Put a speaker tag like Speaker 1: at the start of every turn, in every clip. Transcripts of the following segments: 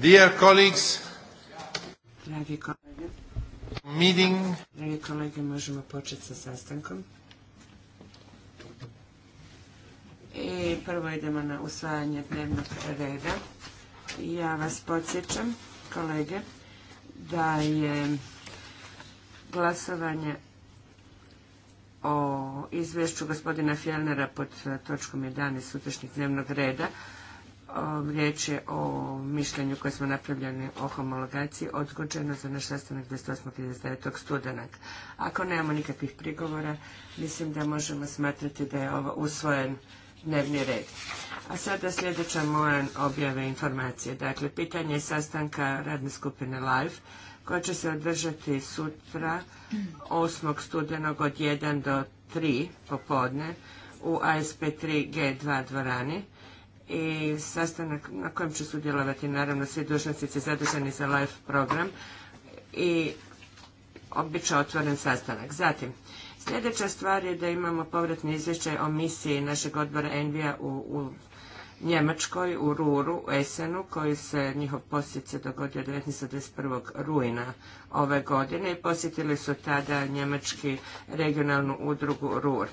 Speaker 1: Dear colleagues,
Speaker 2: dragi kolege, meeting. Dragi kolege, možemo početi sa sastankom. I prvo idemo na usvajanje dnevnog reda. Ja vas podsjećam, kolege, da je glasovanje o izvješću gospodina Fjellnera pod točkom 11 sutrašnjeg dnevnog reda Ehm, riječ je o mišljenju koje smo napravljeni o homologaciji odgođeno za naš sastanak 28. i 29. studenak. Ako nemamo nikakvih prigovora, mislim da možemo smatrati da je ovo usvojen dnevni red. A sada sljedeća moja objave informacije. Dakle, pitanje je sastanka radne skupine LIFE koja će se održati sutra 8. studenog od 1 do 3 popodne u ASP 3G2 dvorani i sastanak na kojem će sudjelovati naravno svi dužnosnici zaduženi za live program i obično otvoren sastanak. Zatim, sljedeća stvar je da imamo povratni izvješćaj o misiji našeg odbora Envija u, u Njemačkoj, u Ruru, u Esenu, koji se njihov posjet se dogodio 19.21. rujna ove godine i posjetili su tada njemački regionalnu udrugu Rur.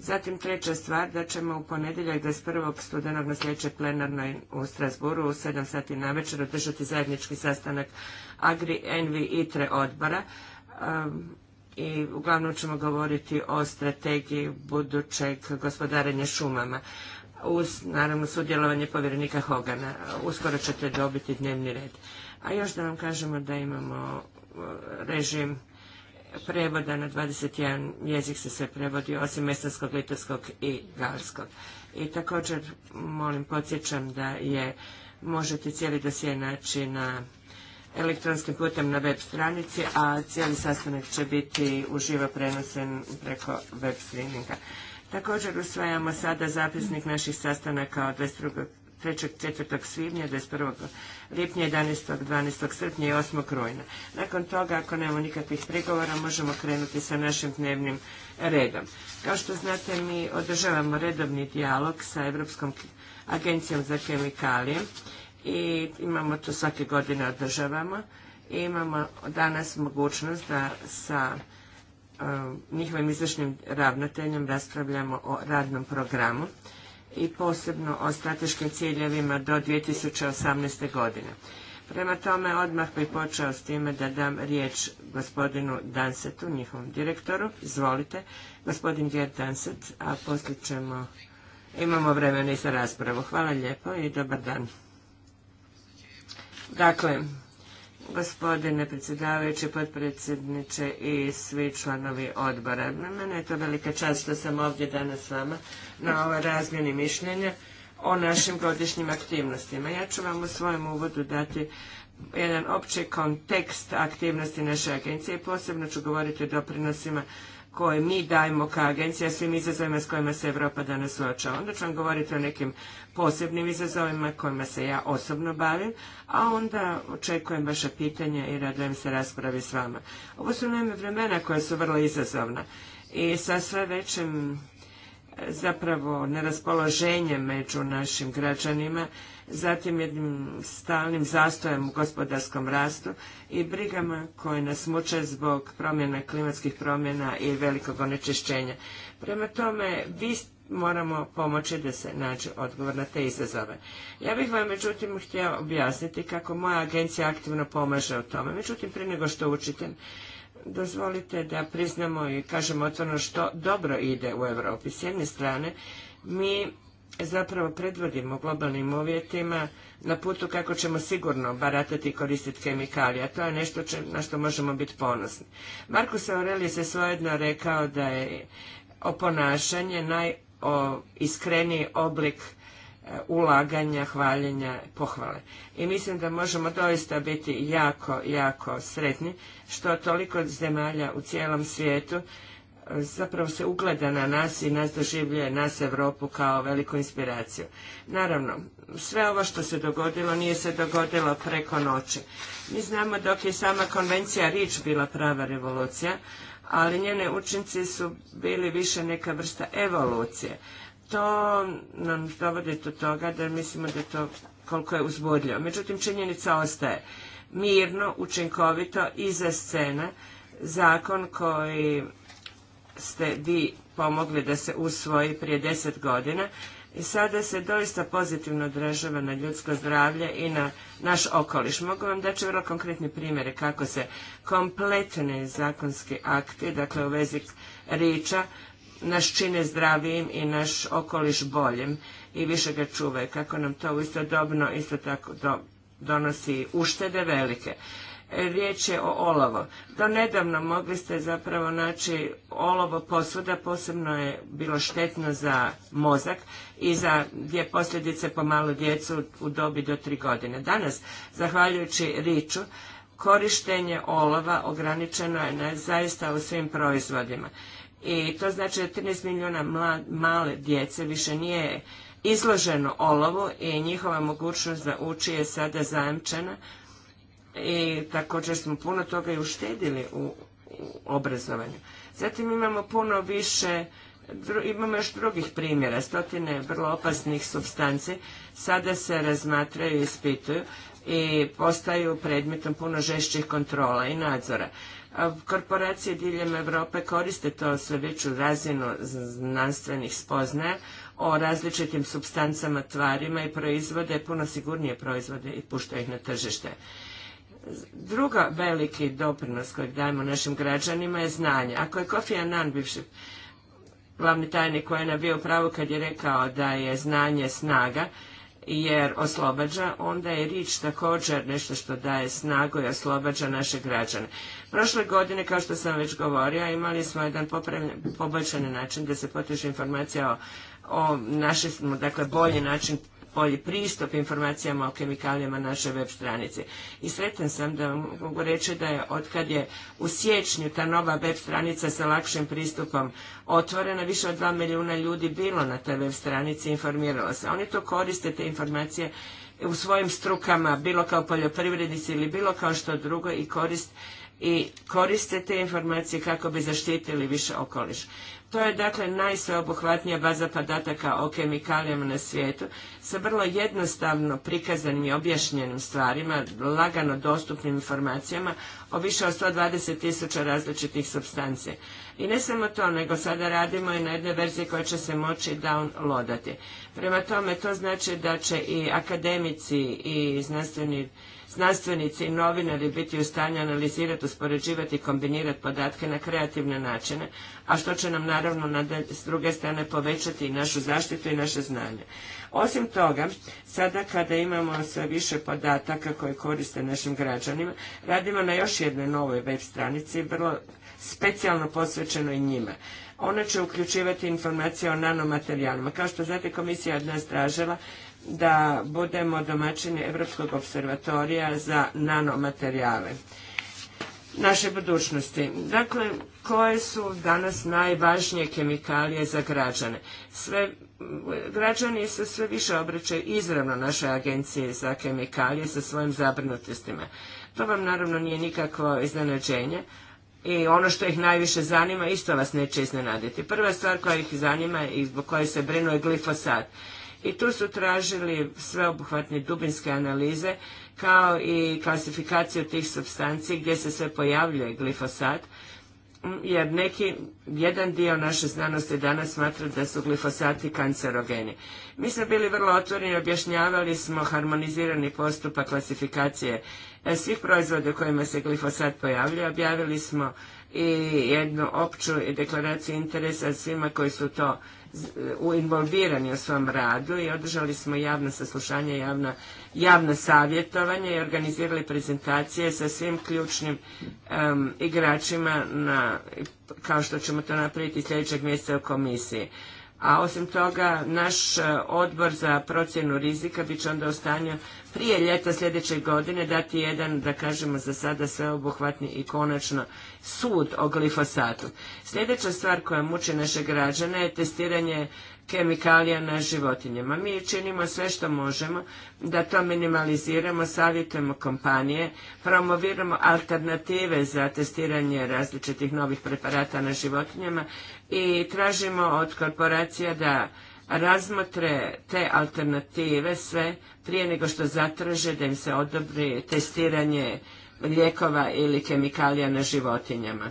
Speaker 2: Zatim treća stvar da ćemo u ponedjeljak 21. studenog na sljedećoj plenarnoj u Strasburu u 7 sati na večer održati zajednički sastanak Agri, Envi, ITRE odbora. Ehm, i uglavnom ćemo govoriti o strategiji budućeg gospodarenja šumama uz naravno sudjelovanje povjerenika Hogana. Uskoro ćete dobiti dnevni red. A još da vam kažemo da imamo ehm, režim prevoda na 21 jezik se sve prevodi, osim estonskog, litovskog i galskog. I također, molim, podsjećam da je, možete cijeli dosje naći na elektronskim putem na web stranici, a cijeli sastanak će biti uživo prenosen preko web streaminga. Također usvajamo sada zapisnik naših sastanaka od 22. 3. 4. svibnja, 21. lipnja, 11. 12. srpnja i 8. rujna. Nakon toga, ako nemamo nikakvih prigovora, možemo krenuti sa našim dnevnim redom. Kao što znate, mi održavamo redovni dijalog sa Europskom agencijom za kemikalije i imamo to svake godine održavamo i imamo danas mogućnost da sa e, njihovim izvršnim ravnateljem raspravljamo o radnom programu i posebno o strateškim ciljevima do 2018. godine. Prema tome, odmah bi počeo s time da dam riječ gospodinu Dansetu, njihovom direktoru. Izvolite, gospodin Gerd Danset, a poslije ćemo, imamo vremena i za raspravu. Hvala lijepo i dobar dan. Dakle, Gospodine predsjedavajući, potpredsjedniče i svi članovi odbora. Na mene je to velika čast što sam ovdje danas s vama na ovoj razmjeni mišljenja o našim godišnjim aktivnostima. Ja ću vam u svojem uvodu dati jedan opći kontekst aktivnosti naše agencije i posebno ću govoriti o doprinosima koje mi dajemo kao agencija svim izazovima s kojima se Europa danas suočava. Onda ću vam govoriti o nekim posebnim izazovima kojima se ja osobno bavim, a onda očekujem vaše pitanja i radujem se raspravi s vama. Ovo su naime vremena koja su vrlo izazovna i sa sve većim zapravo neraspoloženje među našim građanima, zatim jednim stalnim zastojem u gospodarskom rastu i brigama koje nas muče zbog promjena klimatskih promjena i velikog onečišćenja. Prema tome, vi moramo pomoći da se nađe odgovor na te izazove. Ja bih vam međutim htjela objasniti kako moja agencija aktivno pomaže u tome. Međutim, prije nego što učite, dozvolite da priznamo i kažemo otvoreno što dobro ide u Europi. S jedne strane, mi zapravo predvodimo globalnim uvjetima na putu kako ćemo sigurno baratati i koristiti kemikalije, a to je nešto na što možemo biti ponosni. Markus Aurelius je svojedno rekao da je oponašanje najiskreniji oblik ulaganja, hvaljenja, pohvale. I mislim da možemo doista biti jako, jako sretni što toliko zemalja u cijelom svijetu e, zapravo se ugleda na nas i nas doživljuje, nas Europu kao veliku inspiraciju. Naravno, sve ovo što se dogodilo nije se dogodilo preko noći. Mi znamo dok je sama konvencija Rič bila prava revolucija, ali njene učinci su bili više neka vrsta evolucije to nam dovodi do toga da mislimo da je to koliko je uzbudljivo. Međutim, činjenica ostaje. Mirno, učinkovito, iza scena, zakon koji ste vi pomogli da se usvoji prije deset godina i sada se doista pozitivno odražava na ljudsko zdravlje i na naš okoliš. Mogu vam daći vrlo konkretne primjere kako se kompletni zakonski akti, dakle u vezi riča, nas čine zdravijim i naš okoliš boljim i više ga čuvaju. Kako nam to istodobno isto tako donosi uštede velike. E, riječ je o olovo. Do nedavno mogli ste zapravo naći olovo posuda, posebno je bilo štetno za mozak i za dvije posljedice po malu djecu u dobi do tri godine. Danas, zahvaljujući riču, korištenje olova ograničeno je na, zaista u svim proizvodima i to znači da 13 milijuna male djece više nije izloženo olovu i njihova mogućnost da uči je sada zajamčena. I također smo puno toga i uštedili u, obrazovanju. Zatim imamo puno više imamo još drugih primjera, stotine vrlo opasnih substanci sada se razmatraju i ispituju i postaju predmetom puno žešćih kontrola i nadzora. Korporacije diljem Europe koriste to sve veću razinu znanstvenih spoznaja o različitim substancama, tvarima i proizvode, puno sigurnije proizvode i puštaju ih na tržište. Druga veliki doprinos kojeg dajemo našim građanima je znanje. Ako je Kofi Annan, bivši glavni tajnik koji je bio pravo kad je rekao da je znanje snaga, jer oslobađa, onda je rič također nešto što daje snagu i oslobađa naše građane. Prošle godine, kao što sam već govorila, imali smo jedan poboljšani način da se potiče informacija o, o našem, dakle bolji način bolji pristup informacijama o kemikalijama naše web stranice. I sretan sam da mogu reći da je odkad je u siječnju ta nova web stranica sa lakšim pristupom otvorena, više od dva milijuna ljudi bilo na toj web stranici i informiralo se. Oni to koriste, te informacije u svojim strukama, bilo kao poljoprivrednici ili bilo kao što drugo i korist i koriste te informacije kako bi zaštitili više okoliš. To je dakle najsveobuhvatnija baza podataka o kemikalijama na svijetu sa vrlo jednostavno prikazanim i objašnjenim stvarima, lagano dostupnim informacijama o više od 120 tisuća različitih substancije. I ne samo to, nego sada radimo i na jednoj verziji koja će se moći downloadati. Prema tome, to znači da će i akademici i znanstveni znanstvenici i novinari biti u stanju analizirati, uspoređivati i kombinirati podatke na kreativne načine, a što će nam naravno s druge strane povećati i našu zaštitu i naše znanje. Osim toga, sada kada imamo sve više podataka koje koriste našim građanima, radimo na još jednoj novoj web stranici, vrlo specijalno posvećenoj njima. Ona će uključivati informacije o nanomaterijalima. Kao što znate, komisija od nas tražila da budemo domaćini Europskog observatorija za nanomaterijale naše budućnosti. Dakle, koje su danas najvažnije kemikalije za građane? Sve, građani se sve više obraćaju izravno našoj agenciji za kemikalije sa svojim zabrinutostima. To vam naravno nije nikakvo iznenađenje i ono što ih najviše zanima isto vas neće iznenaditi. Prva stvar koja ih zanima i zbog koje se brinu je glifosat i tu su tražili sveobuhvatne dubinske analize kao i klasifikaciju tih substanci gdje se sve pojavljuje glifosat jer neki, jedan dio naše znanosti danas smatra da su glifosati kancerogeni. Mi smo bili vrlo otvoreni, objašnjavali smo harmonizirani postupak klasifikacije e, svih proizvoda u kojima se glifosat pojavljuje, objavili smo i jednu opću deklaraciju interesa svima koji su to involvirani u svom radu i održali smo javna saslušanja, javno javna savjetovanja i organizirali prezentacije sa svim ključnim igračima na, kao što ćemo to napraviti sljedećeg mjeseca u komisiji a osim toga naš e, odbor za procjenu rizika bit će onda u stanju prije ljeta sljedeće godine dati jedan, da kažemo za sada sveobuhvatni i konačno sud o glifosatu. Sljedeća stvar koja muči naše građane je testiranje kemikalija na životinjama. Mi činimo sve što možemo da to minimaliziramo, savjetujemo kompanije, promoviramo alternative za testiranje različitih novih preparata na životinjama i tražimo od korporacija da razmotre te alternative sve prije nego što zatraže da im se odobri testiranje lijekova ili kemikalija na životinjama.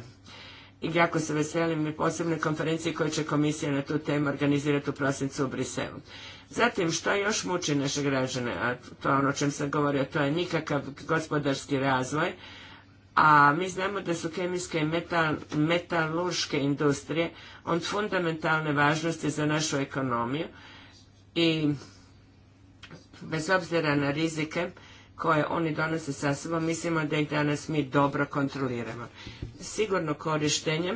Speaker 2: I jako se veselim i posebne konferencije koje će komisija na tu temu organizirati u prosincu u Briselu. Zatim, što još muči naše građane, a to je ono o čem sam govorio, to je nikakav gospodarski razvoj, a mi znamo da su kemijske i metal, metalurške industrije od fundamentalne važnosti za našu ekonomiju i bez obzira na rizike koje oni donose sa sobom, mislimo da ih danas mi dobro kontroliramo. Sigurno korištenje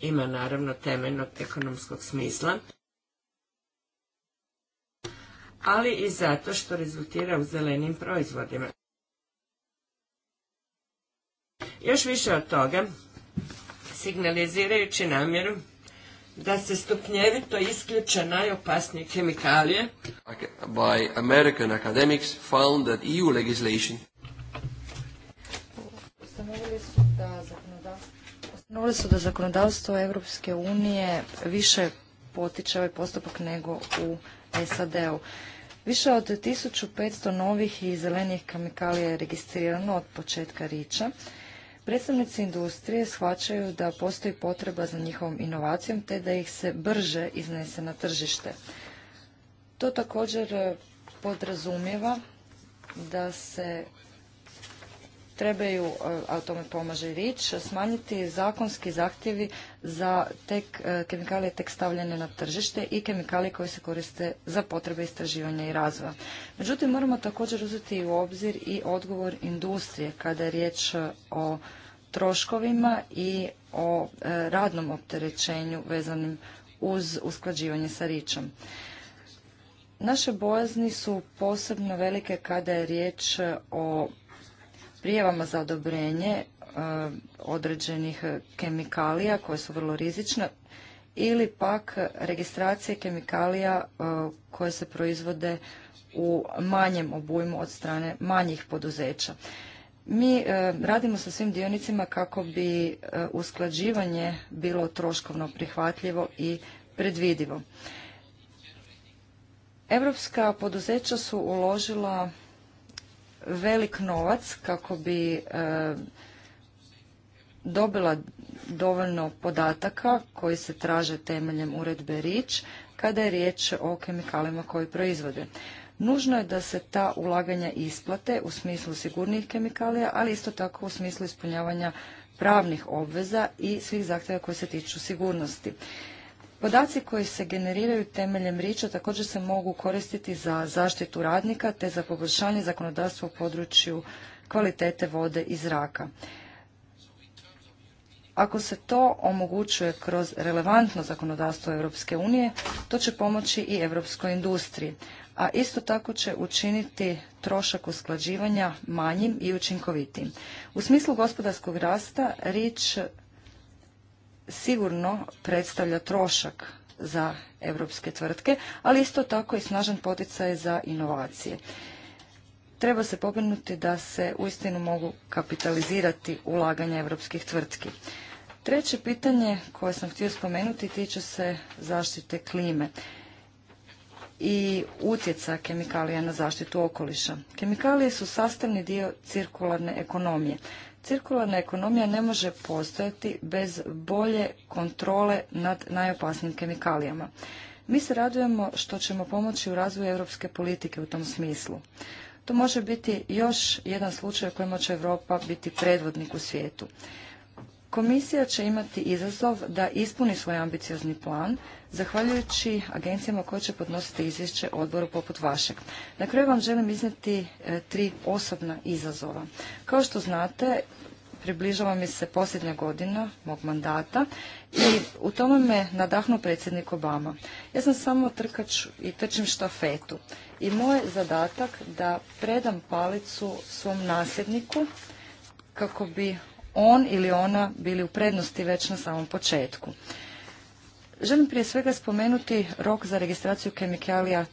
Speaker 2: ima naravno temeljnog ekonomskog smisla, ali i zato što rezultira u zelenim proizvodima. Još više od toga, signalizirajući namjeru da se stupnjevito isključe najopasnije kemikalije. By American academics found that EU legislation
Speaker 1: ustanovili su da zakonodavstvo, Europske unije više potiče ovaj postupak nego u SAD-u. Više od 1500 novih i zelenijih kemikalija je registrirano od početka riča. Predstavnici industrije shvaćaju da postoji potreba za njihovom inovacijom te da ih se brže iznese na tržište. To također eh, podrazumijeva da se trebaju, e, a tome pomaže rič, smanjiti zakonski zahtjevi za tek, e, kemikalije tek stavljene na tržište i kemikalije koje se koriste za potrebe istraživanja i razvoja. Međutim, moramo također uzeti u obzir i odgovor industrije kada je riječ o troškovima i o e, radnom opterećenju vezanim uz usklađivanje sa ričom. Naše bojazni su posebno velike kada je riječ o prijevama za odobrenje e, određenih kemikalija koje su vrlo rizične ili pak registracije kemikalija e, koje se proizvode u manjem obujmu od strane manjih poduzeća. Mi e, radimo sa svim dionicima kako bi usklađivanje bilo troškovno prihvatljivo i predvidivo. Europska poduzeća su uložila velik novac kako bi e, dobila dovoljno podataka koji se traže temeljem uredbe REACH kada je riječ o kemikalima koji proizvode. Nužno je da se ta ulaganja isplate u smislu sigurnijih kemikalija, ali isto tako u smislu ispunjavanja pravnih obveza i svih zahtjeva koji se tiču sigurnosti. Podaci koji se generiraju temeljem riča također se mogu koristiti za zaštitu radnika te za poboljšanje zakonodavstva u području kvalitete vode i zraka. Ako se to omogućuje kroz relevantno zakonodavstvo Europske unije, to će pomoći i europskoj industriji, a isto tako će učiniti trošak usklađivanja manjim i učinkovitim. U smislu gospodarskog rasta, rič sigurno predstavlja trošak za europske tvrtke, ali isto tako i snažan poticaj za inovacije. Treba se pobrinuti da se uistinu mogu kapitalizirati ulaganja europskih tvrtki. Treće pitanje koje sam htio spomenuti tiče se zaštite klime i utjeca kemikalija na zaštitu okoliša. Kemikalije su sastavni dio cirkularne ekonomije. Cirkularna ekonomija ne može postojati bez bolje kontrole nad najopasnijim kemikalijama. Mi se radujemo što ćemo pomoći u razvoju europske politike u tom smislu. To može biti još jedan slučaj u kojem će Europa biti predvodnik u svijetu. Komisija će imati izazov da ispuni svoj ambiciozni plan, zahvaljujući agencijama koje će podnositi izvješće odboru poput vašeg. Na kraju vam želim iznijeti e, tri osobna izazova. Kao što znate, približava mi se posljednja godina mog mandata i u tome me nadahnuo predsjednik Obama. Ja sam samo trkač i trčim štafetu i moj je zadatak da predam palicu svom nasljedniku kako bi on ili ona bili u prednosti već na samom početku. Želim prije svega spomenuti rok za registraciju kemikalija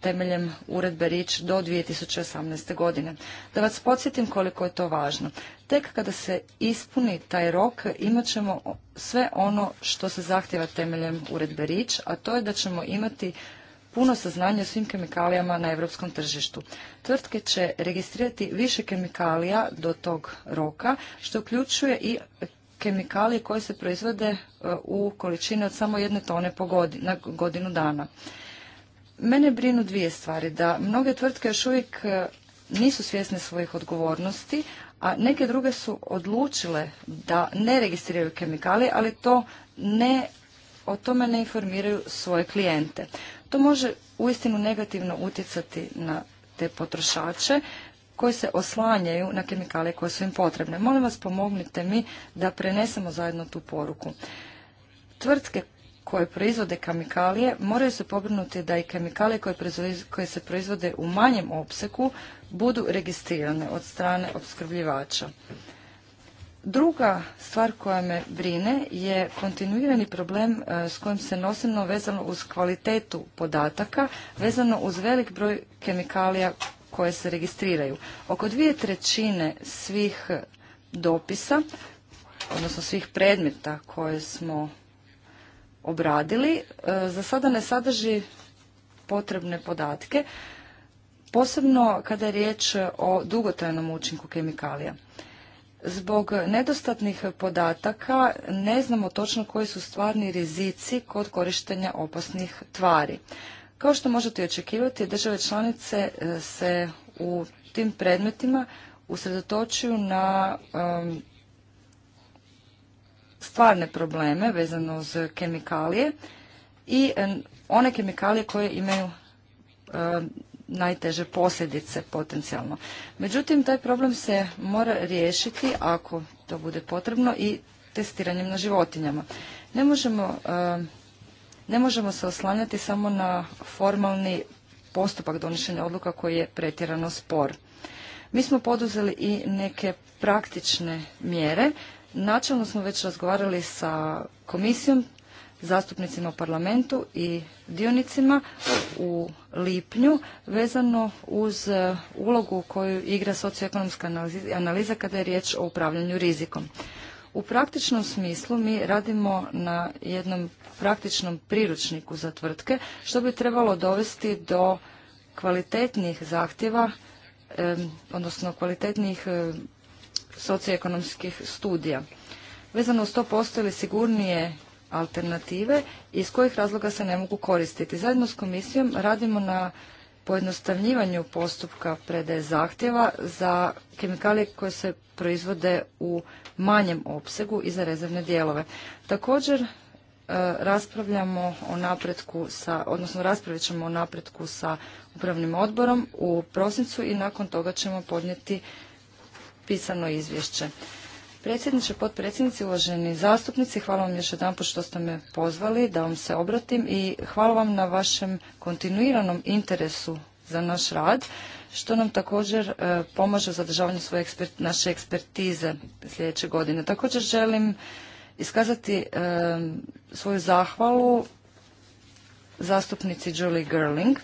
Speaker 1: temeljem uredbe RIČ do 2018. godine. Da vas podsjetim koliko je to važno. Tek kada se ispuni taj rok imat ćemo sve ono što se zahtjeva temeljem uredbe RIČ, a to je da ćemo imati puno saznanja o svim kemikalijama na europskom tržištu. Tvrtke će registrirati više kemikalija do tog roka, što uključuje i kemikalije koje se proizvode e, u količini od samo jedne tone po godinu, na godinu dana. Mene brinu dvije stvari, da mnoge tvrtke još uvijek e, nisu svjesne svojih odgovornosti, a neke druge su odlučile da ne registriraju kemikalije, ali to ne, o tome ne informiraju svoje klijente. To može uistinu negativno utjecati na te potrošače koji se oslanjaju na kemikalije koje su im potrebne. Molim vas pomognite mi da prenesemo zajedno tu poruku. Tvrtke koje proizvode kemikalije moraju se pobrinuti da i kemikalije koje, se proizvode u manjem opseku budu registrirane od strane opskrbljivača. Druga stvar koja me brine je kontinuirani problem e, s kojim se nosimo vezano uz kvalitetu podataka, vezano uz velik broj kemikalija koje se registriraju. Oko dvije trećine svih dopisa, odnosno svih predmeta koje smo obradili, e, za sada ne sadrži potrebne podatke, posebno kada je riječ o dugotrajnom učinku kemikalija. Zbog nedostatnih podataka ne znamo točno koji su stvarni rizici kod korištenja opasnih tvari. Kao što možete očekivati, države članice e, se u tim predmetima usredotočuju na stvarne probleme vezano uz kemikalije i one kemikalije koje imaju najteže posljedice potencijalno. Međutim, taj problem se mora riješiti ako to bude potrebno i testiranjem na životinjama. Ne možemo, ne možemo se oslanjati samo na formalni postupak donošenja odluka koji je pretjerano spor. Mi smo poduzeli i neke praktične mjere. Načelno smo već razgovarali sa komisijom zastupnicima u parlamentu i dionicima u lipnju vezano uz e, ulogu koju igra socioekonomska analiza kada je riječ o upravljanju rizikom. U praktičnom smislu mi radimo na jednom praktičnom priručniku za tvrtke što bi trebalo dovesti do kvalitetnih zahtjeva, e, odnosno kvalitetnih e, socioekonomskih studija. Vezano uz to postoji li sigurnije alternative iz kojih razloga se ne mogu koristiti. Zajedno s komisijom radimo na pojednostavljivanju postupka predaje zahtjeva za kemikalije koje se proizvode u manjem opsegu i za rezervne dijelove. Također e, raspravljamo o napretku sa, odnosno raspravit ćemo o napretku sa upravnim odborom u prosincu i nakon toga ćemo podnijeti pisano izvješće. Predsjedniče, potpredsjednici, uvaženi zastupnici, hvala vam još jedanput što ste me pozvali da vam se obratim i hvala vam na vašem kontinuiranom interesu za naš rad, što nam također e, pomaže u zadržavanju svoje naše ekspertize sljedeće godine. Također želim iskazati e, svoju zahvalu zastupnici Julie Gerling,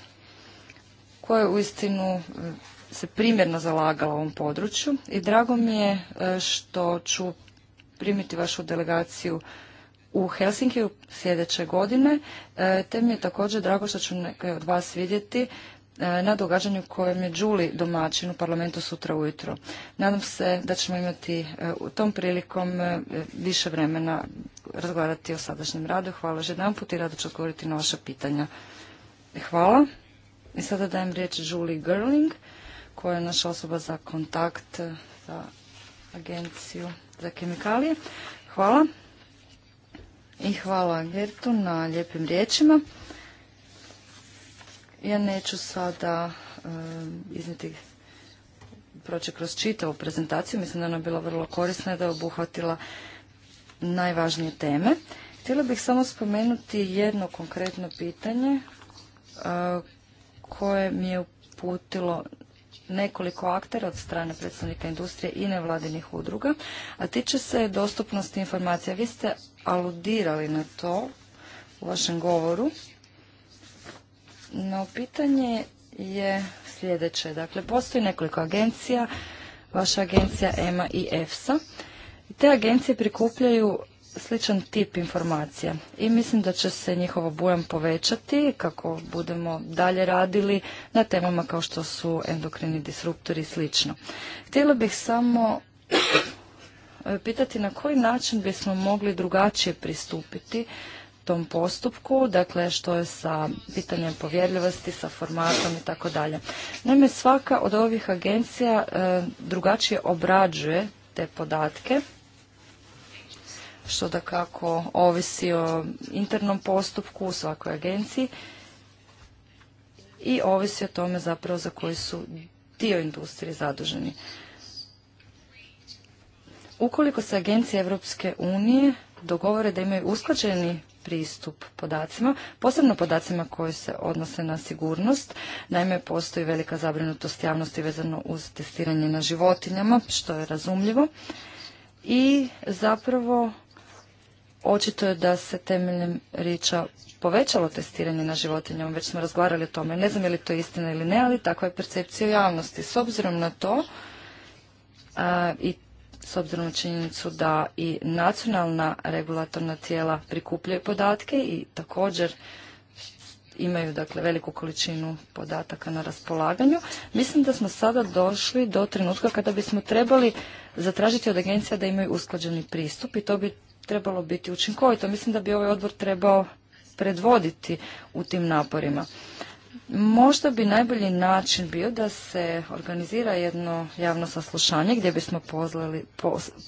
Speaker 1: koja je uistinu se primjerno zalagala u ovom području i drago mi je e, što ću primiti vašu delegaciju u Helsinkiju sljedeće godine, e, te mi je također drago što ću neke od vas vidjeti e, na događanju kojem je Đuli domaćin u parlamentu sutra ujutro. Nadam se da ćemo imati u tom prilikom više vremena razgovarati o sadašnjem radu. Hvala još jedan put i rado ću odgovoriti na vaša pitanja. Hvala. I sada dajem riječ Julie Gerling koja je naša osoba za kontakt za agenciju za kemikalije. Hvala. I hvala Gertu na lijepim riječima. Ja neću sada izniti proći kroz čitavu prezentaciju. Mislim da ona bila vrlo korisna i da je obuhvatila najvažnije teme. Htjela bih samo spomenuti jedno konkretno pitanje koje mi je uputilo nekoliko aktera od strane predstavnika industrije i nevladinih udruga, a tiče se dostupnosti informacija. Vi ste aludirali na to u vašem govoru, no pitanje je sljedeće. Dakle, postoji nekoliko agencija, vaša agencija EMA i EFSA. Te agencije prikupljaju sličan tip informacija i mislim da će se njihov obujam povećati kako budemo dalje radili na temama kao što su endokrini disruptori i slično. Htjela bih samo e, pitati na koji način bismo mogli drugačije pristupiti tom postupku, dakle što je sa pitanjem povjerljivosti, sa formatom i tako dalje. Naime, svaka od ovih agencija e, drugačije obrađuje te podatke što da kako ovisi o internom postupku u svakoj agenciji i ovisi o tome zapravo za koji su dio industrije zaduženi. Ukoliko se agencije Europske unije dogovore da imaju usklađeni pristup podacima, posebno podacima koji se odnose na sigurnost. Naime, postoji velika zabrinutost javnosti vezano uz testiranje na životinjama, što je razumljivo. I zapravo očito je da se temeljem riča povećalo testiranje na životinjama, već smo razgovarali o tome. Ne znam je li to istina ili ne, ali takva je percepcija u javnosti. S obzirom na to i s obzirom na činjenicu da i nacionalna regulatorna tijela prikupljaju podatke i također imaju dakle veliku količinu podataka na raspolaganju. Mislim da smo sada došli do trenutka kada bismo trebali zatražiti od agencija da imaju usklađeni pristup i to bi trebalo biti učinkovito. Mislim da bi ovaj odbor trebao predvoditi u tim naporima. Možda bi najbolji način bio da se organizira jedno javno saslušanje gdje bismo pozvali,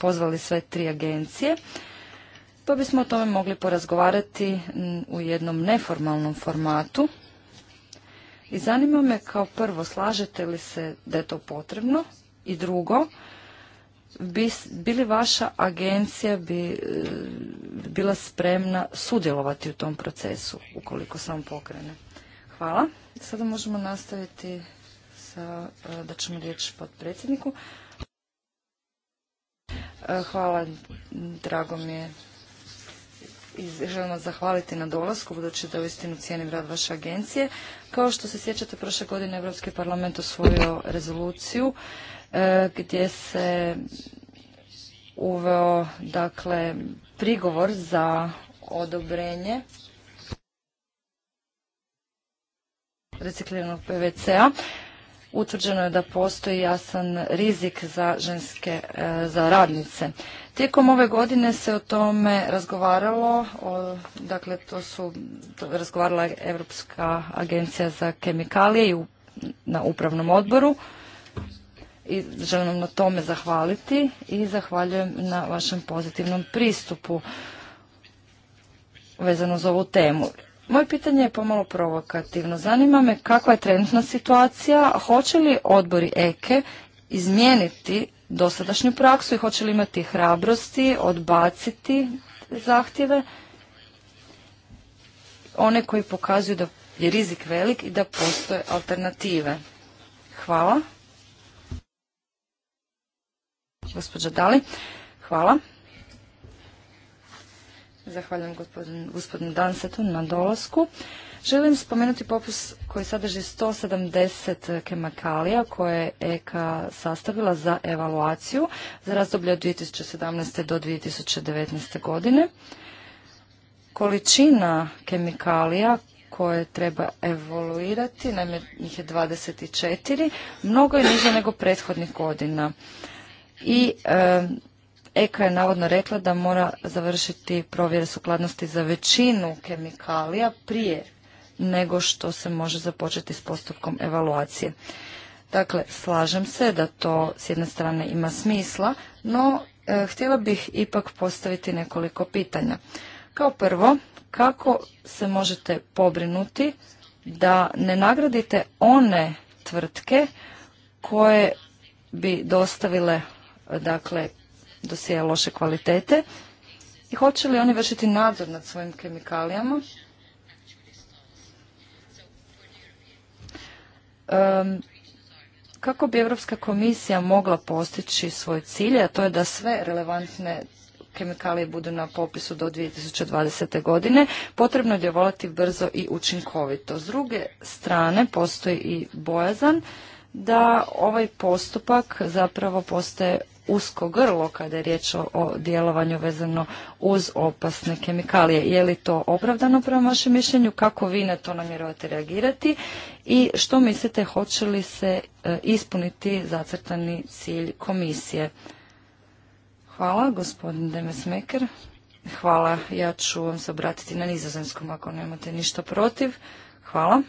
Speaker 1: pozvali sve tri agencije pa bismo o tome mogli porazgovarati u jednom neformalnom formatu. I zanima me kao prvo, slažete li se da je to potrebno? I drugo, bi, li vaša agencija bi e, bila spremna sudjelovati u tom procesu ukoliko se on pokrene? Hvala. Sada možemo nastaviti sa, e, da ćemo riječ predsjedniku. E, hvala, drago mi je i želim vas zahvaliti na dolasku, budući da istinu cijenim rad vaše agencije. Kao što se sjećate, prošle godine Europski parlament osvojio rezoluciju E, gdje se uveo dakle prigovor za odobrenje recikliranog PVC-a. Utvrđeno je da postoji jasan rizik za ženske, e, za radnice. Tijekom ove godine se o tome razgovaralo, dakle to su razgovarala Europska agencija za kemikalije i na upravnom odboru i želim na tome zahvaliti i zahvaljujem na vašem pozitivnom pristupu vezano za ovu temu. Moje pitanje je pomalo provokativno. Zanima me kakva je trenutna situacija, hoće li odbori EKE e izmijeniti dosadašnju praksu i hoće li imati hrabrosti, odbaciti zahtjeve one koji pokazuju da je rizik velik i da postoje alternative. Hvala. Gospođa Dali, hvala. Zahvaljujem gospodinu, Dansetu na dolasku. Želim spomenuti popis koji sadrži 170 kemikalija koje je EKA sastavila za evaluaciju za razdoblje od 2017. do 2019. godine. Količina kemikalija koje treba evoluirati, naime njih je 24, mnogo je niža nego prethodnih godina i eh, Eka je navodno rekla da mora završiti provjere sukladnosti za većinu kemikalija prije nego što se može započeti s postupkom evaluacije. Dakle, slažem se da to s jedne strane ima smisla, no eh, htjela bih ipak postaviti nekoliko pitanja. Kao prvo, kako se možete pobrinuti da ne nagradite one tvrtke koje bi dostavile dakle, dosije loše kvalitete. I hoće li oni vršiti nadzor nad svojim kemikalijama? kako bi Europska komisija mogla postići svoje cilje, a to je da sve relevantne kemikalije budu na popisu do 2020. godine, potrebno je djelovati brzo i učinkovito. S druge strane, postoji i bojazan da ovaj postupak zapravo postaje usko grlo kada je riječ o djelovanju vezano uz opasne kemikalije. Je li to opravdano prema vašem mišljenju? Kako vi na to namjerovate reagirati? I što mislite, hoće li se e, ispuniti zacrtani cilj komisije? Hvala, gospodin Demesmeker. Hvala, ja ću vam se obratiti na nizozemskom ako nemate ništa protiv. Hvala.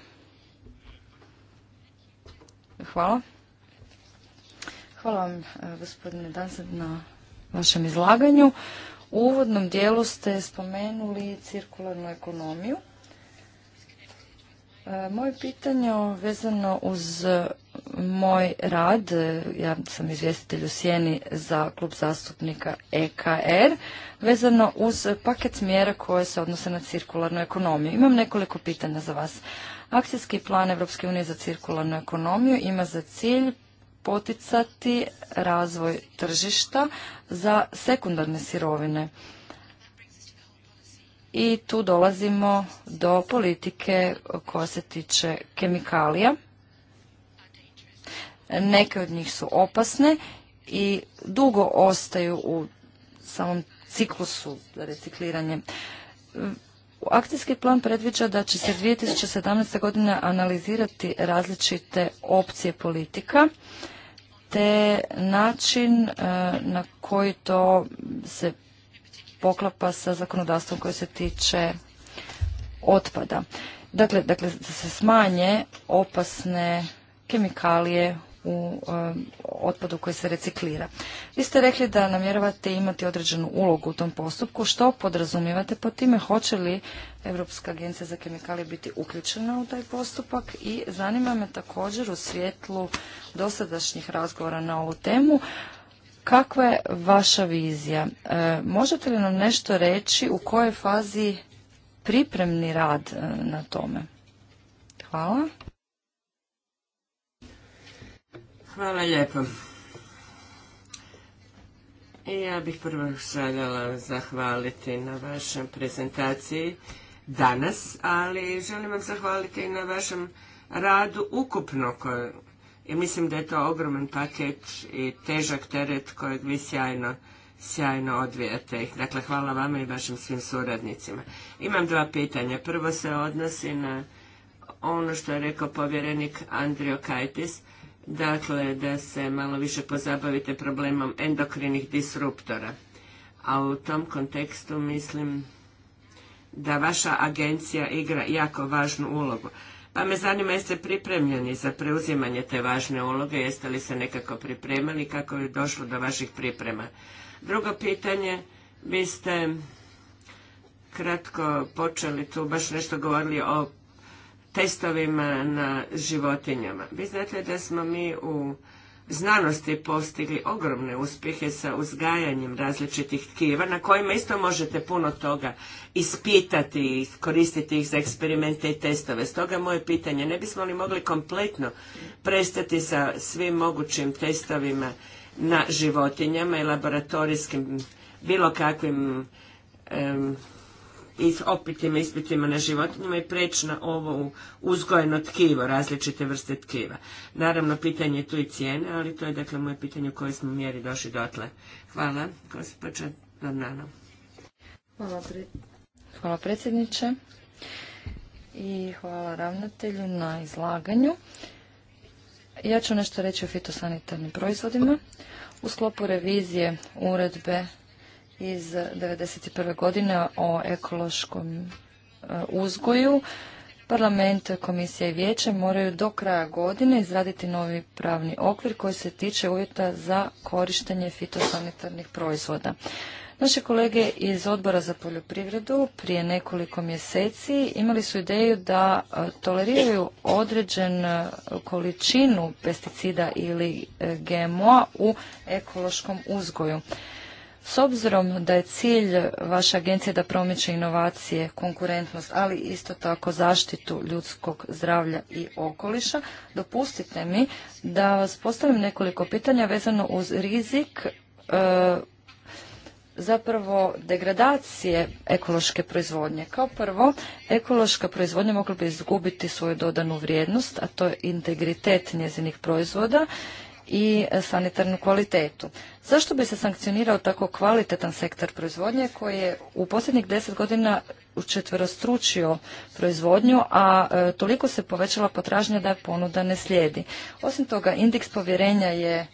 Speaker 1: Hvala. Hvala vam, e, gospodine Danzad, na vašem izlaganju. U uvodnom dijelu ste spomenuli cirkularnu ekonomiju. E, moje pitanje vezano uz moj rad, ja sam izvjestitelj u Sjeni za klub zastupnika EKR, er, vezano uz paket mjera koje se odnose na cirkularnu ekonomiju. Imam nekoliko pitanja za vas. Akcijski plan EU unije za cirkularnu ekonomiju ima za cilj poticati razvoj tržišta za sekundarne sirovine. I tu dolazimo do politike koja se tiče kemikalija. Neke od njih su opasne i dugo ostaju u samom ciklusu za recikliranje. Akcijski plan predviđa da će se 2017. godine analizirati različite opcije politika te način e, na koji to se poklapa sa zakonodavstvom koje se tiče otpada. Dakle, dakle da se smanje opasne kemikalije u e, otpadu koji se reciklira. Vi ste rekli da namjeravate imati određenu ulogu u tom postupku. Što podrazumijevate po time? Hoće li Europska agencija za kemikalije biti uključena u taj postupak? I zanima me također u svjetlu dosadašnjih razgovora na ovu temu, kakva je vaša vizija? E, možete li nam nešto reći u kojoj fazi pripremni rad e, na tome? Hvala.
Speaker 2: Hvala lijepo. Ja bih prvo željela zahvaliti na vašoj prezentaciji danas, ali želim vam zahvaliti i na vašem radu ukupno. Koje, I mislim da je to ogroman paket i težak teret kojeg vi sjajno, sjajno odvijate. Dakle, hvala vama i vašim svim suradnicima. Imam dva pitanja. Prvo se odnosi na ono što je rekao povjerenik Andrio Kajtis Dakle, da se malo više pozabavite problemom endokrinih disruptora. A u tom kontekstu mislim da vaša agencija igra jako važnu ulogu. Pa me zanima jeste pripremljeni za preuzimanje te važne uloge, jeste li se nekako pripremali kako je došlo do vaših priprema. Drugo pitanje, vi ste kratko počeli tu baš nešto govorili o testovima na životinjama. Vi znate da smo mi u znanosti postigli ogromne uspjehe sa uzgajanjem različitih tkiva na kojima isto možete puno toga ispitati i koristiti ih za eksperimente i testove. Stoga moje pitanje, ne bismo li mogli kompletno prestati sa svim mogućim testovima na životinjama i laboratorijskim bilo kakvim i s opitima, ispitima na životinjama i preći na ovo uzgojeno tkivo, različite vrste tkiva. Naravno, pitanje je tu i cijene, ali to je dakle moje pitanje u kojoj smo mjeri došli dotle. Hvala,
Speaker 1: hvala predsjedniče i hvala ravnatelju na izlaganju. Ja ću nešto reći o fitosanitarnim proizvodima. U sklopu revizije uredbe iz 1991. godine o ekološkom e, uzgoju. Parlament, komisija i vijeće moraju do kraja godine izraditi novi pravni okvir koji se tiče uvjeta za korištenje fitosanitarnih proizvoda. Naše kolege iz odbora za poljoprivredu prije nekoliko mjeseci imali su ideju da e, toleriraju određenu e, količinu pesticida ili GMO-a u ekološkom uzgoju. S obzirom da je cilj vaše agencije da promiče inovacije, konkurentnost, ali isto tako zaštitu ljudskog zdravlja i okoliša, dopustite mi da vas postavim nekoliko pitanja vezano uz rizik e, zapravo degradacije ekološke proizvodnje. Kao prvo, ekološka proizvodnja mogla bi izgubiti svoju dodanu vrijednost, a to je integritet njezinih proizvoda i sanitarnu kvalitetu. Zašto bi se sankcionirao tako kvalitetan sektor proizvodnje koji je u posljednjih deset godina učetverostručio proizvodnju, a e, toliko se povećala potražnja da ponuda ne slijedi. Osim toga, indeks povjerenja je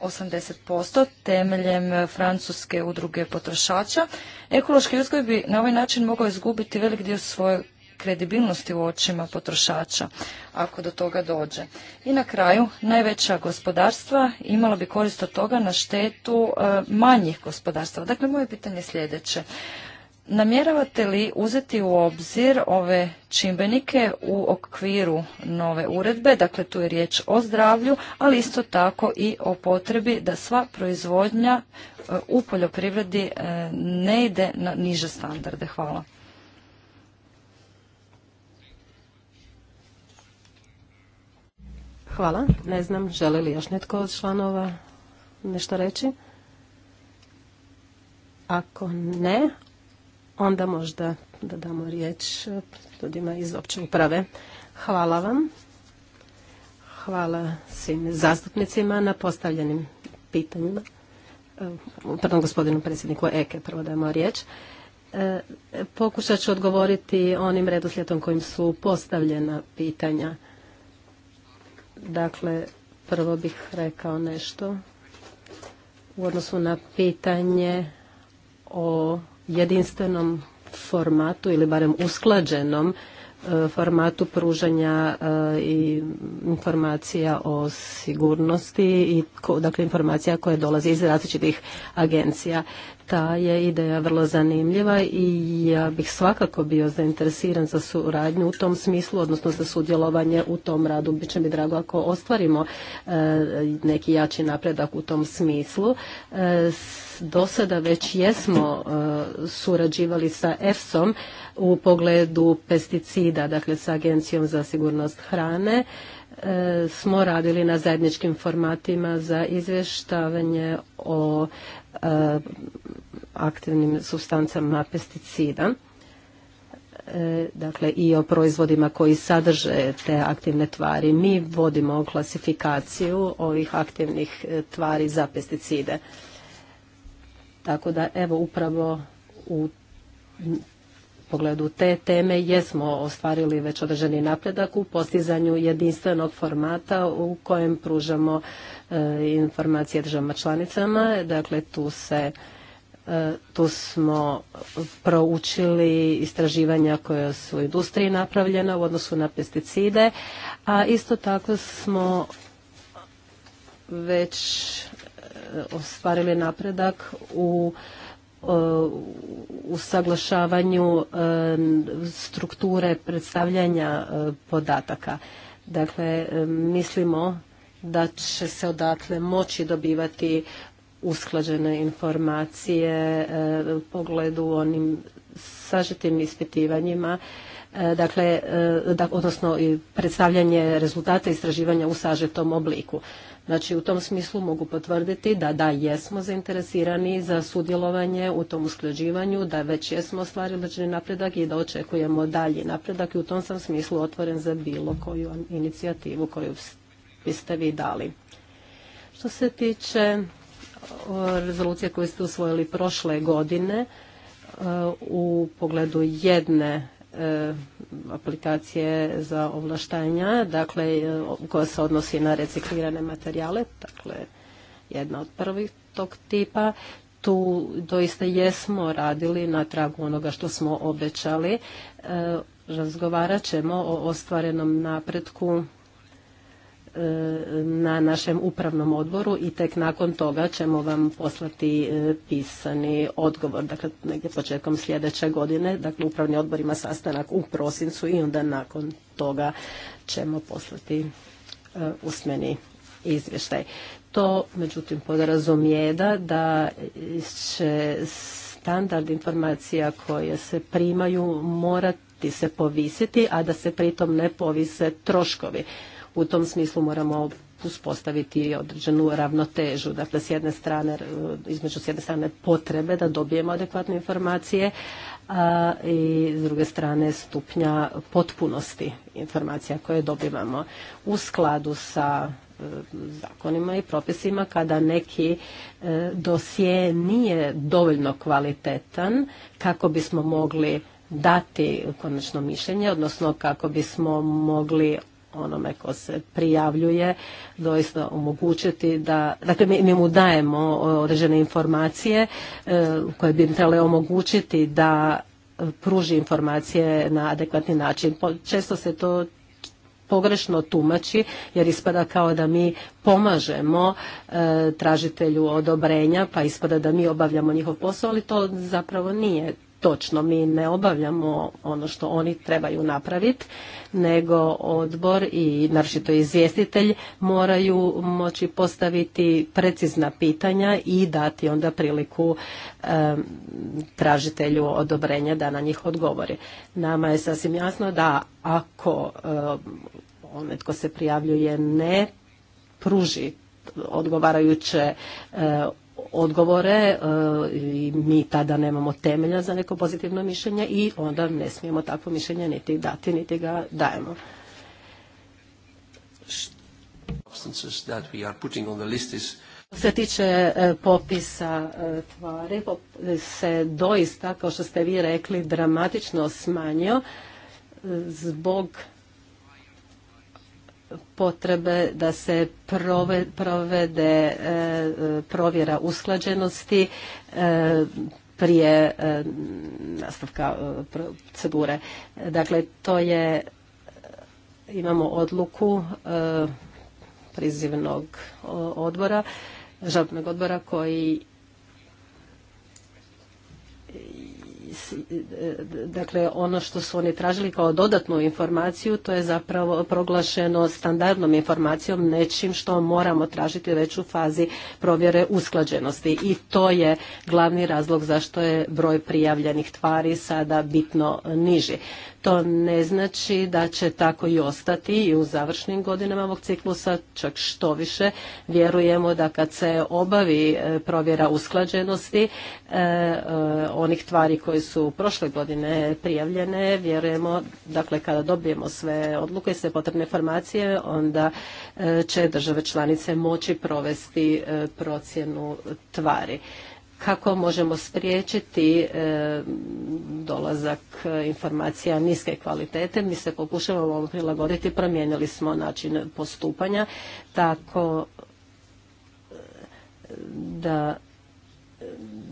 Speaker 1: 80% temeljem francuske udruge potrošača. Ekološki uzgoj bi na ovaj način mogao izgubiti velik dio svoje kredibilnosti u očima potrošača ako do toga dođe. I na kraju, najveća gospodarstva imala bi korist od toga na štetu e, manjih gospodarstva. Dakle, moje pitanje je sljedeće. Namjeravate li uzeti u obzir ove čimbenike u okviru nove uredbe, dakle tu je riječ o zdravlju, ali isto tako i o potrebi da sva proizvodnja e, u poljoprivredi e, ne ide na niže standarde? Hvala.
Speaker 3: Hvala. Ne znam, žele li još netko od članova nešto reći? Ako ne, onda možda da damo riječ ljudima iz opće uprave. Hvala vam. Hvala svim zastupnicima na postavljenim pitanjima. Pardon, gospodinu predsjedniku Eke prvo dajemo riječ. E, pokušat ću odgovoriti onim redoslijedom kojim su postavljena pitanja. Dakle, prvo bih rekao nešto u odnosu na pitanje o jedinstvenom formatu ili barem usklađenom e, formatu pružanja e, i informacija o sigurnosti i dakle informacija koje dolaze iz različitih agencija ta je ideja vrlo zanimljiva i ja bih svakako bio zainteresiran za suradnju u tom smislu, odnosno za sudjelovanje u tom radu. Biće mi drago ako ostvarimo e, neki jači napredak u tom smislu. E, do sada već jesmo e, surađivali sa EFSOM u pogledu pesticida, dakle sa Agencijom za sigurnost hrane. smo radili na zajedničkim formatima za izvještavanje o Eh, aktivnim substancama pesticida eh, dakle i o proizvodima koji sadrže te aktivne tvari. Mi vodimo klasifikaciju ovih aktivnih eh, tvari za pesticide. Tako da evo upravo u pogledu te teme jesmo ostvarili već određeni napredak u postizanju jedinstvenog formata u kojem pružamo E, informacije državama članicama. Dakle, tu se e, tu smo proučili istraživanja koja su u industriji napravljena u odnosu na pesticide, a isto tako smo već e, ostvarili napredak u usaglašavanju strukture predstavljanja podataka. Dakle, mislimo da će se odatle moći dobivati usklađene informacije e, u pogledu onim sažetim ispitivanjima, e, dakle, e, da, odnosno i predstavljanje rezultata istraživanja u sažetom obliku. Znači, u tom smislu mogu potvrditi da da jesmo zainteresirani za sudjelovanje u tom usklađivanju, da već jesmo ostvarili određeni napredak i da očekujemo dalji napredak i u tom sam smislu otvoren za bilo koju inicijativu koju biste vi dali. Što se tiče e, rezolucije koju ste usvojili prošle godine e, u pogledu jedne e, aplikacije za ovlaštanja, dakle koja se odnosi na reciklirane materijale, dakle jedna od prvih tog tipa. Tu doista jesmo radili na tragu onoga što smo obećali. Razgovarat ćemo o ostvarenom napretku E, na našem upravnom odboru i tek nakon toga ćemo vam poslati e, pisani odgovor, dakle negdje početkom sljedeće godine, dakle upravni odbor ima sastanak u prosincu i onda nakon toga ćemo poslati e, usmeni izvještaj. To međutim podrazumijeva da će standard informacija koje se primaju morati se povisiti, a da se pritom ne povise troškovi u tom smislu moramo uspostaviti određenu ravnotežu. Dakle, s jedne strane, e, između s jedne strane potrebe da dobijemo adekvatne informacije a, i s druge strane stupnja potpunosti informacija koje dobivamo u skladu sa e, zakonima i propisima kada neki e, dosje nije dovoljno kvalitetan kako bismo mogli dati konačno mišljenje, odnosno kako bismo mogli onome ko se prijavljuje doista omogućiti da, dakle mi, mi mu dajemo određene informacije e, koje bi im trebale omogućiti da pruži informacije na adekvatni način. Često se to pogrešno tumači jer ispada kao da mi pomažemo e, tražitelju odobrenja pa ispada da mi obavljamo njihov posao ali to zapravo nije točno, mi ne obavljamo ono što oni trebaju napraviti, nego odbor i naročito izvjestitelj moraju moći postaviti precizna pitanja i dati onda priliku tražitelju odobrenja da na njih odgovori. Nama je sasvim jasno da ako e, onaj tko se prijavljuje ne pruži odgovarajuće odgovore e, i mi tada nemamo temelja za neko pozitivno mišljenje i onda ne smijemo takvo mišljenje niti dati, niti ga dajemo. Što se tiče e, popisa e, tvari, se doista, kao što ste vi rekli, dramatično smanjio zbog potrebe da se provede e, provjera usklađenosti e, prije e, nastavka procedure. Dakle, to je, imamo odluku prizivnog odbora, žalbnog odbora koji dakle ono što su oni tražili kao dodatnu informaciju to je zapravo proglašeno standardnom informacijom nečim što moramo tražiti već u fazi provjere usklađenosti i to je glavni razlog zašto je broj prijavljenih tvari sada bitno niži. To ne znači da će tako i ostati i u završnim godinama ovog ciklusa, čak što više vjerujemo da kad se obavi e, provjera usklađenosti e, e, onih tvari koje su prošle godine prijavljene, vjerujemo, dakle kada dobijemo sve odluke i sve potrebne informacije, onda će države članice moći provesti procjenu tvari kako možemo spriječiti e, dolazak e, informacija niske kvalitete. Mi se pokušavamo ovo prilagoditi, promijenili smo način postupanja tako e, da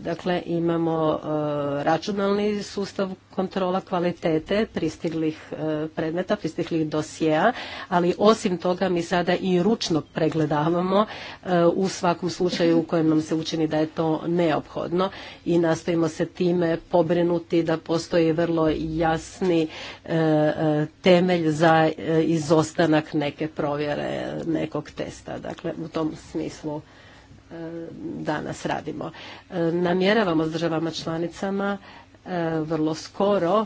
Speaker 3: Dakle, imamo e, računalni sustav kontrola kvalitete pristiglih e, predmeta, pristiglih dosjea, ali osim toga mi sada i ručno pregledavamo e, u svakom slučaju u kojem nam se učini da je to neophodno i nastojimo se time pobrinuti da postoji vrlo jasni temelj za izostanak neke provjere nekog testa. Dakle, u tom smislu danas radimo. E, namjeravamo s državama članicama e, vrlo skoro e,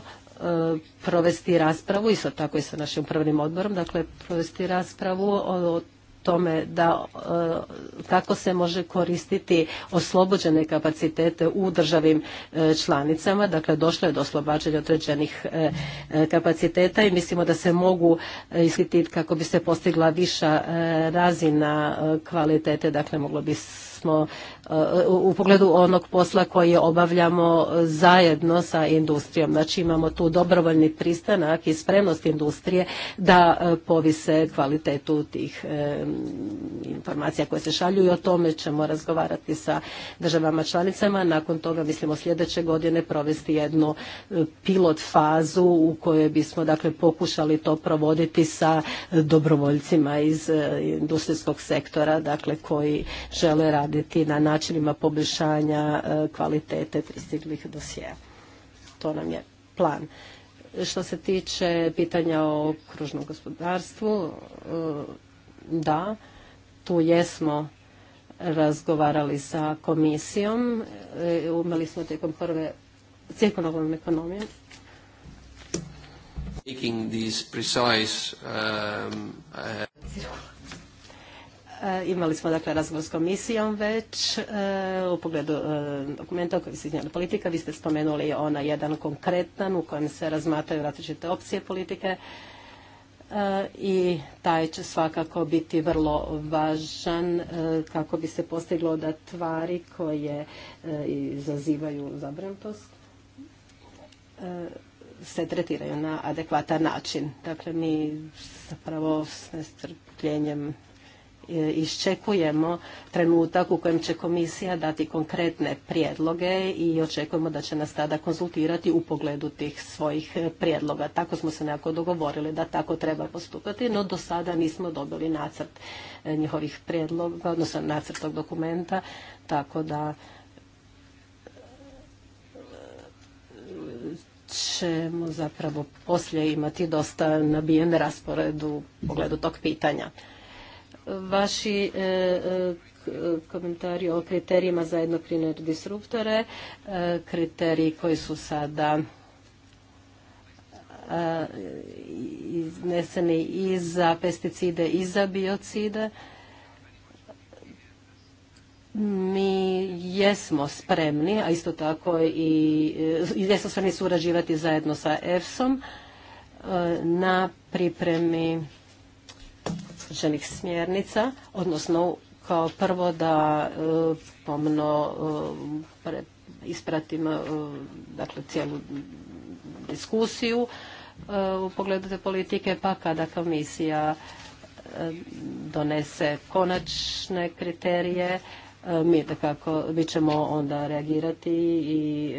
Speaker 3: provesti raspravu, isto tako i sa našim upravnim odborom, dakle provesti raspravu o tome da e, kako se može koristiti oslobođene kapacitete u državim e, članicama. Dakle, došlo je do oslobađanja određenih e, kapaciteta i mislimo da se mogu ispititi kako bi se postigla viša razina kvalitete. Dakle, moglo bi smo e, u pogledu onog posla koji obavljamo zajedno sa industrijom. Znači imamo tu dobrovoljni pristanak i spremnost industrije da e, povise kvalitetu tih e, informacija koje se šalju i o tome ćemo razgovarati sa državama članicama. Nakon toga mislimo sljedeće godine provesti jednu pilot fazu u kojoj bismo dakle pokušali to provoditi sa dobrovoljcima iz industrijskog sektora dakle koji žele raditi raditi na načinima poboljšanja e, kvalitete pristiglih dosjea. To nam je plan. Što se tiče pitanja o kružnom gospodarstvu, e, da, tu jesmo razgovarali sa komisijom, umeli e, smo tijekom prve cirkularnom ekonomije.
Speaker 2: Um, uh,
Speaker 3: E, imali smo dakle razgovor s komisijom već e, u pogledu e, dokumenta koji se iznijela politika. Vi ste spomenuli ona jedan konkretan u kojem se razmataju različite opcije politike i taj će svakako biti vrlo važan kako bi se postiglo da tvari koje izazivaju zabrinutost se tretiraju na adekvatan način. Dakle, mi zapravo s nestrpljenjem E, iščekujemo trenutak u kojem će komisija dati konkretne prijedloge i očekujemo da će nas tada konzultirati u pogledu tih svojih e, prijedloga. Tako smo se nekako dogovorili da tako treba postupati, no do sada nismo dobili nacrt e, njihovih prijedloga, odnosno nacrt tog dokumenta, tako da ćemo zapravo poslije imati dosta nabijen raspored u pogledu tog pitanja vaši e, e, komentari o kriterijima za endokrine disruptore, e, kriteriji koji su sada izneseni i za pesticide i za biocide. Mi jesmo spremni, a isto tako i jesmo spremni surađivati zajedno sa EFSO-om na pripremi utvrđenih smjernica, odnosno kao prvo da e, pomno e, ispratim e, dakle, cijelu diskusiju u pogledu te politike, pa kada komisija donese konačne kriterije, mi kako mi ćemo onda reagirati i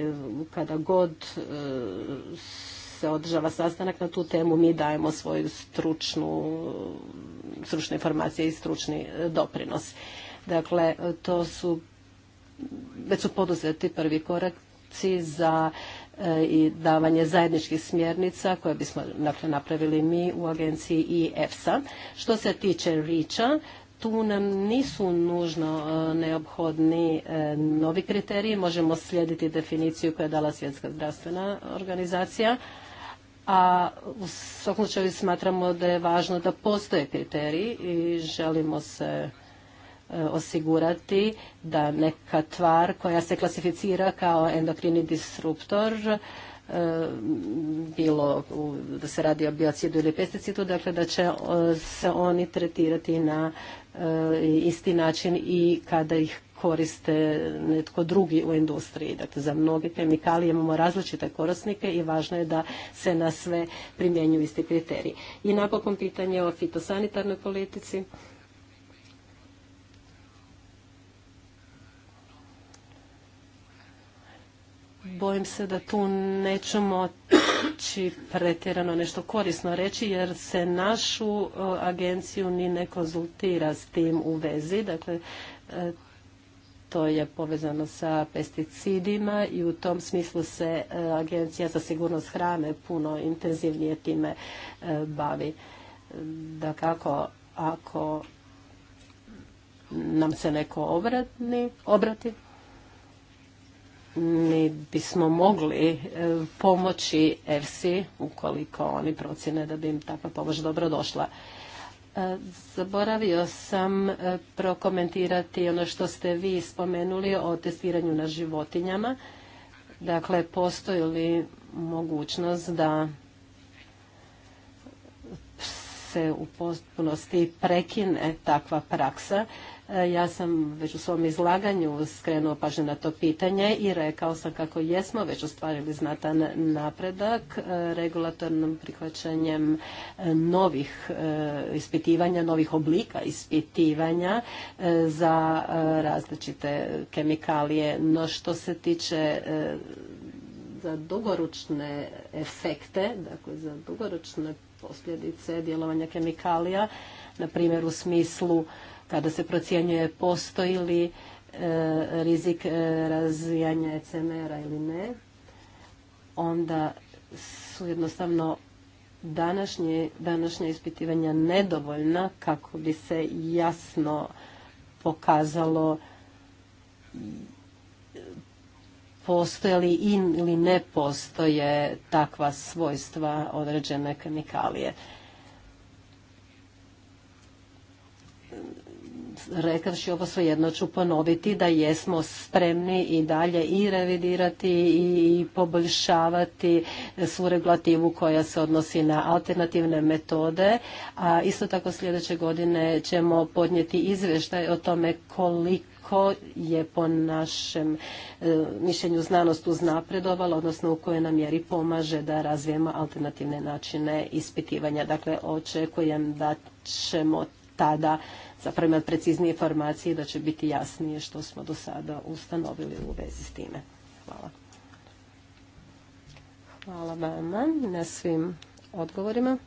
Speaker 3: kada god se održava sastanak na tu temu, mi dajemo svoju stručnu, stručne informacije i stručni e, doprinos. Dakle, to su, već su poduzeti prvi koraci za e, i davanje zajedničkih smjernica koje bismo dakle, napravili mi u agenciji i EFSA. Što se tiče reach tu nam nisu nužno e, neophodni novi kriteriji. Možemo slijediti definiciju koju je dala Svjetska zdravstvena organizacija, a u svakom slučaju smatramo da je važno da postoje kriteriji i želimo se e, osigurati da neka tvar koja se klasificira kao endokrini disruptor e, bilo da se radi o biocidu ili pesticidu, dakle da će e, se oni tretirati na isti način i kada ih koriste netko drugi u industriji. Dakle, za mnoge kemikalije imamo različite korisnike i važno je da se na sve primjenjuju isti kriteriji. I napokon pitanje o fitosanitarnoj politici. bojim se da tu nećemo ći pretjerano nešto korisno reći jer se našu e, agenciju ni ne konzultira s tim u vezi. Dakle, e, to je povezano sa pesticidima i u tom smislu se e, Agencija za sigurnost hrane puno intenzivnije time e, bavi. Da kako ako nam se neko obrati, mi bismo mogli e, pomoći EFSI ukoliko oni procjene da bi im takva pomoć dobro došla. Zaboravio sam e, prokomentirati ono što ste vi spomenuli o testiranju na životinjama. Dakle, postoji li mogućnost da se u potpunosti prekine takva praksa E, ja sam već u svom izlaganju skrenuo pažnju na to pitanje i rekao sam kako jesmo već ostvarili znatan napredak e, regulatornim prihvaćanjem e, novih ispitivanja, novih oblika ispitivanja za različite kemikalije. No što se tiče za dugoročne efekte, dakle za dugoročne posljedice djelovanja kemikalija, na primjer u smislu kada se procjenjuje postoji li e, rizik e, razvijanja ECMR-a ili ne, onda su jednostavno današnje, današnja ispitivanja nedovoljna kako bi se jasno pokazalo postoje li ili ne postoje takva svojstva određene kemikalije. rekavši ovo svejedno ću ponoviti da jesmo spremni i dalje i revidirati i poboljšavati svu regulativu koja se odnosi na alternativne metode, a isto tako sljedeće godine ćemo podnijeti izvještaj o tome koliko je po našem e, mišljenju znanost uznapredovala, odnosno u kojoj nam mjeri pomaže da razvijemo alternativne načine ispitivanja. Dakle, očekujem da ćemo tada zapravo imati preciznije informacije da će biti jasnije što smo do sada ustanovili u vezi s time. Hvala. Hvala vama na svim odgovorima.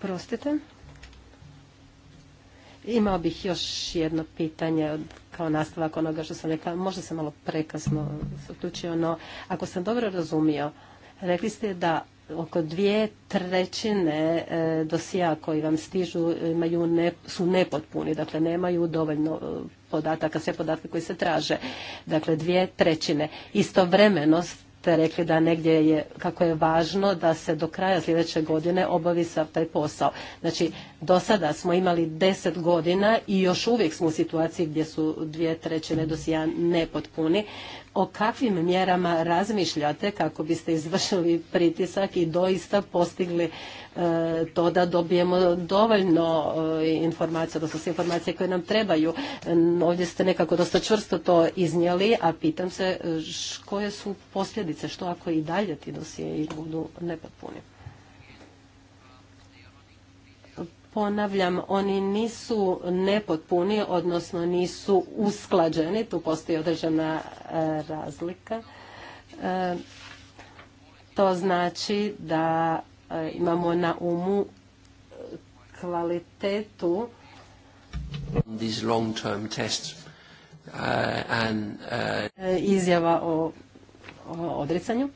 Speaker 3: prostite. Imao bih još jedno pitanje kao nastavak onoga što sam rekla. Možda sam malo prekasno uključio, no ako sam dobro razumio, rekli ste da oko dvije trećine e, dosija koji vam stižu imaju ne, su nepotpuni, dakle nemaju dovoljno e, podataka, sve podatke koji se traže. Dakle, dvije trećine. Istovremeno ste rekli da negdje je, kako je važno da se do kraja sljedeće godine obavi taj posao. Znači, do sada smo imali deset godina i još uvijek smo u situaciji gdje su dvije trećine dosija nepotpuni o kakvim mjerama razmišljate kako biste izvršili pritisak i doista postigli e, to da dobijemo dovoljno e, informacija, odnosno sve informacije koje nam trebaju. Ovdje ste nekako dosta čvrsto to iznijeli, a pitam se e, koje su posljedice, što ako i dalje ti dosije budu nepotpuni. ponavljam, oni nisu nepotpuni, odnosno nisu usklađeni, tu postoji određena e, razlika. E, to znači da e, imamo na umu kvalitetu
Speaker 2: uh, uh,
Speaker 3: izjava o, o odricanju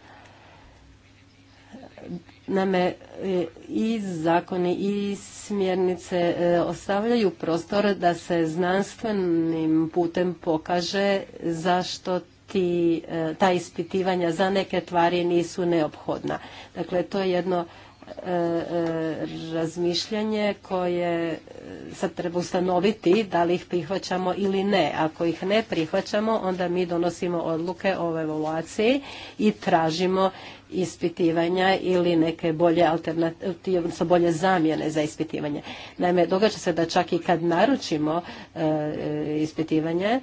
Speaker 3: Name e, i zakoni i smjernice e, ostavljaju prostor da se znanstvenim putem pokaže zašto ti, e, ta ispitivanja za neke tvari nisu neophodna. Dakle, to je jedno razmišljanje koje sad treba ustanoviti da li ih prihvaćamo ili ne. Ako ih ne prihvaćamo, onda mi donosimo odluke o evaluaciji i tražimo ispitivanja ili neke bolje alternative, odnosno bolje zamjene za ispitivanje. Naime, događa se da čak i kad naručimo e, e, ispitivanje,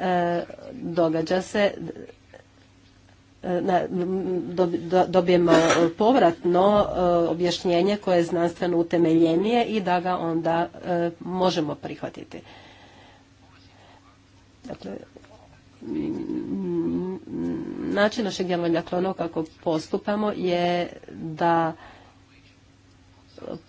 Speaker 3: e, događa se da dobijemo povratno objašnjenje koje je znanstveno utemeljenije i da ga onda možemo prihvatiti. Dakle, način našeg djelovanja, dakle ono kako postupamo je da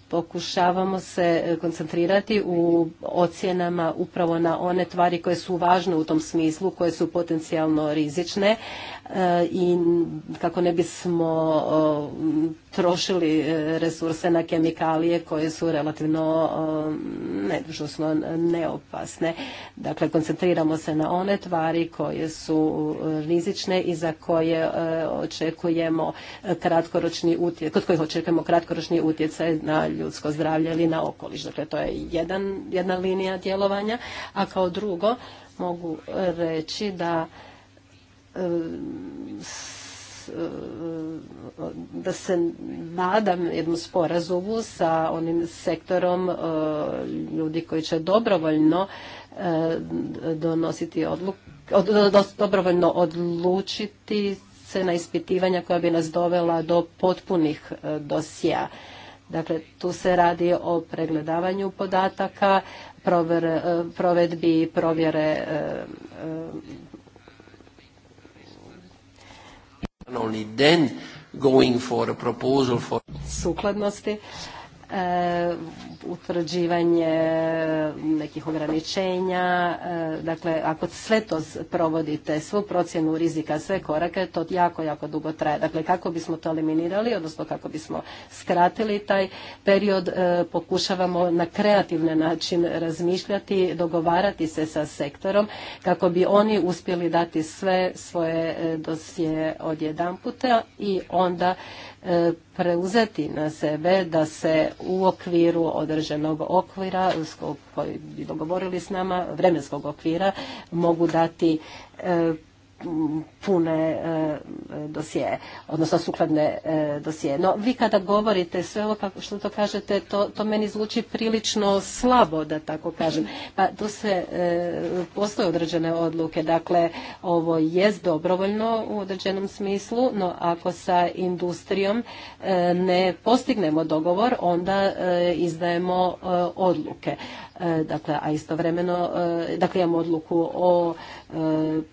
Speaker 3: pokušavamo se e, koncentrirati u ocjenama upravo na one tvari koje su važne u tom smislu, koje su potencijalno rizične e, i kako ne bismo trošili e, resurse na kemikalije koje su relativno nedužnosno neopasne. Dakle, koncentriramo se na one tvari koje su rizične i za koje očekujemo kratkoročni utjecaj, kod kojih očekujemo kratkoročni utjecaj na ljudsko zdravlje ili na okoliš. Dakle, to je jedan, jedna linija djelovanja. A kao drugo, mogu reći da e, e, da se nadam jednom sporazumu sa onim sektorom e, ljudi koji će dobrovoljno donositi odluku, dobrovoljno odlučiti se na ispitivanja koja bi nas dovela do potpunih dosija Dakle, tu se radi o pregledavanju podataka, e, provedbi provjere e,
Speaker 2: e,
Speaker 3: sukladnosti E, utvrđivanje nekih ograničenja. E, dakle, ako sve to provodite, svu procjenu rizika, sve korake, to jako, jako dugo traje. Dakle, kako bismo to eliminirali, odnosno kako bismo skratili taj period, e, pokušavamo na kreativni način razmišljati, dogovarati se sa sektorom kako bi oni uspjeli dati sve svoje dosije puta i onda E, preuzeti na sebe da se u okviru određenog okvira koji bi dogovorili s nama, vremenskog okvira, mogu dati e, pune e, e, dosije, odnosno sukladne e, dosije. No, vi kada govorite sve ovo kako pa što to kažete, to, meni zvuči prilično slabo, da tako kažem. Pa tu se postoje određene odluke, dakle ovo je dobrovoljno u određenom smislu, no ako sa industrijom ne postignemo dogovor, onda izdajemo odluke. E, dakle, a istovremeno, e, dakle, imamo odluku o e,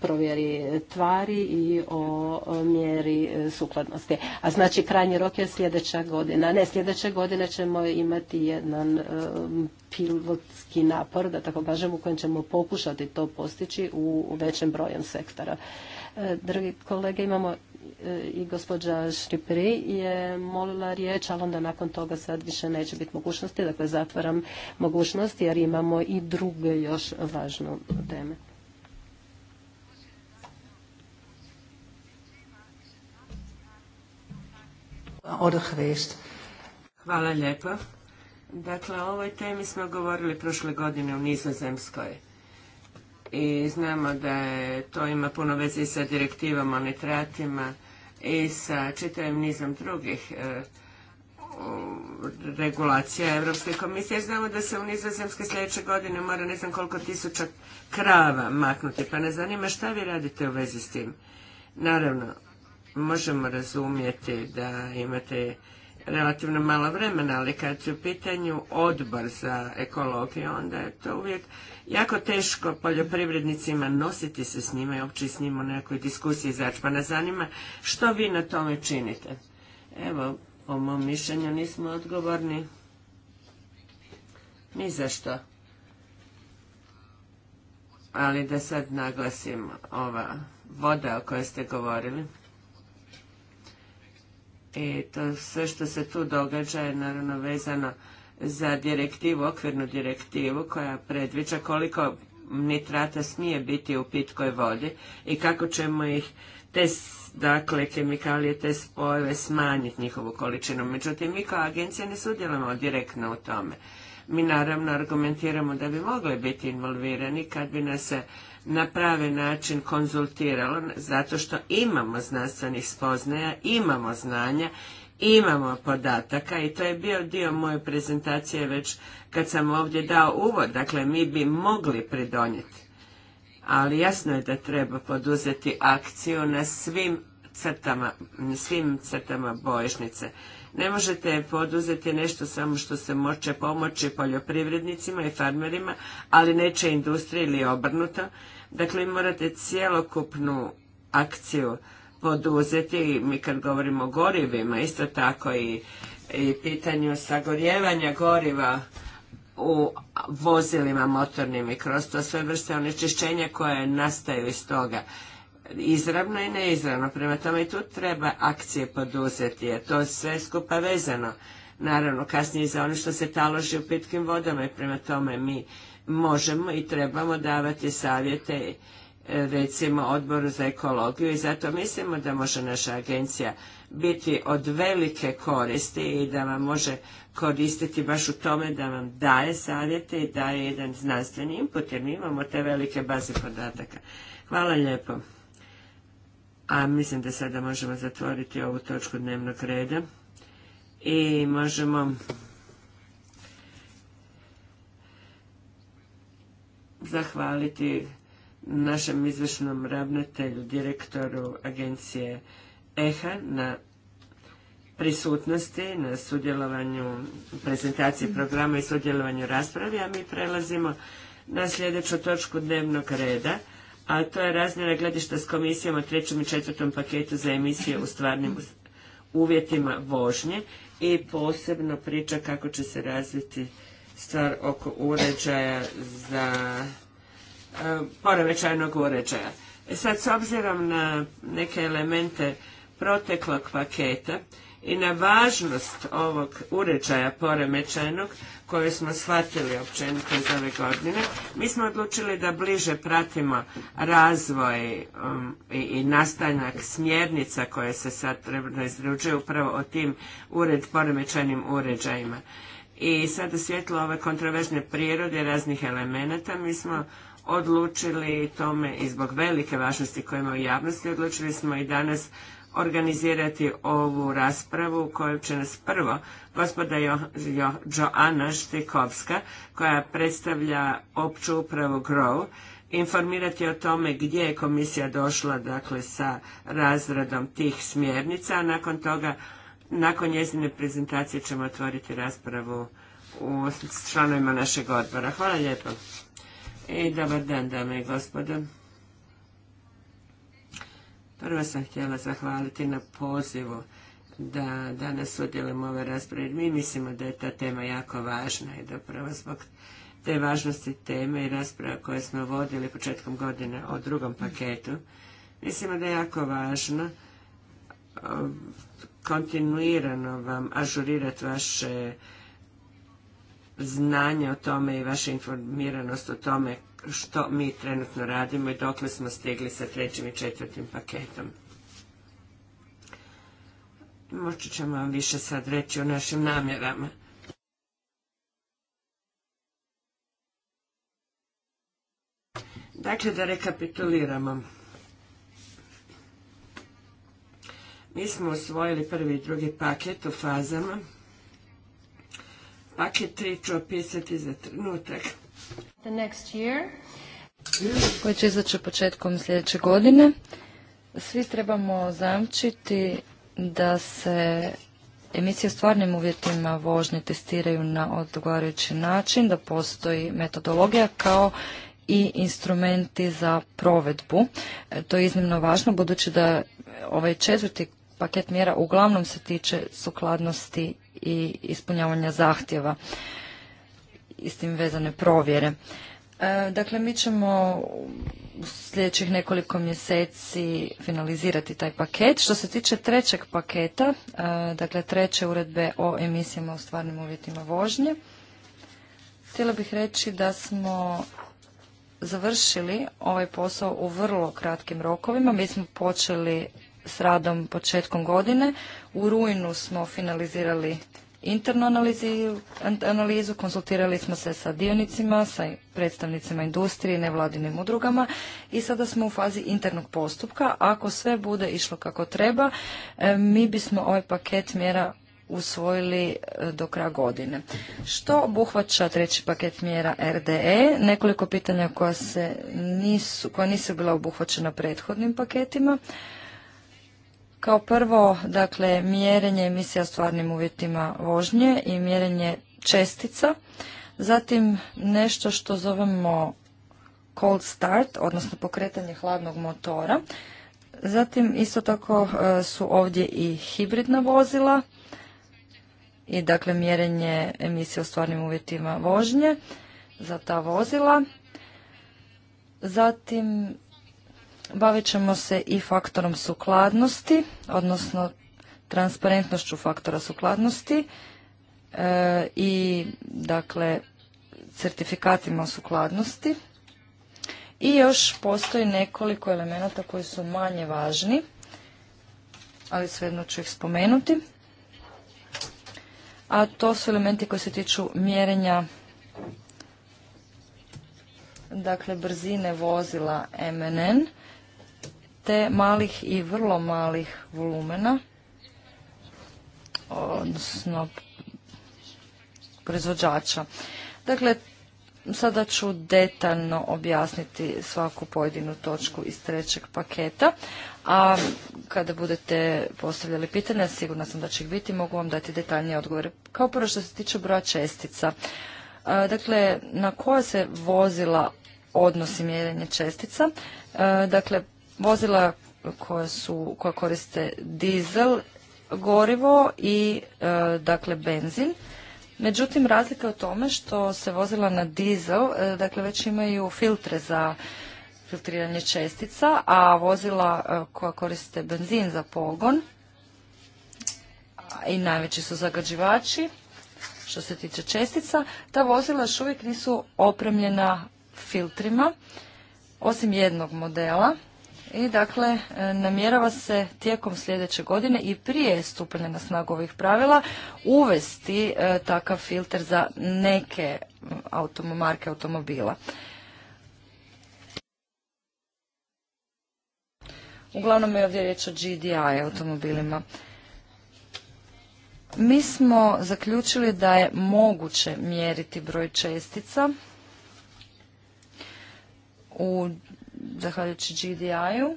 Speaker 3: provjeri tvari i o mjeri sukladnosti. A znači, krajnji rok je sljedeća godina. Ne, sljedeće godine ćemo imati jedan pilotski napor, da tako kažem, u kojem ćemo pokušati to postići u većem brojem sektora. Dragi kolege, imamo E, i gospođa Šripri je molila riječ, ali onda nakon toga sad više neće biti mogućnosti. Dakle, zatvaram mogućnosti jer imamo i druge još važne teme.
Speaker 2: Hvala lijepo. Dakle, o ovoj temi smo govorili prošle godine u Nizozemskoj i znamo da je, to ima puno veze i sa direktivom o nitratima i sa čitavim nizom drugih e, regulacija Europske komisije. Znamo da se u Nizozemske sljedeće godine mora ne znam koliko tisuća krava maknuti, pa ne zanima šta vi radite u vezi s tim. Naravno, možemo razumjeti da imate relativno malo vremena, ali kad su u pitanju odbor za ekologiju, onda je to uvijek jako teško poljoprivrednicima nositi se s njima i uopće s njima u nekoj diskusiji izaći. Pa nas zanima što vi na tome činite. Evo, po mom mišljenju nismo odgovorni ni za što. Ali da sad naglasim ova voda o kojoj ste govorili. I e, to sve što se tu događa je naravno vezano za direktivu, okvirnu direktivu koja predviđa koliko nitrata smije biti u pitkoj vodi i kako ćemo ih te dakle kemikalije, te spojeve smanjiti njihovu količinu. Međutim, mi kao agencija ne sudjelujemo direktno u tome. Mi naravno argumentiramo da bi mogli biti involvirani kad bi nas se na pravi način konzultiralo, zato što imamo znanstvenih spoznaja, imamo znanja, imamo podataka i to je bio dio moje prezentacije već kad sam ovdje dao uvod, dakle mi bi mogli pridonijeti. Ali jasno je da treba poduzeti akciju na svim crtama, svim crtama bojišnice. Ne možete poduzeti nešto samo što se može pomoći poljoprivrednicima i farmerima, ali neće industrija ili obrnuto, Dakle, morate cjelokupnu akciju poduzeti mi kad govorimo o gorivima, isto tako i, pitanju sagorjevanja goriva u vozilima motornim i kroz to sve vrste onečišćenja koje nastaju iz toga izravno i neizravno. Prema tome i tu treba akcije poduzeti, jer to je sve skupa vezano. Naravno, kasnije za ono što se taloži u pitkim vodama i prema tome mi možemo i trebamo davati savjete e, recimo odboru za ekologiju i zato mislimo da može naša agencija biti od velike koristi i da vam može koristiti baš u tome da vam daje savjete i daje jedan znanstveni input jer mi imamo te velike baze podataka. Hvala lijepo. A mislim da sada možemo zatvoriti ovu točku dnevnog reda i možemo zahvaliti našem izvršnom ravnatelju, direktoru agencije EHA na prisutnosti, na sudjelovanju prezentaciji programa i sudjelovanju raspravi, a mi prelazimo na sljedeću točku dnevnog reda, a to je razmjena gledišta s komisijom o trećem i četvrtom paketu za emisije u stvarnim uvjetima vožnje i posebno priča kako će se razviti stvar oko uređaja za e, poremećajnog uređaja. E, sad, s obzirom na neke elemente proteklog paketa i na važnost ovog uređaja poremećajnog, koje smo shvatili općenito iz ove godine, mi smo odlučili da bliže pratimo razvoj um, i, nastanak smjernica koje se sad trebno upravo o tim ured, poremećajnim uređajima i sad u svjetlu ove kontroverzne prirode raznih elemenata mi smo odlučili tome i zbog velike važnosti koje ima u javnosti odlučili smo i danas organizirati ovu raspravu u kojoj će nas prvo gospođa jo, Joana Štikovska koja predstavlja opću upravu GROW informirati o tome gdje je komisija došla dakle sa razradom tih smjernica, a nakon toga nakon njezine prezentacije ćemo otvoriti raspravu u članovima našeg odbora. Hvala lijepo. I e, dobar dan, dame i gospodo. Prvo sam htjela zahvaliti na pozivu da danas udjelimo ove rasprave. Mi mislimo da je ta tema jako važna i da upravo zbog te važnosti teme i rasprava koje smo vodili početkom godine o drugom paketu, mislimo da je jako važno kontinuirano vam ažurirati vaše znanje o tome i vaša informiranost o tome što mi trenutno radimo i dokle smo stigli sa trećim i četvrtim paketom. Moći ćemo vam više sad reći o našim namjerama. Dakle, da rekapituliramo. Mi smo usvojili prvi i drugi paket u fazama. Paket 3 ću opisati za trenutak.
Speaker 1: year. Koji će izaći početkom sljedeće godine. Svi trebamo zamčiti da se emisije u stvarnim uvjetima vožnje testiraju na odgovarajući način, da postoji metodologija kao i instrumenti za provedbu. E, to je iznimno važno budući da ovaj četvrti paket mjera uglavnom se tiče sukladnosti i ispunjavanja zahtjeva i s tim vezane provjere. E, dakle, mi ćemo u sljedećih nekoliko mjeseci finalizirati taj paket. Što se tiče trećeg paketa, e, dakle treće uredbe o emisijama u stvarnim uvjetima vožnje, htjela bih reći da smo završili ovaj posao u vrlo kratkim rokovima. Mi smo počeli s radom početkom godine. U rujnu smo finalizirali internu analizu, analizu, konsultirali smo se sa dionicima, sa predstavnicima industrije, nevladinim udrugama i sada smo u fazi internog postupka. Ako sve bude išlo kako treba, e, mi bismo ovaj paket mjera usvojili e, do kraja godine. Što obuhvaća treći paket mjera RDE? Nekoliko pitanja koja, se nisu, koja nisu bila obuhvaćena prethodnim paketima. Kao prvo, dakle, mjerenje emisija stvarnim uvjetima vožnje i mjerenje čestica. Zatim nešto što zovemo cold start, odnosno pokretanje hladnog motora. Zatim isto tako e, su ovdje i hibridna vozila i dakle mjerenje emisije u stvarnim uvjetima vožnje za ta vozila. Zatim Bavit ćemo se i faktorom sukladnosti, odnosno transparentnošću faktora sukladnosti e, i dakle certifikatima sukladnosti. I još postoji nekoliko elemenata koji su manje važni, ali svejedno ću ih spomenuti. A to su elementi koji se tiču mjerenja dakle brzine vozila MNN te malih i vrlo malih volumena, odnosno proizvođača. Dakle, sada ću detaljno objasniti svaku pojedinu točku iz trećeg paketa, a kada budete postavljali pitanja, sigurna sam da će ih biti, mogu vam dati detaljnije odgovore. Kao prvo što se tiče broja čestica, dakle, na koja se vozila odnosi mjerenje čestica, dakle, vozila koja, koriste dizel, gorivo i e, dakle benzin. Međutim, razlika je u tome što se vozila na dizel, e, dakle već imaju filtre za filtriranje čestica, a vozila e, koja koriste benzin za pogon i najveći su zagađivači što se tiče čestica, ta vozila još uvijek nisu opremljena filtrima, osim jednog modela i dakle, namjerava se tijekom sljedeće godine i prije stupanja na snagu ovih pravila uvesti e, takav filter za neke marke automobila. Uglavnom je ovdje riječ o GDI automobilima. Mi smo zaključili da je moguće mjeriti broj čestica u zahvaljujući GDI-u.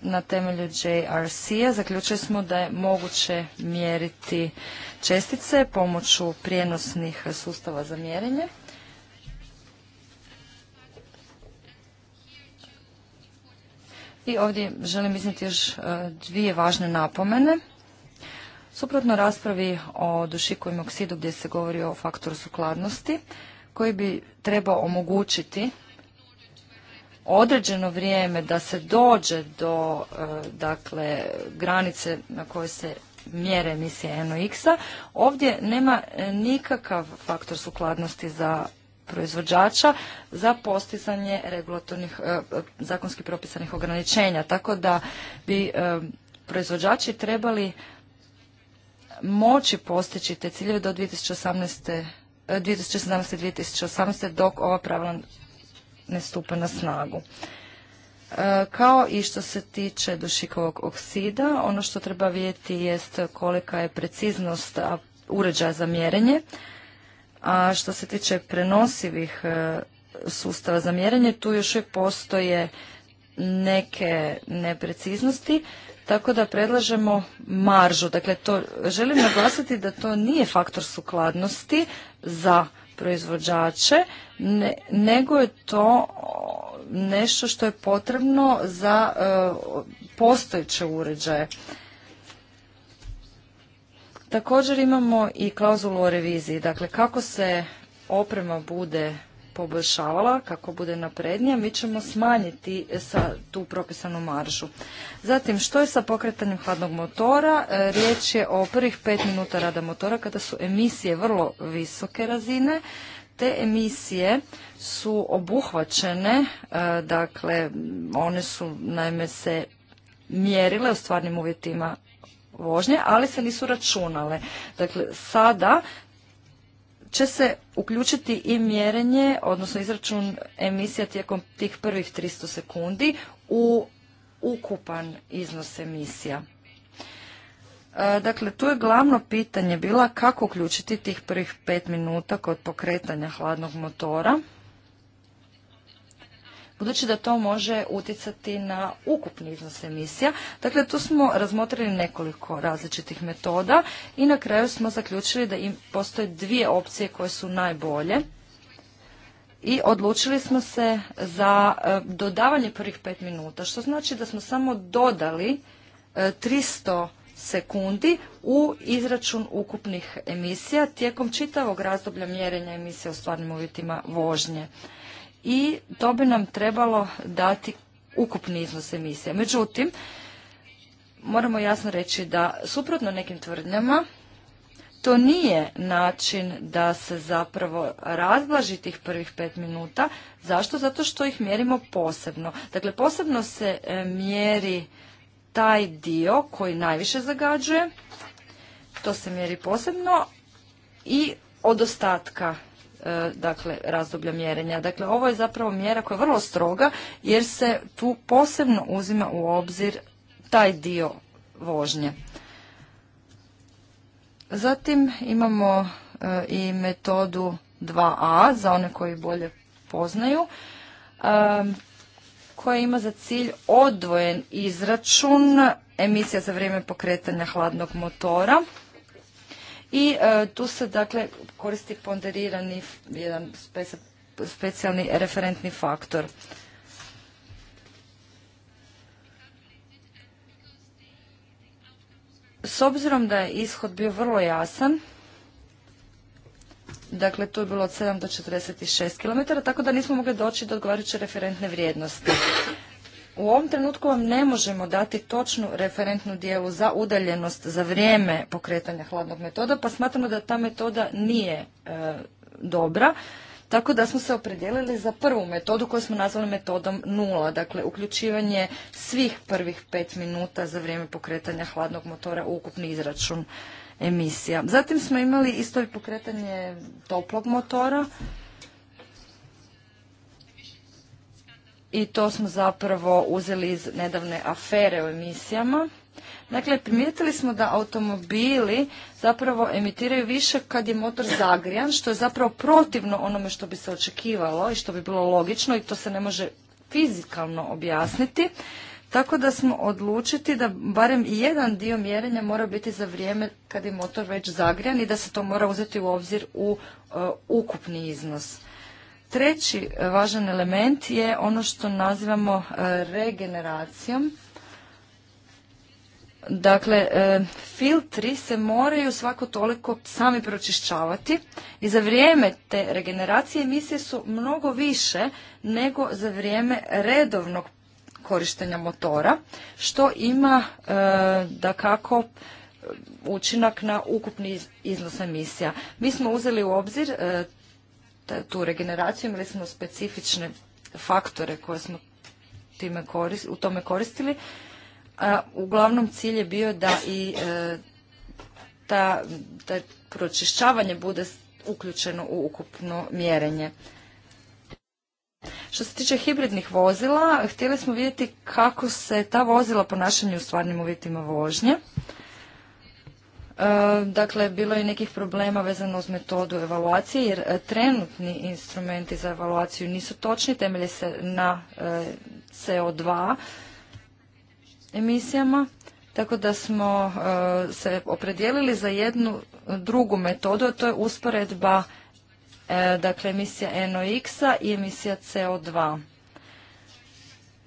Speaker 1: Na temelju JRC-a zaključili smo da je moguće mjeriti čestice pomoću prijenosnih sustava za mjerenje. I ovdje želim iznijeti još e, dvije važne napomene. Suprotno raspravi o dušikovim oksidu gdje se govori o faktoru sukladnosti koji bi trebao omogućiti određeno vrijeme da se dođe do e, dakle granice na kojoj se mjere emisije NOx-a, ovdje nema e, nikakav faktor sukladnosti za proizvođača za postizanje regulatornih e, zakonski propisanih ograničenja. Tako da bi proizvođači trebali moći postići te ciljeve do 2018, 2017. 2018. dok ova pravila ne stupa na snagu. E, kao i što se tiče dušikovog oksida, ono što treba vidjeti jest kolika je preciznost uređaja za mjerenje, a što se tiče prenosivih e, sustava za mjerenje, tu još uvijek postoje neke nepreciznosti, tako da predlažemo maržu. Dakle, to želim naglasiti da to nije faktor sukladnosti za proizvođače, nego je to nešto što je potrebno za e, postojeće uređaje. Također imamo i klauzulu o reviziji, dakle kako se oprema bude poboljšavala, kako bude naprednija, mi ćemo smanjiti sa tu propisanu maržu. Zatim, što je sa pokretanjem hladnog motora? E, riječ je o prvih pet minuta rada motora kada su emisije vrlo visoke razine. Te emisije su obuhvaćene, e, dakle, one su naime se mjerile u stvarnim uvjetima vožnje, ali se nisu računale. Dakle, sada će se uključiti i mjerenje, odnosno izračun emisija tijekom tih prvih 300 sekundi u ukupan iznos emisija. E, dakle, tu je glavno pitanje bila kako uključiti tih prvih pet minuta kod pokretanja hladnog motora budući da to može utjecati na ukupni iznos emisija. Dakle, tu smo razmotrili nekoliko različitih metoda i na kraju smo zaključili da im postoje dvije opcije koje su najbolje i odlučili smo se za e, dodavanje prvih pet minuta, što znači da smo samo dodali 300 e, sekundi u izračun ukupnih emisija tijekom čitavog razdoblja mjerenja emisija u stvarnim uvjetima vožnje i to bi nam trebalo dati ukupni iznos emisije. Međutim, moramo jasno reći da suprotno nekim tvrdnjama to nije način da se zapravo razblaži tih prvih pet minuta. Zašto? Zato što ih mjerimo posebno. Dakle, posebno se e, mjeri taj dio koji najviše zagađuje, to se mjeri posebno i od ostatka E, dakle razdoblja mjerenja. Dakle, ovo je zapravo mjera koja je vrlo stroga jer se tu posebno uzima u obzir taj dio vožnje. Zatim imamo e, i metodu 2A za one koji bolje poznaju e, koja ima za cilj odvojen izračun emisija za vrijeme pokretanja hladnog motora i e, tu se dakle koristi ponderirani jedan specijalni referentni faktor. S obzirom da je ishod bio vrlo jasan, dakle tu je bilo od 7 do 46 km, tako da nismo mogli doći do odgovarajuće referentne vrijednosti. U ovom trenutku vam ne možemo dati točnu referentnu dijelu za udaljenost za vrijeme pokretanja hladnog metoda, pa smatramo da ta metoda nije e, dobra. Tako da smo se opredijelili za prvu metodu koju smo nazvali metodom nula, dakle uključivanje svih prvih pet minuta za vrijeme pokretanja hladnog motora u ukupni izračun emisija. Zatim smo imali isto i pokretanje toplog motora i to smo zapravo uzeli iz nedavne afere o emisijama. Dakle, primijetili smo da automobili zapravo emitiraju više kad je motor zagrijan, što je zapravo protivno onome što bi se očekivalo i što bi bilo logično i to se ne može fizikalno objasniti. Tako da smo odlučiti da barem jedan dio mjerenja mora biti za vrijeme kad je motor već zagrijan i da se to mora uzeti u obzir u e, ukupni iznos. Treći e, važan element je ono što nazivamo e, regeneracijom. Dakle, e, filtri se moraju svako toliko sami pročišćavati i za vrijeme te regeneracije emisije su mnogo više nego za vrijeme redovnog korištenja motora, što ima da kako učinak na ukupni iznos emisija. Mi smo uzeli u obzir tu regeneraciju, imali smo specifične faktore koje smo time u tome koristili. A, uglavnom cilj je bio da i e, ta, pročišćavanje bude uključeno u ukupno mjerenje. Što se tiče hibridnih vozila, htjeli smo vidjeti kako se ta vozila ponašaju u stvarnim uvjetima vožnje. E, dakle, bilo je nekih problema vezano uz metodu evaluacije, jer e, trenutni instrumenti za evaluaciju nisu točni, temelje se na e, CO2 emisijama, tako da smo se opredijelili za jednu drugu metodu, a to je usporedba dakle, emisija NOx-a i emisija CO2.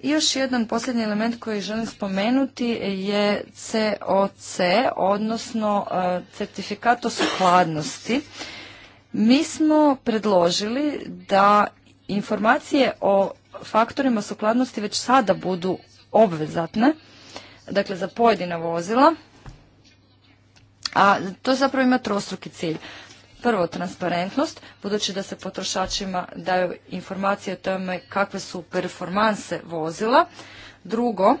Speaker 1: I još jedan posljednji element koji želim spomenuti je COC, odnosno e, certifikat o sukladnosti. Mi smo predložili da informacije o faktorima sukladnosti već sada budu obvezatne, dakle za pojedina vozila, a to zapravo ima trostruki cilj. Prvo, transparentnost, budući da se potrošačima daju informacije o tome kakve su performanse vozila. Drugo,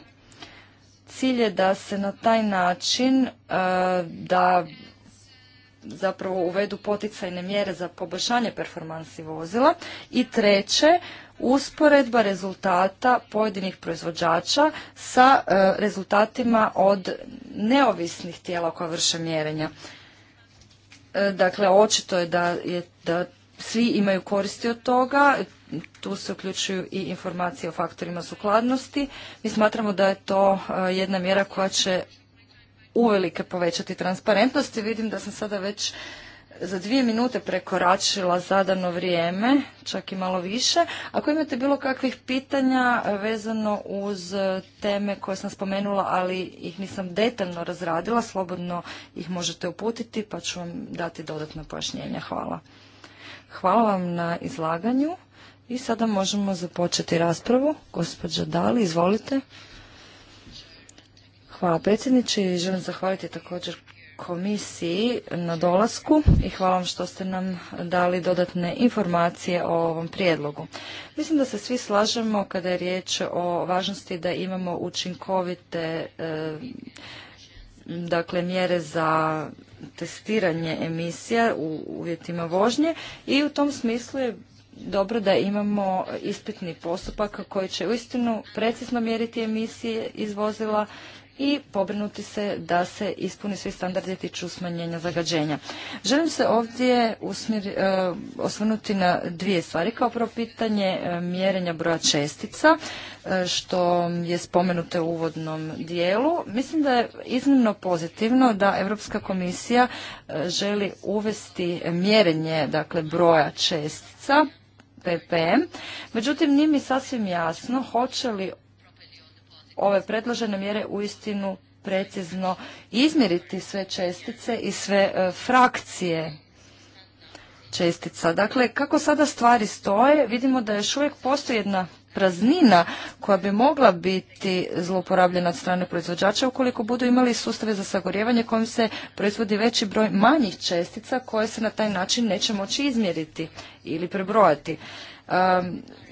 Speaker 1: cilj je da se na taj način e, da zapravo uvedu poticajne mjere za poboljšanje performansi vozila. I treće, usporedba rezultata pojedinih proizvođača sa e, rezultatima od neovisnih tijela koja vrše mjerenja. E, dakle, očito je da, je da svi imaju koristi od toga, tu se uključuju i informacije o faktorima sukladnosti. Mi smatramo da je to e, jedna mjera koja će uvelike povećati transparentnost i vidim da sam sada već za dvije minute prekoračila zadano vrijeme, čak i malo više. Ako imate bilo kakvih pitanja vezano uz teme koje sam spomenula, ali ih nisam detaljno razradila, slobodno ih možete uputiti pa ću vam dati dodatno pojašnjenje. Hvala. Hvala vam na izlaganju i sada možemo započeti raspravu. Gospođa Dali, izvolite. Hvala predsjedniče i želim zahvaliti također komisiji na dolasku i hvala vam što ste nam dali dodatne informacije o ovom prijedlogu. Mislim da se svi slažemo kada je riječ o važnosti da imamo učinkovite e, dakle mjere za testiranje emisija u uvjetima vožnje i u tom smislu je dobro da imamo ispitni postupak koji će uistinu precizno mjeriti emisije iz vozila i pobrinuti se da se ispuni svi standardi tiču smanjenja zagađenja. Želim se ovdje e, osvrnuti na dvije stvari. Kao prvo pitanje e, mjerenja broja čestica e, što je spomenuto u uvodnom dijelu. Mislim da je iznimno pozitivno da Europska komisija želi uvesti mjerenje dakle broja čestica ppm. Međutim, nije mi sasvim jasno hoće li ove predložene mjere uistinu precizno izmjeriti sve čestice i sve e, frakcije čestica. Dakle, kako sada stvari stoje, vidimo da još uvijek postoji jedna praznina koja bi mogla biti zlouporabljena od strane proizvođača ukoliko budu imali sustave za sagorjevanje kojim se proizvodi veći broj manjih čestica koje se na taj način neće moći izmjeriti ili prebrojati.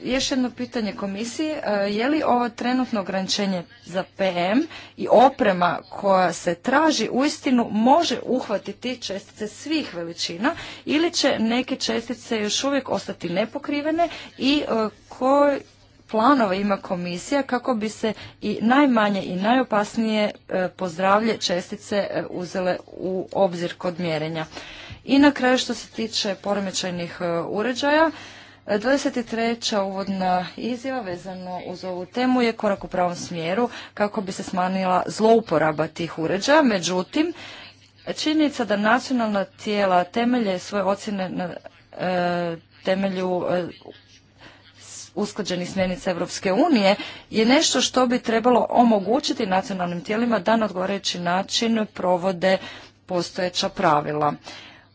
Speaker 1: Još jedno pitanje komisiji, je li ovo trenutno ograničenje za PM i oprema koja se traži uistinu može uhvatiti čestice svih veličina ili će neke čestice još uvijek ostati nepokrivene i e, koji planova ima komisija kako bi se i najmanje i najopasnije e, pozdravlje čestice e, uzele u obzir kod mjerenja. I na kraju što se tiče poremećajnih uređaja, 23. uvodna izjava vezano uz ovu temu je korak u pravom smjeru kako bi se smanjila zlouporaba tih uređaja. Međutim, činjenica da nacionalna tijela temelje svoje ocjene na e, temelju e, usklađenih smjernica Europske unije je nešto što bi trebalo omogućiti nacionalnim tijelima da na odgovarajući način provode postojeća pravila.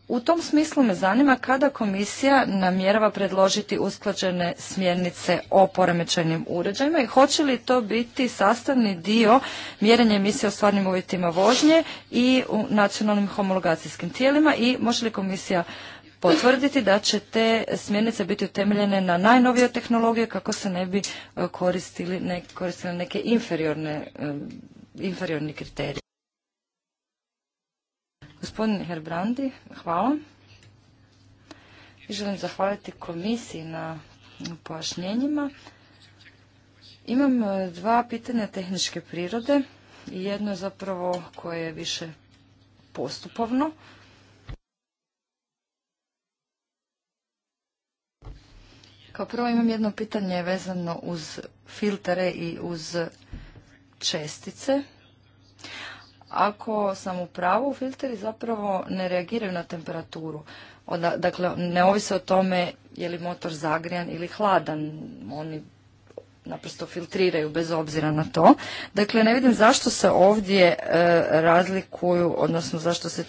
Speaker 1: U tom smislu me zanima kada komisija namjerava predložiti usklađene smjernice o poremećajnim uređajima i hoće li to biti sastavni dio mjerenja emisije o stvarnim uvjetima vožnje i u nacionalnim homologacijskim tijelima i može li komisija potvrditi da će te smjernice biti utemeljene na najnovije tehnologije kako se ne bi e, koristili koristile neke inferiorne, e, inferiorni kriteriji. Gospodine Herbrandi, hvala. Želim zahvaliti komisiji na pojašnjenjima. Imam e, dva pitanja tehničke prirode i jedno je zapravo koje je više postupovno. Kao prvo imam jedno pitanje vezano uz filtere i uz čestice. Ako sam u pravu, filteri zapravo ne reagiraju na temperaturu. dakle, ne ovise o tome je li motor zagrijan ili hladan. Oni naprosto filtriraju bez obzira na to. Dakle, ne vidim zašto se ovdje e, razlikuju, odnosno zašto se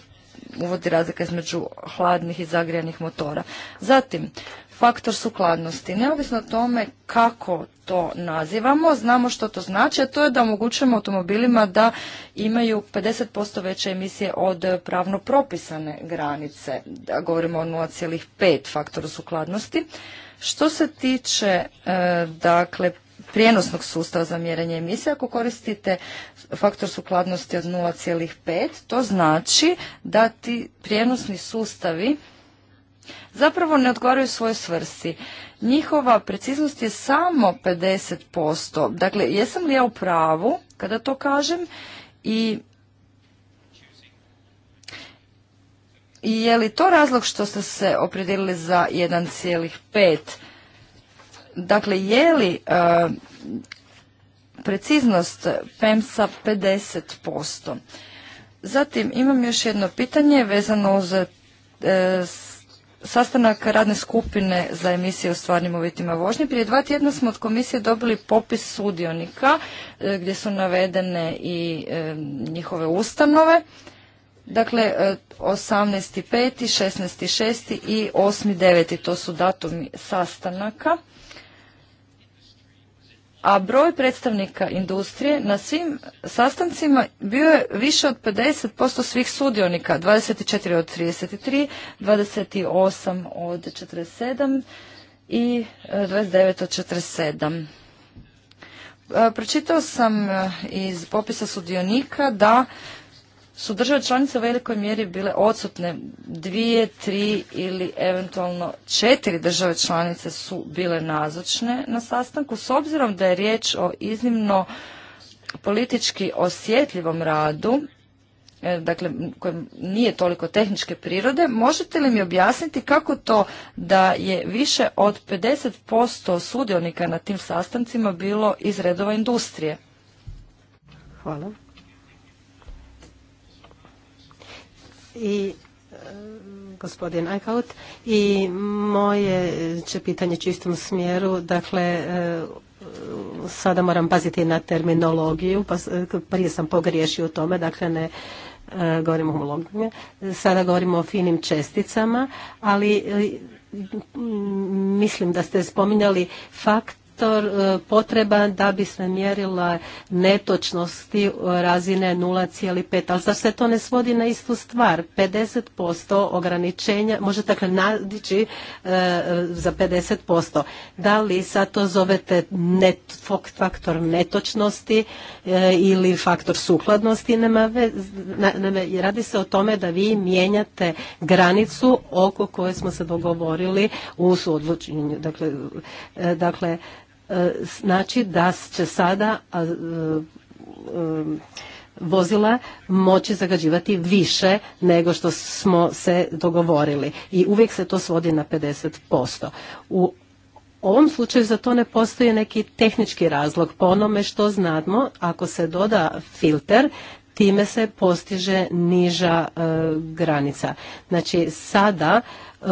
Speaker 1: uvodi razlika između hladnih i zagrijanih motora. Zatim, faktor sukladnosti. Neovisno o tome kako to nazivamo, znamo što to znači, a to je da omogućujemo automobilima da imaju 50% veće emisije od pravno propisane granice, da govorimo o 0,5 faktoru sukladnosti. Što se tiče e, dakle prijenosnog sustava za mjerenje emisije, ako koristite faktor sukladnosti od 0,5, to znači da ti prijenosni sustavi zapravo ne odgovaraju svojoj svrsi. Njihova preciznost je samo 50%. Dakle, jesam li ja u pravu kada to kažem i je li to razlog što ste se opredijelili za 1,5? Dakle, je li uh, preciznost PEMSA 50%? Zatim, imam još jedno pitanje vezano uz e, sastanak radne skupine za emisije o stvarnim uvjetima vožnje. Prije dva tjedna smo od komisije dobili popis sudionika e, gdje su navedene i e, njihove ustanove. Dakle, 18.5., e, 16.6. i 8.9. to su datumi sastanaka a broj predstavnika industrije na svim sastancima bio je više od 50% svih sudionika, 24 od 33, 28 od 47 i 29 e, od 47. E, pročitao sam e, iz popisa sudionika da su države članice u velikoj mjeri bile odsutne. Dvije, tri ili eventualno četiri države članice su bile nazočne na sastanku. S obzirom da je riječ o iznimno politički osjetljivom radu, e, dakle koji nije toliko tehničke prirode, možete li mi objasniti kako to da je više od 50% sudionika na tim sastancima bilo iz redova industrije? Hvala. i e, gospodin Eichhout
Speaker 3: i moje će pitanje čistom smjeru, dakle e, sada moram paziti na terminologiju, pa e, prije sam pogriješio u tome, dakle ne govorimo o homologiju, sada govorimo o finim česticama, ali mislim da ste spominjali fakt faktor e, potreban da bi se mjerila netočnosti e, razine 0,5. Ali zašto se to ne svodi na istu stvar? 50% ograničenja, može dakle nadići e, za 50%. Da li sad to zovete faktor netočnosti ili faktor sukladnosti? Nema Radi se o tome da vi mijenjate granicu oko koje smo se dogovorili u suodlučenju. dakle, dakle znači da će sada um, vozila moći zagađivati više nego što smo se dogovorili i uvijek se to svodi na 50%. U ovom slučaju za to ne postoji neki tehnički razlog. Po onome što znamo, ako se doda filter, time se postiže niža e, granica. Znači sada e,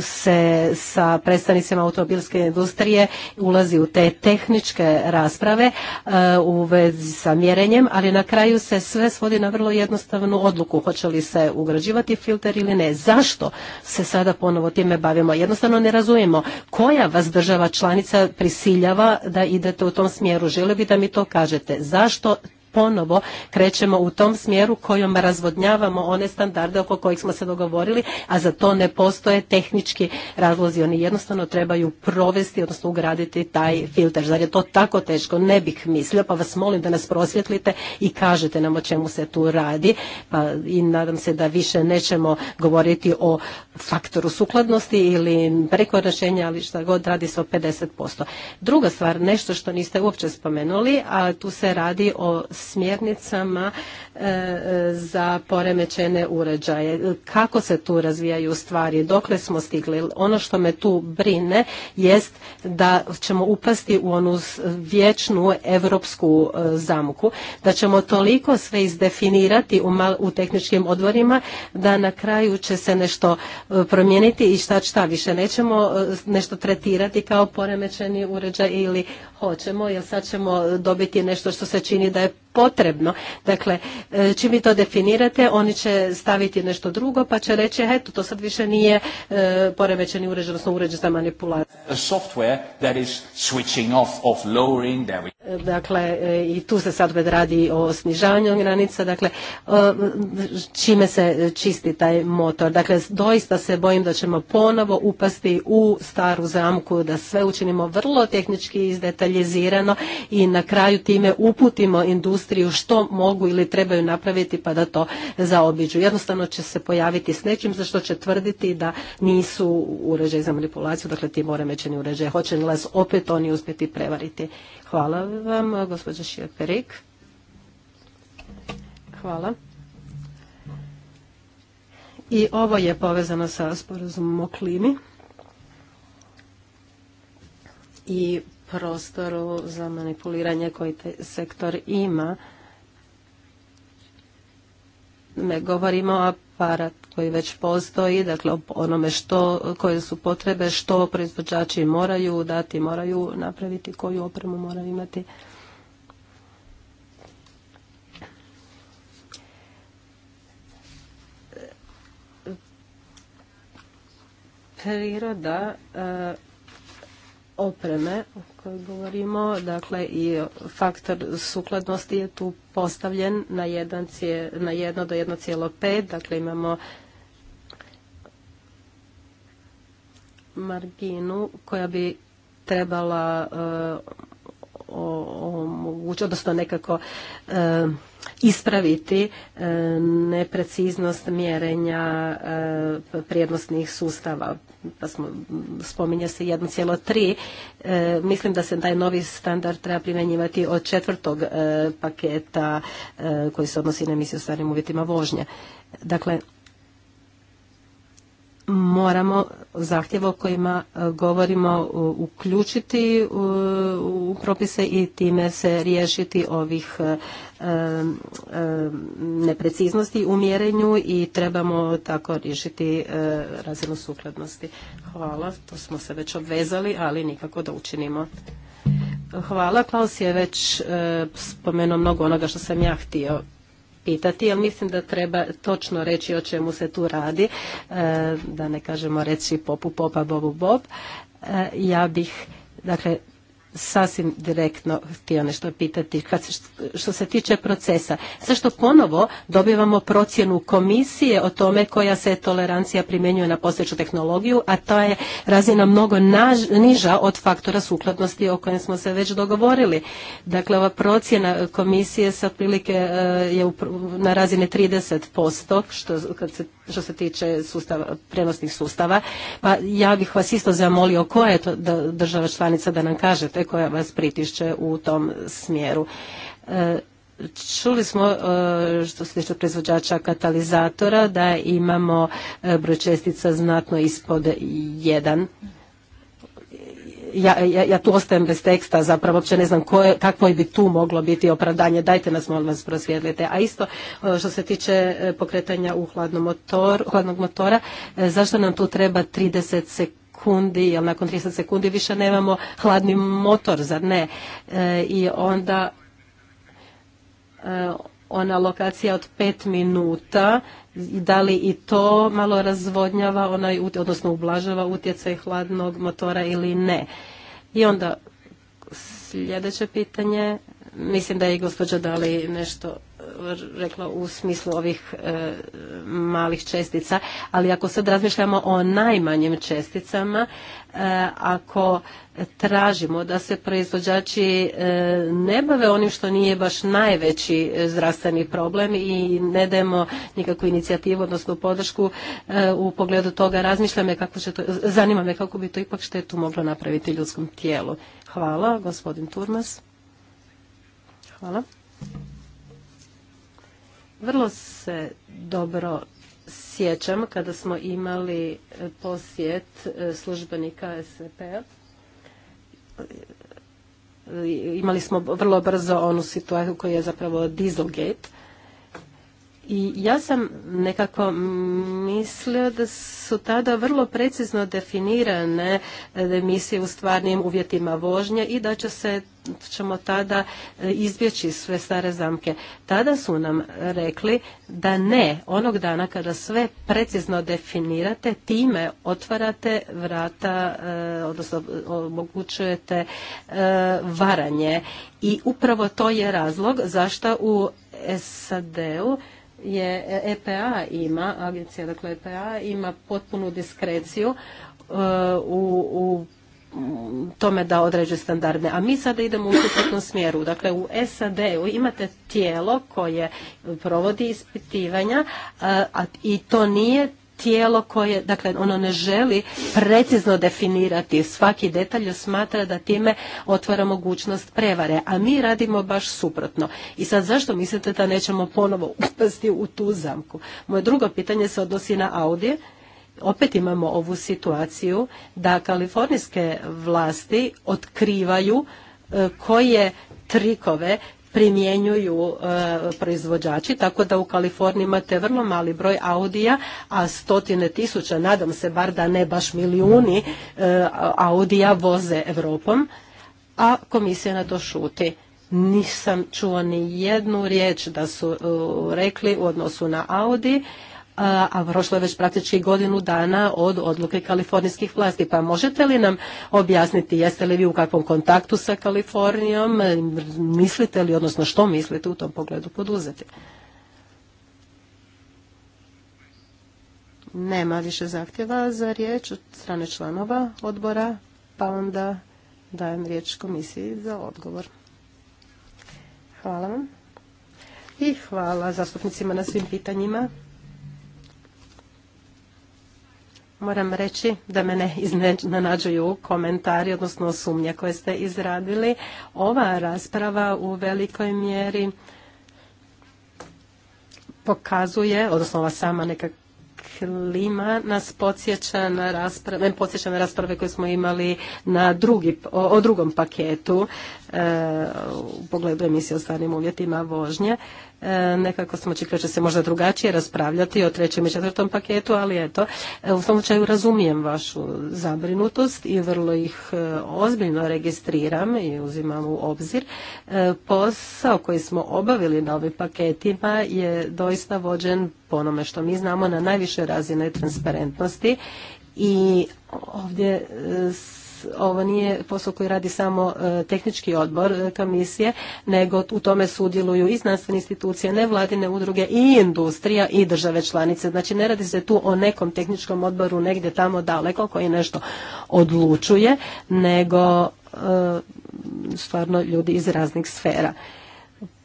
Speaker 3: se sa predstavnicima automobilske industrije ulazi u te tehničke rasprave e, u vezi sa mjerenjem, ali na kraju se sve svodi na vrlo jednostavnu odluku hoće li se ugrađivati filter ili ne. Zašto se sada ponovo time bavimo? Jednostavno ne razumijemo koja vas država članica prisiljava da idete u tom smjeru. Želio bi da mi to kažete. Zašto ponovo krećemo u tom smjeru kojom razvodnjavamo one standarde oko kojih smo se dogovorili, a za to ne postoje tehnički razlozi. Oni jednostavno trebaju provesti, odnosno ugraditi taj filter. Zar je to tako teško? Ne bih mislio, pa vas molim da nas prosvjetlite i kažete nam o čemu se tu radi. Pa I nadam se da više nećemo govoriti o faktoru sukladnosti ili prekoračenja, ali šta god, radi se o 50%. Druga stvar, nešto što niste uopće spomenuli, a tu se radi o smjernicama E, za poremećene uređaje. Kako se tu razvijaju stvari? Dokle smo stigli? Ono što me tu brine jest da ćemo upasti u onu vječnu evropsku e, zamku. Da ćemo toliko sve izdefinirati u, u tehničkim odvorima da na kraju će se nešto e, promijeniti i šta šta više. Nećemo nešto tretirati kao poremećeni uređaj ili hoćemo, jer sad ćemo dobiti nešto što se čini da je potrebno. Dakle, e, čim vi to definirate, oni će staviti nešto drugo, pa će reći, eto, to sad više nije e, poremećeni uređaj, odnosno uređaj za manipulaciju. Dakle, i tu se sad radi o snižavanju granica, dakle, čime se čisti taj motor. Dakle, doista se bojim da ćemo ponovo upasti u staru zamku, da sve učinimo vrlo tehnički izdetaljno, detaljizirano i na kraju time uputimo industriju što mogu ili trebaju napraviti pa da to zaobiđu. Jednostavno će se pojaviti s nečim za što će tvrditi da nisu uređaj za manipulaciju, dakle ti moremećeni uređaj. Hoće li nas opet oni uspjeti prevariti? Hvala vam, gospođa Šijeperik. Hvala. I ovo je povezano sa sporazumom o klimi i prostoru za manipuliranje koji taj sektor ima. Ne govorimo o aparat koji već postoji, dakle o onome što, koje su potrebe, što proizvođači moraju dati, moraju napraviti, koju opremu moraju imati. priroda e, opreme o kojoj govorimo, dakle i faktor sukladnosti je tu postavljen na 1, na 1 do 1,5, dakle imamo marginu koja bi trebala e, omogućiti, odnosno nekako e, ispraviti e, nepreciznost mjerenja prijednostnih sustava pa smo, se 1,3, e, mislim da se taj novi standard treba primjenjivati od četvrtog e, paketa e, koji se odnosi na emisiju u starim uvjetima vožnje. Dakle, moramo zahtjeve o kojima e, govorimo uključiti e, u propise i time se riješiti ovih e, nepreciznosti u mjerenju i trebamo tako riješiti razinu sukladnosti. Hvala, to smo se već obvezali, ali nikako da učinimo. Hvala, Klaus je već spomenuo mnogo onoga što sam ja htio pitati, jer mislim da treba točno reći o čemu se tu radi, e, da ne kažemo reći popu popa, bobu bob. E, ja bih, dakle, sasvim direktno htio nešto pitati kad se, što se tiče procesa. Zašto ponovo dobivamo procjenu komisije o tome koja se tolerancija primjenjuje na postojeću tehnologiju, a ta je razina mnogo niža od faktora sukladnosti o kojem smo se već dogovorili. Dakle, ova procjena komisije sa otprilike e, je na razine 30%, što kad se što se tiče sustava, prenosnih sustava. Pa ja bih vas isto zamolio koja je to država članica da nam kažete koja vas pritišće u tom smjeru. E, čuli smo e, što se tiče proizvođača katalizatora da imamo e, broj čestica znatno ispod jedan ja, ja, ja tu ostajem bez teksta, zapravo uopće ne znam koje, kakvo bi tu moglo biti opravdanje. Dajte nas, molim vas, prosvjedlite. A isto e, što se tiče e, pokretanja u hladnom motor, hladnog motora, e, zašto nam tu treba 30 sekundi? sekundi, jer nakon 30 sekundi više nemamo hladni motor, zar ne? I onda ona lokacija od 5 minuta da li i to malo razvodnjava, onaj, odnosno ublažava utjecaj hladnog motora ili ne. I onda sljedeće pitanje, mislim da je i gospođa Dali nešto rekla u smislu ovih e, malih čestica, ali ako sad razmišljamo o najmanjim česticama, e, ako tražimo da se proizvođači e, ne bave onim što nije baš najveći zdravstveni problem i ne dajemo nikakvu inicijativu, odnosno podršku u pogledu toga, razmišlja me kako to, zanima me kako bi to ipak štetu moglo napraviti ljudskom tijelu. Hvala, gospodin Turmas. Hvala. Vrlo se dobro sjećam kada smo imali e, posjet e, službenika SVP-a. Imali smo vrlo brzo onu situaciju koja je zapravo Dieselgate. I ja sam nekako mislio da su tada vrlo precizno definirane emisije u stvarnim uvjetima vožnje i da će se, ćemo tada e, izbjeći sve stare zamke. Tada su nam rekli da ne, onog dana kada sve precizno definirate, time otvarate vrata, e, odnosno omogućujete e, varanje. I upravo to je razlog zašto u SAD-u je EPA ima, agencija dakle EPA ima potpunu diskreciju uh, u, tome da određe standarde. A mi sada idemo u suprotnom smjeru. Dakle, u SAD-u imate tijelo koje provodi ispitivanja uh, a, i to nije tijelo koje, dakle ono ne želi precizno definirati svaki detalj jer smatra da time otvara mogućnost prevare, a mi radimo baš suprotno. I sad zašto mislite da nećemo ponovo upasti u tu zamku? Moje drugo pitanje se odnosi na Audi. Opet imamo ovu situaciju da kalifornijske vlasti otkrivaju e, koje trikove primjenjuju e, proizvođači, tako da u Kaliforniji imate vrlo mali broj Audija, a stotine tisuća, nadam se bar da ne baš milijuni e, Audija voze Evropom a komisija na to šuti. Nisam čuo ni jednu riječ da su e, rekli u odnosu na Audi, a prošlo je već praktički godinu dana od odluke kalifornijskih vlasti. Pa možete li nam objasniti jeste li vi u kakvom kontaktu sa Kalifornijom, mislite li, odnosno što mislite u tom pogledu poduzeti? Nema više zahtjeva za riječ od strane članova odbora, pa onda dajem riječ komisiji za odgovor. Hvala vam. I hvala zastupnicima na svim pitanjima. Moram reći da mene iznenađuju komentari, odnosno sumnje koje ste izradili. Ova rasprava u velikoj mjeri pokazuje, odnosno ova sama neka klima nas podsjeća na rasprave, podsjeća na rasprave koje smo imali o drugom paketu E, u pogledu emisije o stvarnim uvjetima vožnje. E, nekako smo da će se možda drugačije raspravljati o trećem i četvrtom paketu, ali eto, e, u tom slučaju razumijem vašu zabrinutost i vrlo ih ozbiljno registriram i uzimam u obzir. Posao koji smo obavili na ovim paketima je doista vođen po onome što mi znamo na najviše razine transparentnosti i ovdje ovo nije posao koji radi samo e, tehnički odbor e, komisije, nego u tome sudjeluju i znanstvene institucije, nevladine udruge i industrija i države članice. Znači ne radi se tu o nekom tehničkom odboru negdje tamo daleko koji nešto odlučuje, nego e, stvarno ljudi iz raznih sfera.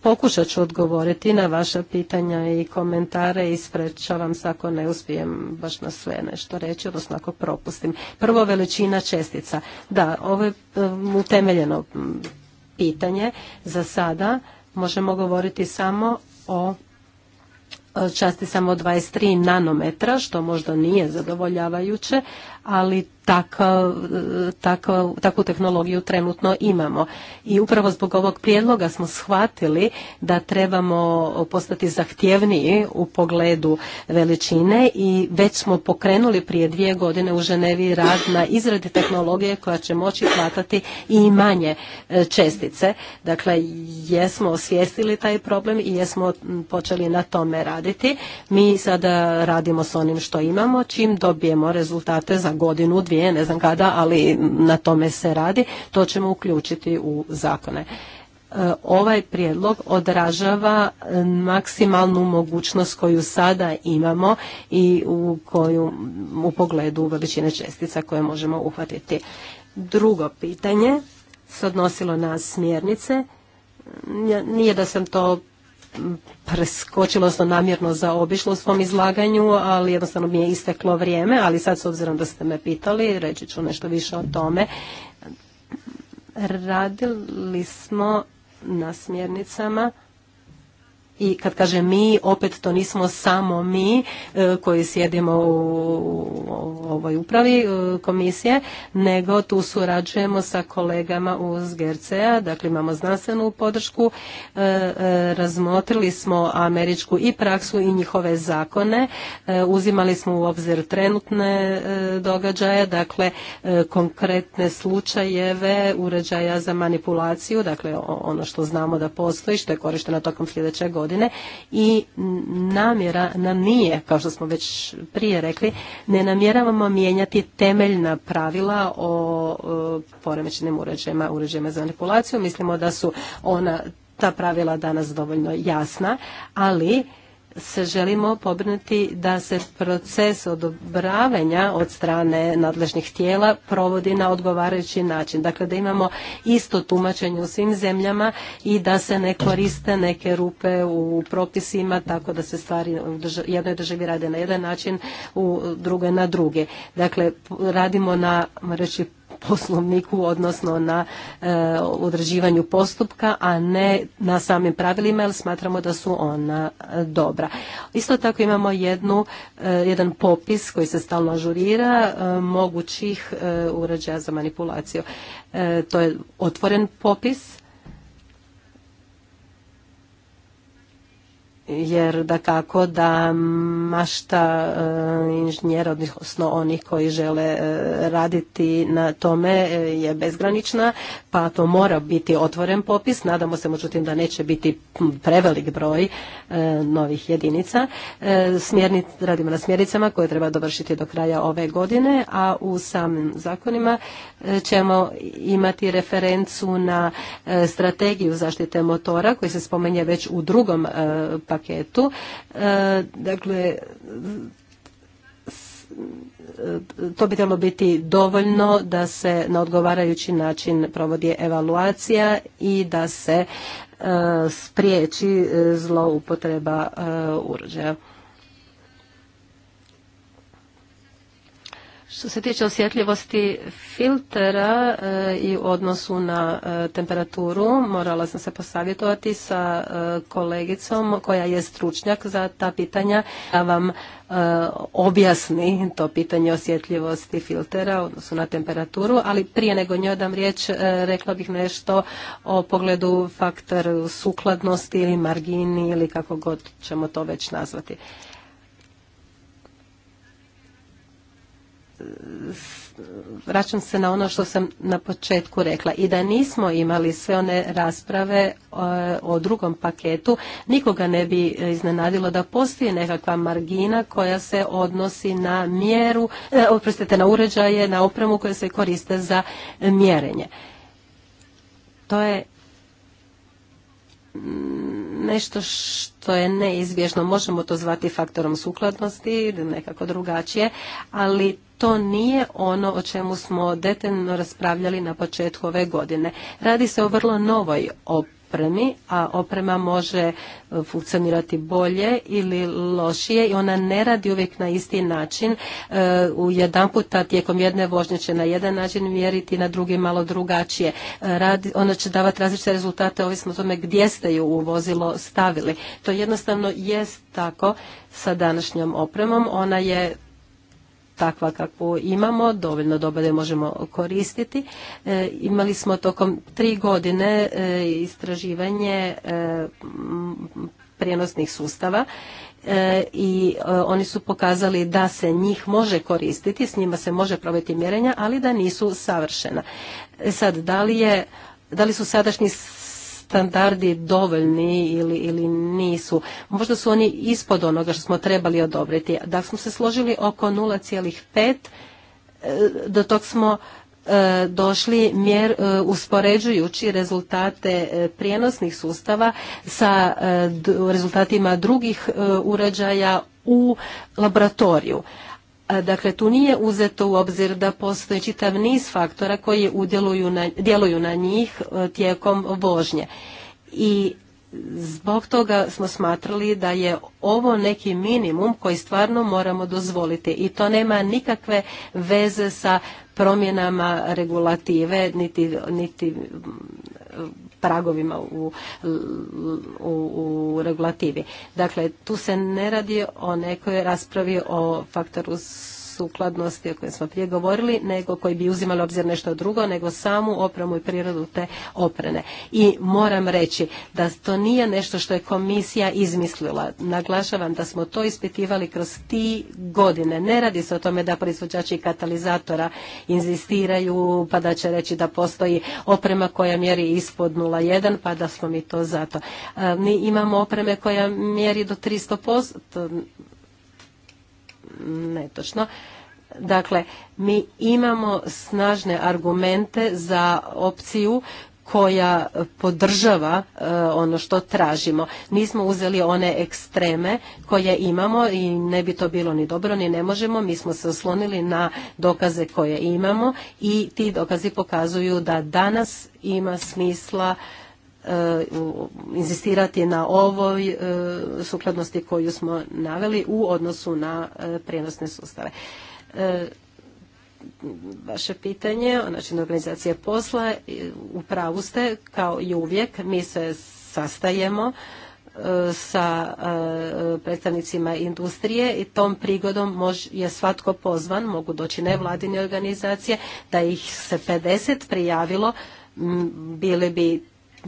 Speaker 3: Pokušat ću odgovoriti na vaša pitanja i komentare i se ako ne uspijem baš na sve nešto reći, odnosno ako propustim. Prvo, veličina čestica. Da, ovo je um, utemeljeno um, pitanje. Za sada možemo govoriti samo o časti samo 23 nanometra, što možda nije zadovoljavajuće, ali takvu tehnologiju trenutno imamo. I upravo zbog ovog prijedloga smo shvatili da trebamo postati zahtjevniji u pogledu veličine i već smo pokrenuli prije dvije godine u Ženevi rad na izradi tehnologije koja će moći hvatati i manje e, čestice. Dakle, jesmo osvijestili taj problem i jesmo počeli na tome raditi. Mi sada radimo s onim što imamo, čim dobijemo rezultate za godinu, dvije, ne znam kada, ali na tome se radi, to ćemo uključiti u zakone. E, ovaj prijedlog odražava maksimalnu mogućnost koju sada imamo i u koju u pogledu veličine čestica koje možemo uhvatiti. Drugo pitanje se odnosilo na smjernice. Nije da sam to preskočila, odnosno namjerno zaobišla u svom izlaganju, ali jednostavno mi je isteklo vrijeme, ali sad s obzirom da ste me pitali, reći ću nešto više o tome. Radili smo na smjernicama i kad kaže mi, opet to nismo samo mi e, koji sjedimo u ovoj upravi e, komisije, nego tu surađujemo sa kolegama uz Gercea, dakle imamo znanstvenu podršku, e, razmotrili smo američku i praksu i njihove zakone, uzimali smo u obzir trenutne događaje, dakle konkretne slučajeve uređaja za manipulaciju, dakle ono što znamo da postoji, što je korišteno tokom sljedećeg godine i namjera nam nije, kao što smo već prije rekli, ne namjeravamo mijenjati temeljna pravila o poremećenim uređajima, uređajima za manipulaciju. Mislimo da su ona ta pravila danas dovoljno jasna, ali se želimo pobrinuti da se proces odobravanja od strane nadležnih tijela provodi na odgovarajući način. Dakle, da imamo isto tumačenje u svim zemljama i da se ne koriste neke rupe u propisima tako da se stvari u jednoj državi rade na jedan način, u drugoj na druge. Dakle, radimo na reći poslovniku, odnosno na e, određivanju postupka, a ne na samim pravilima, jer smatramo da su ona e, dobra. Isto tako imamo jednu, e, jedan popis koji se stalno ažurira mogućih uređaja za manipulaciju. To je otvoren popis jer da kako da mašta eh, inženjera, odnosno onih koji žele eh, raditi na tome eh, je bezgranična, pa to mora biti otvoren popis. Nadamo se međutim da neće biti prevelik broj novih jedinica. radimo na smjernicama koje treba dovršiti do kraja ove godine, a u samim zakonima ćemo imati referencu na strategiju zaštite motora koji se spomenje već u drugom paketu. E, dakle, to bi trebalo biti dovoljno da se na odgovarajući način provodi evaluacija i da se e, spriječi e, zloupotreba uređaja. Što se tiče osjetljivosti filtera e, i odnosu na e, temperaturu, morala sam se posavjetovati sa e, kolegicom koja je stručnjak za ta pitanja, Ja vam objasni to pitanje osjetljivosti filtera u odnosu na temperaturu, ali prije nego njoj dam riječ, rekla bih nešto o pogledu faktor sukladnosti ili margini ili kako god ćemo to već nazvati. vraćam se na ono što sam na početku rekla i da nismo imali sve one rasprave e, o drugom paketu, nikoga ne bi iznenadilo da postoji nekakva margina koja se odnosi na mjeru, e, oprostite, na uređaje, na opremu koje se koriste za mjerenje. To je nešto što je neizbježno. Možemo to zvati faktorom sukladnosti, nekako drugačije, ali to nije ono o čemu smo detaljno raspravljali na početku ove godine. Radi se o vrlo novoj o opremi, a oprema može e, funkcionirati bolje ili lošije i ona ne radi uvijek na isti način. E, u jedan puta tijekom jedne vožnje će na jedan način mjeriti, na drugi malo drugačije. E, ona će davati različite rezultate ovisno o tome gdje ste ju u vozilo stavili. To jednostavno jest tako sa današnjom opremom. Ona je takva kakvu imamo, dovoljno dobro je možemo koristiti. E, imali smo tokom tri godine e, istraživanje e, prijenosnih sustava i oni su pokazali da se njih može koristiti, s njima se može provjeti mjerenja, ali da nisu savršena. Sad, da li je da li su sadašnji standardi dovoljni ili, ili nisu. Možda su oni ispod onoga što smo trebali odobriti. Da smo se složili oko 0,5, e, do tog smo e, došli mjer e, uspoređujući rezultate prijenosnih sustava sa rezultatima drugih uređaja u laboratoriju. Dakle, tu nije uzeto u obzir da postoji čitav niz faktora koji na, djeluju na njih e, tijekom vožnje. I Zbog toga smo smatrali da je ovo neki minimum koji stvarno moramo dozvoliti i to nema nikakve veze sa promjenama regulative niti, niti mm, pragovima u, u, regulativi. Dakle, tu se ne radi o nekoj raspravi o faktoru sukladnosti o kojoj smo prije govorili, nego koji bi uzimali obzir nešto drugo, nego samu opremu i prirodu te oprene. I moram reći da to nije nešto što je komisija izmislila. Naglašavam da smo to ispitivali kroz ti godine. Ne radi se o tome da proizvođači katalizatora inzistiraju pa da će reći da postoji oprema koja mjeri ispod 0,1 pa da smo mi to zato. E, mi imamo opreme koja mjeri do 300%, netočno. Dakle, mi imamo snažne argumente za opciju koja podržava e, ono što tražimo. Nismo uzeli one ekstreme koje imamo i ne bi to bilo ni dobro ni ne možemo. Mi smo se oslonili na dokaze koje imamo i ti dokazi pokazuju da danas ima smisla E, inzistirati na ovoj e, sukladnosti koju smo naveli u odnosu na e, prijenosne sustave vaše pitanje o načinu organizacije posla. U pravu ste, kao i uvijek, mi se sastajemo sa predstavnicima industrije i tom prigodom je svatko pozvan, mogu doći nevladine organizacije, da ih se 50 prijavilo, bili bi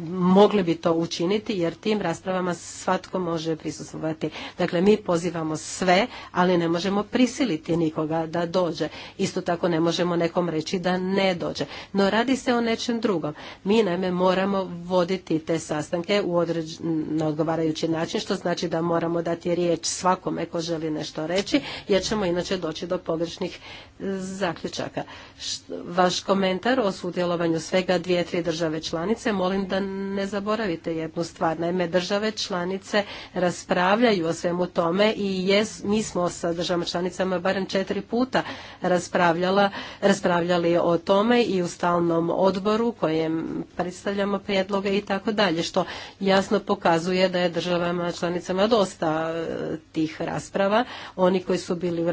Speaker 3: mogli bi to učiniti jer tim raspravama svatko može prisustvovati. Dakle, mi pozivamo sve, ali ne možemo prisiliti nikoga da dođe. Isto tako ne možemo nekom reći da ne dođe. No radi se o nečem drugom. Mi naime moramo voditi te sastanke u određ... na odgovarajući način, što znači da moramo dati riječ svakome ko želi nešto reći, jer ćemo inače doći do pogrešnih e, zaključaka. Vaš komentar o sudjelovanju svega dvije, tri države članice, molim da ne zaboravite jednu stvar. Naime, države članice raspravljaju o svemu tome i jes, mi smo sa državama članicama barem četiri puta raspravljali o tome i u stalnom odboru kojem predstavljamo prijedloge i tako dalje, što jasno pokazuje da je državama članicama dosta e, tih rasprava. Oni koji su bili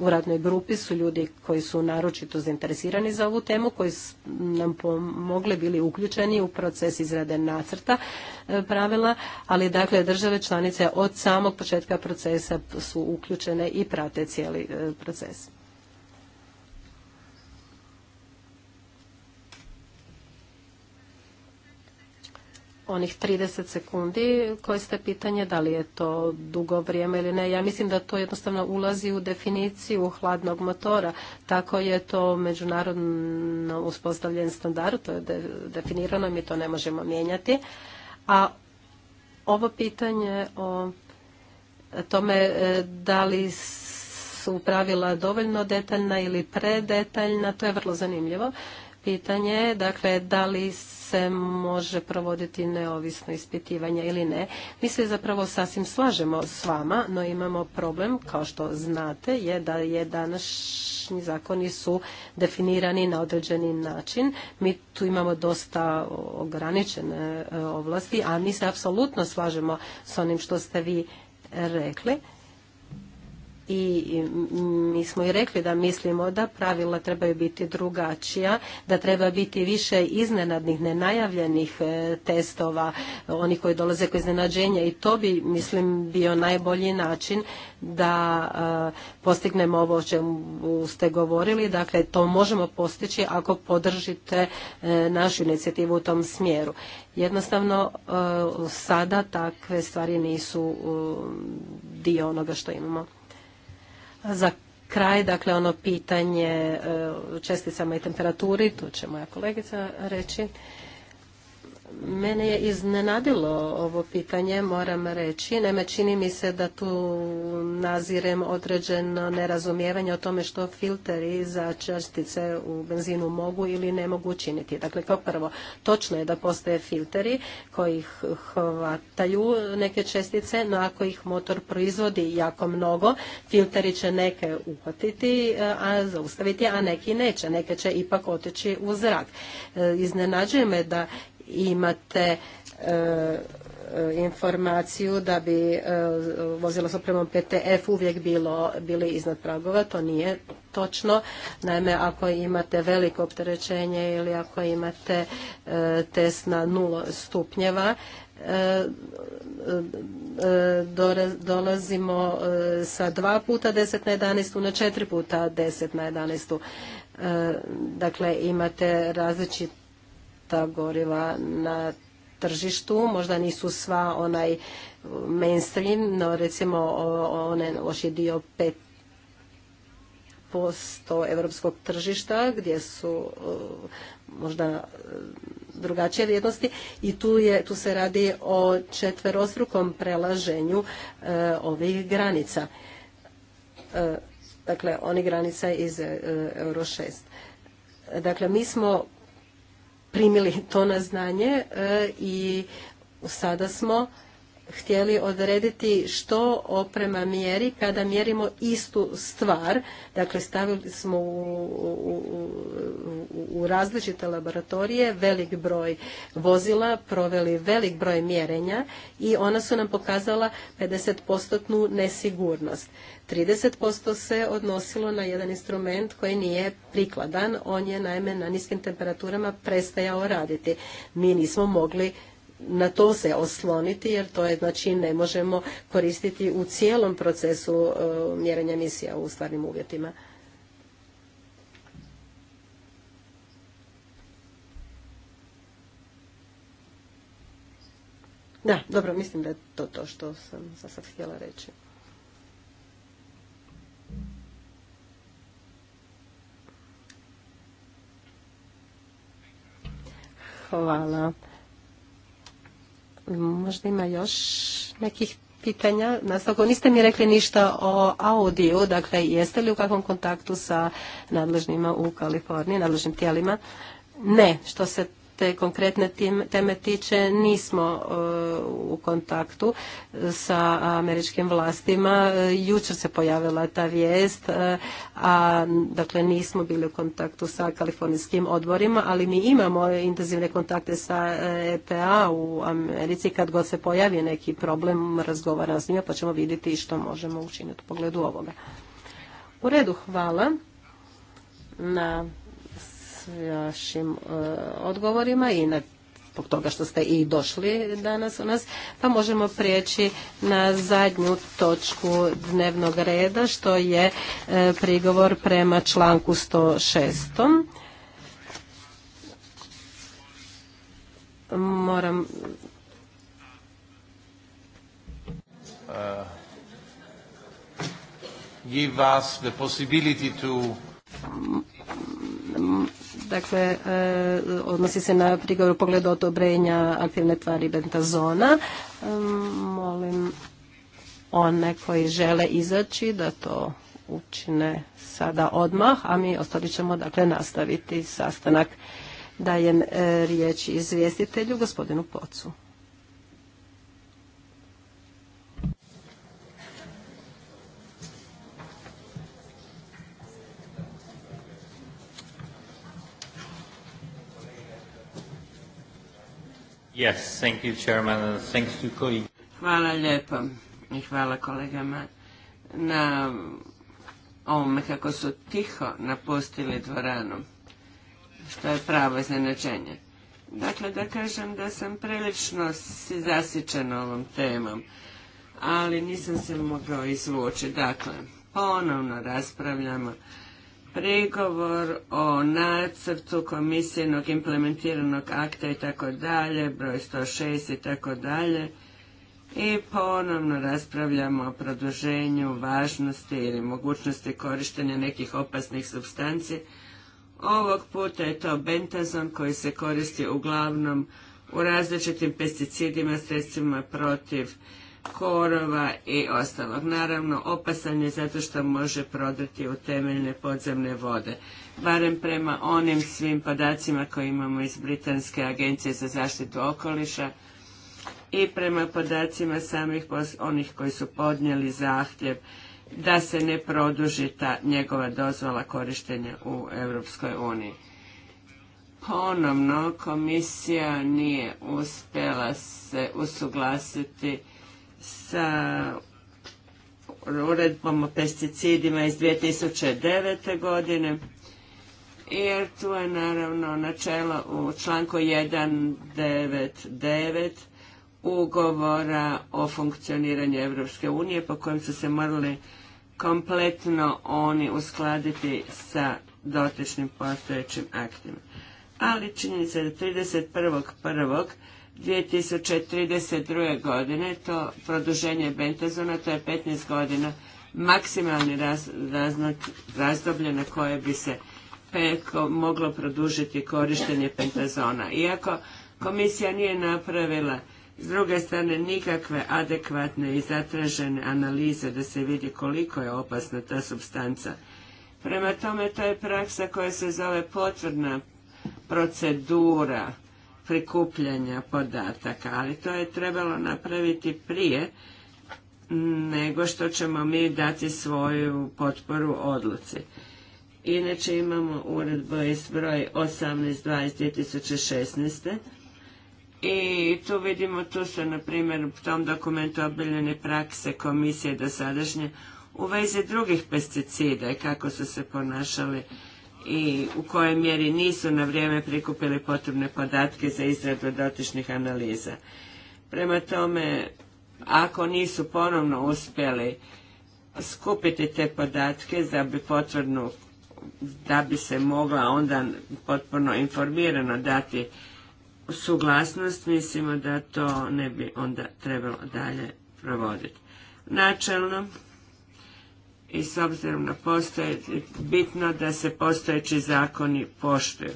Speaker 3: u, radnoj grupi su ljudi koji su naročito zainteresirani za ovu temu, koji su nam pomogli bili uključeni u proces izrade nacrta e, pravila, ali dakle države članice od samog početka procesa su uključene i prate cijeli e, proces. onih 30 sekundi koje ste pitanje da li je to dugo vrijeme ili ne. Ja mislim da to jednostavno ulazi u definiciju hladnog motora. Tako je to međunarodno uspostavljen standard, to je definirano i mi to ne možemo mijenjati. A ovo pitanje o tome e, da li su pravila dovoljno detaljna ili predetaljna, to je vrlo zanimljivo pitanje. Dakle, da li se može provoditi neovisno ispitivanje ili ne. Mi se zapravo sasvim slažemo s vama, no imamo problem, kao što znate, je da je današnji zakoni su definirani na određeni način. Mi tu imamo dosta ograničene e, ovlasti, a mi se apsolutno slažemo s onim što ste vi rekli i mi smo i rekli da mislimo da pravila trebaju biti drugačija, da treba biti više iznenadnih, nenajavljenih e, testova, oni koji dolaze kao iznenađenja i to bi, mislim, bio najbolji način da e, postignemo ovo o čemu ste govorili. Dakle, to možemo postići ako podržite e, našu inicijativu u tom smjeru. Jednostavno, sada takve stvari nisu dio onoga što imamo. Za kraj, dakle, ono pitanje e, česticama i temperaturi, tu će moja kolegica reći. Mene je iznenadilo ovo pitanje, moram reći. Naime, čini mi se da tu nazirem određeno nerazumijevanje o tome što filteri za čestice u benzinu mogu ili ne mogu učiniti. Dakle, kao prvo, točno je da postoje filteri koji hvataju neke čestice, no ako ih motor proizvodi jako mnogo, filteri će neke uhvatiti, a zaustaviti, a neki neće. Neke će ipak otići u zrak. E, iznenađuje me da imate e, e, informaciju da bi e, vozilo s opremom PTF uvijek bilo bili iznad pragova, to nije točno. Naime, ako imate veliko opterećenje ili ako imate test na nulo stupnjeva, dolazimo sa dva puta deset na 11 na četiri puta deset na 11. Dakle, imate različit ta goriva na tržištu, možda nisu sva onaj mainstream, no recimo one još je dio 5% europskog tržišta gdje su možda e, drugačije vrijednosti i tu, je, tu se radi o četverostrukom prelaženju e, ovih granica. E, dakle, oni granica iz Euro 6. Dakle, mi smo primili to na znanje e, i sada smo htjeli odrediti što oprema mjeri kada mjerimo istu stvar. Dakle, stavili smo u, u, u različite laboratorije velik broj vozila, proveli velik broj mjerenja i ona su nam pokazala 50% nesigurnost. 30% se odnosilo na jedan instrument koji nije prikladan, on je naime na niskim temperaturama prestajao raditi. Mi nismo mogli na to se osloniti jer to je znači ne možemo koristiti u cijelom procesu e, mjerenja emisija u stvarnim uvjetima. Da, dobro, mislim da je to to što sam za sad htjela
Speaker 1: reći. Hvala.
Speaker 3: Možda ima još nekih pitanja. Nastavko, niste mi rekli ništa o audiju, dakle jeste li u kakvom kontaktu sa nadležnima u Kaliforniji, nadležnim tijelima? Ne, što se te konkretne teme tiče nismo e, u kontaktu sa američkim vlastima. E, jučer se pojavila ta vijest, e, a dakle nismo bili u kontaktu sa kalifornijskim odborima, ali mi imamo intenzivne kontakte sa EPA u Americi. Kad god se pojavi neki problem, razgovara s njima pa ćemo vidjeti što možemo učiniti u pogledu ovoga. U redu, hvala na vašim vašim e, odgovorima i na zbog toga što ste i došli danas u nas, pa možemo prijeći na zadnju točku dnevnog reda, što je e, prigovor prema članku 106. Moram...
Speaker 1: Uh, give us the possibility to
Speaker 3: dakle, e, odnosi se na prigovor u pogledu odobrenja aktivne tvari bentazona. E, molim one koji žele izaći da to učine sada odmah, a mi ostali ćemo dakle nastaviti sastanak. Dajem e, riječ izvjestitelju, gospodinu Pocu.
Speaker 2: Yes, thank hvala lijepo i hvala kolegama na ovome kako su tiho napustili dvoranu, što je pravo iznenađenje. Dakle, da kažem da sam prilično zasičena ovom temom, ali nisam se mogao izvući. Dakle, ponovno raspravljamo Prigovor o nacrtu komisijenog implementiranog akta i tako dalje, broj 106 i tako dalje. I ponovno raspravljamo o produženju važnosti ili mogućnosti korištenja nekih opasnih substanci. Ovog puta je to bentazon koji se koristi uglavnom u različitim pesticidima, sredstvima protiv korova i ostalog. Naravno, opasan je zato što može prodati u temeljne podzemne vode. Barem prema onim svim podacima koje imamo iz Britanske agencije za zaštitu okoliša i prema podacima samih onih koji su podnijeli zahtjev da se ne produži ta njegova dozvola korištenja u Europskoj uniji. Ponovno, komisija nije uspjela se usuglasiti sa uredbom o pesticidima iz 2009. godine jer tu je naravno načelo u članku 199 ugovora o funkcioniranju Europske unije po kojem su se morali kompletno oni uskladiti sa dotičnim postojećim aktima. Ali činjenica je da 31.1. 2032. godine, to produženje Bentazona, to je 15 godina maksimalni razdoblje na koje bi se peko moglo produžiti korištenje pentazona. Iako komisija nije napravila s druge strane nikakve adekvatne i zatražene analize da se vidi koliko je opasna ta substanca. Prema tome to je praksa koja se zove potvrdna procedura prikupljanja podataka, ali to je trebalo napraviti prije nego što ćemo mi dati svoju potporu odluci. Inače imamo uredbu iz broj 18.20.2016. I tu vidimo, tu su na primjer u tom dokumentu obiljene prakse komisije dosadašnje u vezi drugih pesticida i kako su se ponašali i u kojoj mjeri nisu na vrijeme prikupili potrebne podatke za izradu dotičnih analiza. Prema tome, ako nisu ponovno uspjeli skupiti te podatke za bi potvrdnu da bi se mogla onda potpuno informirano dati suglasnost, mislimo da to ne bi onda trebalo dalje provoditi. Načelno, i s obzirom na bitno da se postojeći zakoni poštuju.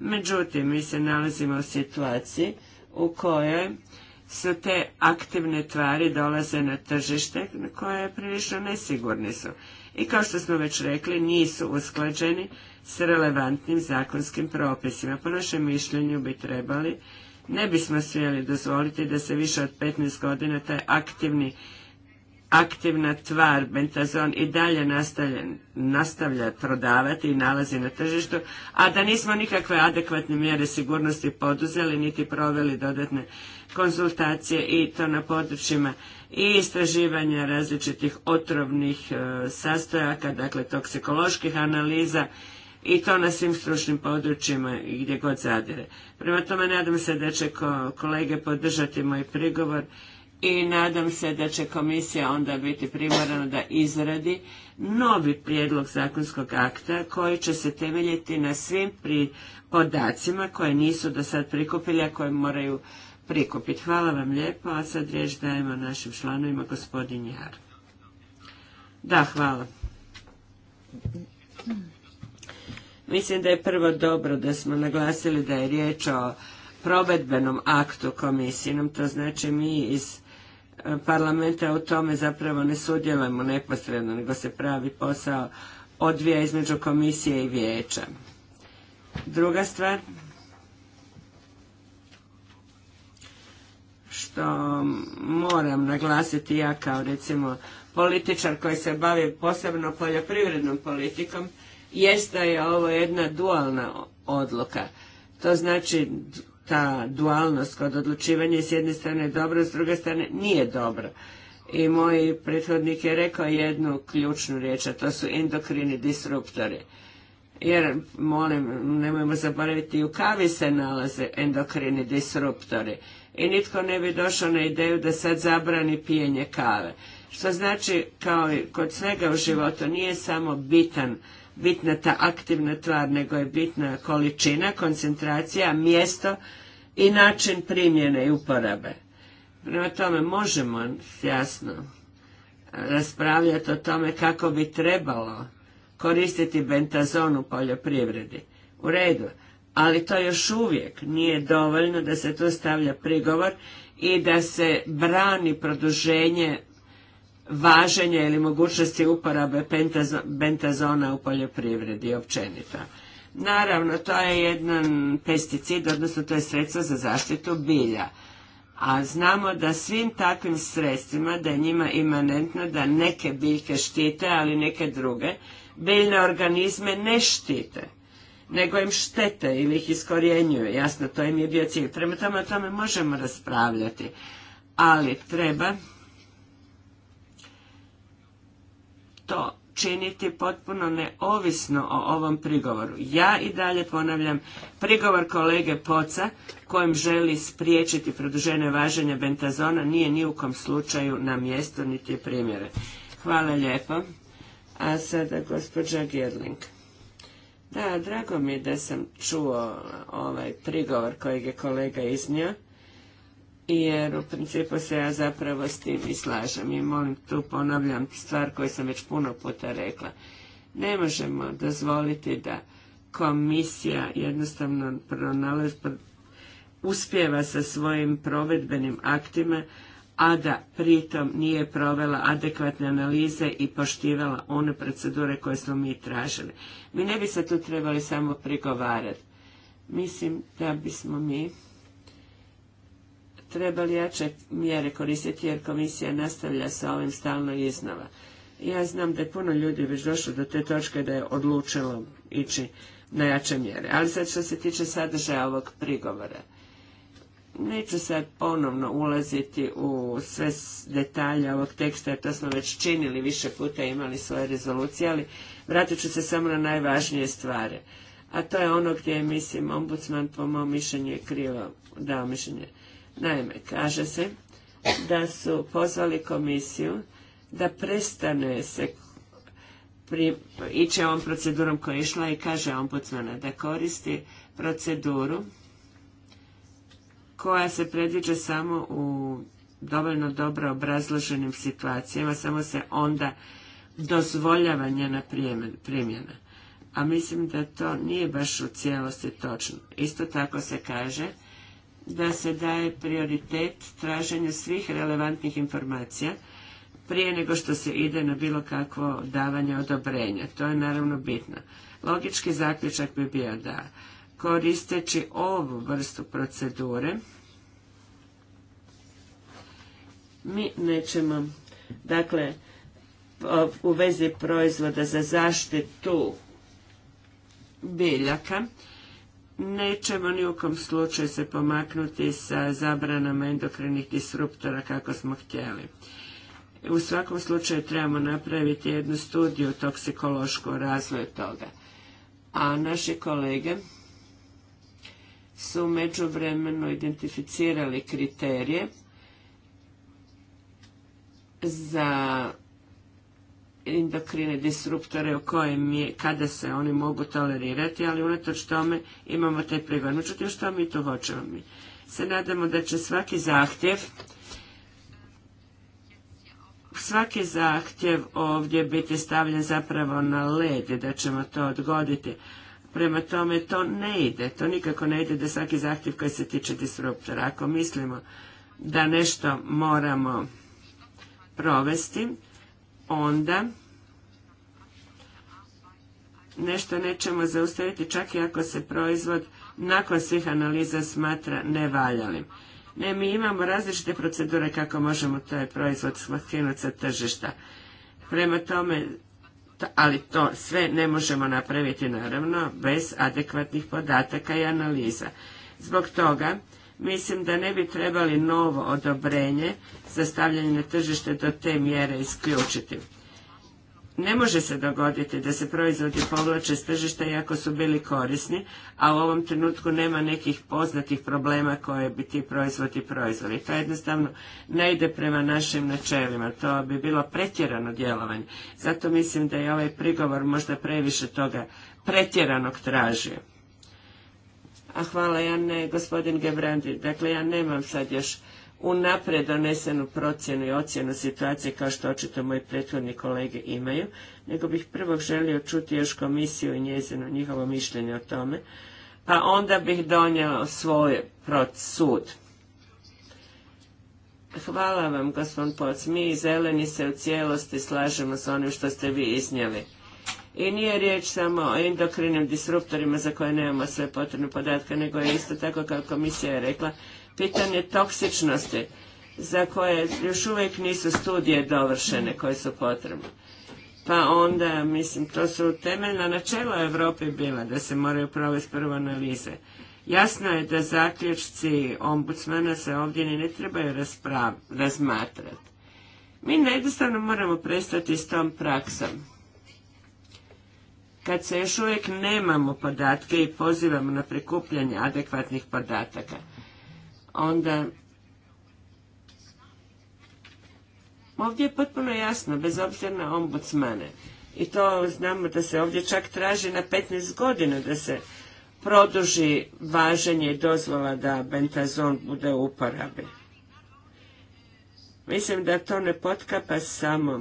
Speaker 2: Međutim, mi se nalazimo u situaciji u kojoj su te aktivne tvari dolaze na tržište koje prilično nesigurni su. I kao što smo već rekli, nisu usklađeni s relevantnim zakonskim propisima. Po našem mišljenju bi trebali, ne bismo smjeli dozvoliti da se više od 15 godina taj aktivni aktivna tvar bentazon i dalje nastavlja prodavati i nalazi na tržištu, a da nismo nikakve adekvatne mjere sigurnosti poduzeli niti proveli dodatne konzultacije i to na područjima i istraživanja različitih otrovnih e, sastojaka, dakle toksikoloških analiza i to na svim stručnim područjima i gdje god zadire. Prema tome nadam se da će kolege podržati moj prigovor i nadam se da će komisija onda biti primorana da izradi novi prijedlog zakonskog akta koji će se temeljiti na svim pri podacima koje nisu do sad prikupili, a koje moraju prikupiti. Hvala vam lijepo, a sad riječ dajemo našim članovima, gospodin Jar. Da, hvala. Mislim da je prvo dobro da smo naglasili da je riječ o provedbenom aktu komisije. to znači mi iz parlamenta u tome zapravo ne sudjelujemo neposredno, nego se pravi posao odvija između komisije i vijeća. Druga stvar, što moram naglasiti ja kao recimo političar koji se bavi posebno poljoprivrednom politikom, jest da je ovo jedna dualna odluka. To znači ta dualnost kod odlučivanja s jedne strane dobro, s druge strane nije dobro. I moj prethodnik je rekao jednu ključnu riječ, a to su endokrini disruptori. Jer, molim, nemojmo zaboraviti, i u kavi se nalaze endokrini disruptori. I nitko ne bi došao na ideju da sad zabrani pijenje kave. Što znači, kao i kod svega u životu, nije samo bitan bitna ta aktivna tvar, nego je bitna količina, koncentracija, mjesto i način primjene i uporabe. Prema tome možemo jasno raspravljati o tome kako bi trebalo koristiti bentazon u poljoprivredi. U redu, ali to još uvijek nije dovoljno da se tu stavlja prigovor i da se brani produženje važenja ili mogućnosti uporabe bentazona u poljoprivredi općenito. Naravno, to je jedan pesticid, odnosno to je sredstvo za zaštitu bilja. A znamo da svim takvim sredstvima, da je njima imanentno da neke biljke štite, ali neke druge, biljne organizme ne štite nego im štete ili ih iskorjenjuju. Jasno, to im je bio cilj. Prema tome, o tome možemo raspravljati. Ali treba to činiti potpuno neovisno o ovom prigovoru. Ja i dalje ponavljam prigovor kolege Poca kojim želi spriječiti produženje važenja bentazona nije ni u kom slučaju na mjestu niti je Hvala lijepo. A sada gospođa Gerling. Da, drago mi je da sam čuo ovaj prigovor kojeg je kolega iznio jer u principu se ja zapravo s tim i slažem i molim tu ponavljam stvar koju sam već puno puta rekla. Ne možemo dozvoliti da komisija jednostavno pronalaz, uspjeva sa svojim provedbenim aktima, a da pritom nije provela adekvatne analize i poštivala one procedure koje smo mi tražili. Mi ne bi se tu trebali samo prigovarati. Mislim da bismo mi trebali jače mjere koristiti jer komisija nastavlja sa ovim stalno iznova. Ja znam da je puno ljudi već došlo do te točke da je odlučilo ići na jače mjere. Ali sad što se tiče sadržaja ovog prigovora. Neću sad ponovno ulaziti u sve detalje ovog teksta, jer to smo već činili više puta, i imali svoje rezolucije, ali vratit ću se samo na najvažnije stvari. A to je ono gdje je, mislim, ombudsman po mom mišljenju je krivo dao mišljenje. Naime, kaže se da su pozvali komisiju da prestane se ići ovom procedurom koja je išla i kaže ombudsmana da koristi proceduru koja se predviđa samo u dovoljno dobro obrazloženim situacijama, samo se onda dozvoljava njena primjena. A mislim da to nije baš u cijelosti točno. Isto tako se kaže da se daje prioritet traženju svih relevantnih informacija prije nego što se ide na bilo kakvo davanje odobrenja. To je naravno bitno. Logički zaključak bi bio da koristeći ovu vrstu procedure mi nećemo dakle u vezi proizvoda za zaštitu biljaka nećemo ni u kom slučaju se pomaknuti sa zabranama endokrinih disruptora kako smo htjeli. U svakom slučaju trebamo napraviti jednu studiju toksikološku razvoju toga. A naši kolege su međuvremeno identificirali kriterije za endokrine disruptore u kojem je, kada se oni mogu tolerirati, ali unatoč tome imamo taj prigovor. Međutim, što mi to hoćemo? Mi se nadamo da će svaki zahtjev svaki zahtjev ovdje biti stavljen zapravo na led, da ćemo to odgoditi. Prema tome, to ne ide, to nikako ne ide da svaki zahtjev koji se tiče disruptora. Ako mislimo da nešto moramo provesti, onda nešto nećemo zaustaviti čak i ako se proizvod nakon svih analiza smatra nevaljalim. Ne, mi imamo različite procedure kako možemo taj proizvod skinuti sa tržišta. Prema tome, ali to sve ne možemo napraviti naravno bez adekvatnih podataka i analiza. Zbog toga mislim da ne bi trebali novo odobrenje za stavljanje na tržište do te mjere isključiti. Ne može se dogoditi da se proizvodi povlače s tržišta iako su bili korisni, a u ovom trenutku nema nekih poznatih problema koje bi ti proizvodi proizveli. To jednostavno ne ide prema našim načelima. To bi bilo pretjerano djelovanje. Zato mislim da je ovaj prigovor možda previše toga pretjeranog tražio. A hvala, ja ne, gospodin Gebrandi, dakle ja nemam sad još unaprijed donesenu procjenu i ocjenu situacije kao što očito moji prethodni kolege imaju, nego bih prvo želio čuti još komisiju i njezino njihovo mišljenje o tome, pa onda bih donio svoj sud. Hvala vam, gospodin Poc. Mi zeleni se u cijelosti slažemo s onim što ste vi iznijeli. I nije riječ samo o endokrinim disruptorima za koje nemamo sve potrebne podatke, nego je isto tako kao komisija je rekla, pitanje toksičnosti za koje još uvijek nisu studije dovršene koje su potrebne. Pa onda, mislim, to su temeljna načela Europe bila da se moraju provesti prvo analize. Jasno je da zaključci ombudsmana se ovdje ni ne trebaju razmatrati. Mi jednostavno moramo prestati s tom praksom kad se još uvijek nemamo podatke i pozivamo na prikupljanje adekvatnih podataka, onda ovdje je potpuno jasno, bez obzira na ombudsmane, i to znamo da se ovdje čak traži na 15 godina da se produži važenje dozvola da bentazon bude u uporabi. Mislim da to ne potkapa samo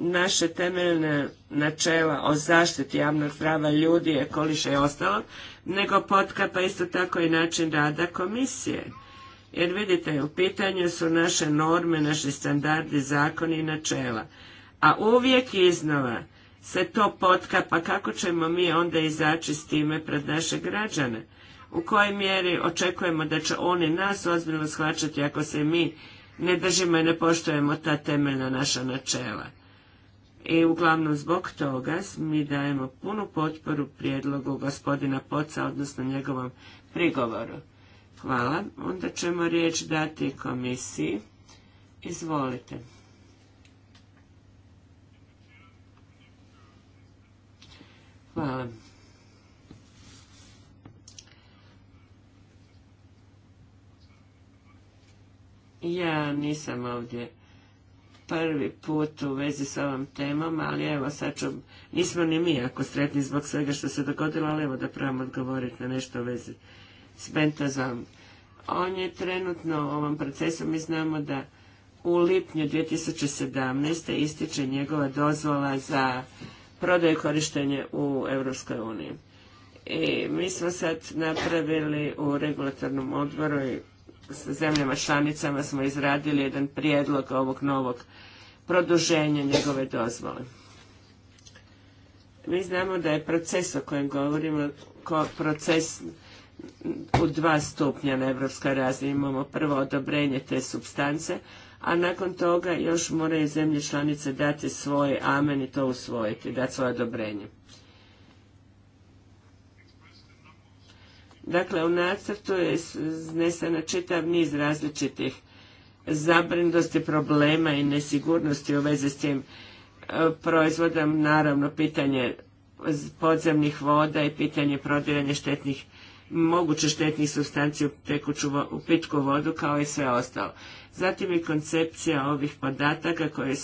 Speaker 2: naše temeljne načela o zaštiti javnog zdravlja ljudi, okoliša i ostalog, nego potkapa isto tako i način rada komisije. Jer vidite, u pitanju su naše norme, naši standardi, zakoni i načela. A uvijek iznova se to potkapa kako ćemo mi onda izaći s time pred naše građane. U kojoj mjeri očekujemo da će oni nas ozbiljno shvaćati ako se mi ne držimo i ne poštujemo ta temeljna naša načela. I uglavnom zbog toga mi dajemo punu potporu prijedlogu gospodina Poca, odnosno njegovom prigovoru. Hvala. Onda ćemo riječ dati komisiji. Izvolite. Hvala. Ja nisam ovdje prvi put u vezi s ovom temom, ali evo sad ću, nismo ni mi jako sretni zbog svega što se dogodilo, ali evo da probam odgovoriti na nešto u vezi s Bentazom. On je trenutno u ovom procesu, mi znamo da u lipnju 2017. ističe njegova dozvola za prodaju korištenje u EU. I mi smo sad napravili u regulatornom odboru i sa zemljama članicama smo izradili jedan prijedlog ovog novog produženja njegove dozvole. Mi znamo da je proces o kojem govorimo ko proces u dva stupnja na evropskoj razini. Imamo prvo odobrenje te substance, a nakon toga još moraju zemlje članice dati svoj amen i to usvojiti, dati svoje odobrenje. Dakle, u nacrtu je znesena čitav niz različitih zabrinutosti, problema i nesigurnosti u vezi s tim e, proizvodom. Naravno, pitanje podzemnih voda i pitanje prodiranja štetnih, moguće štetnih substanci u, pitku vodu kao i sve ostalo. Zatim je koncepcija ovih podataka koje,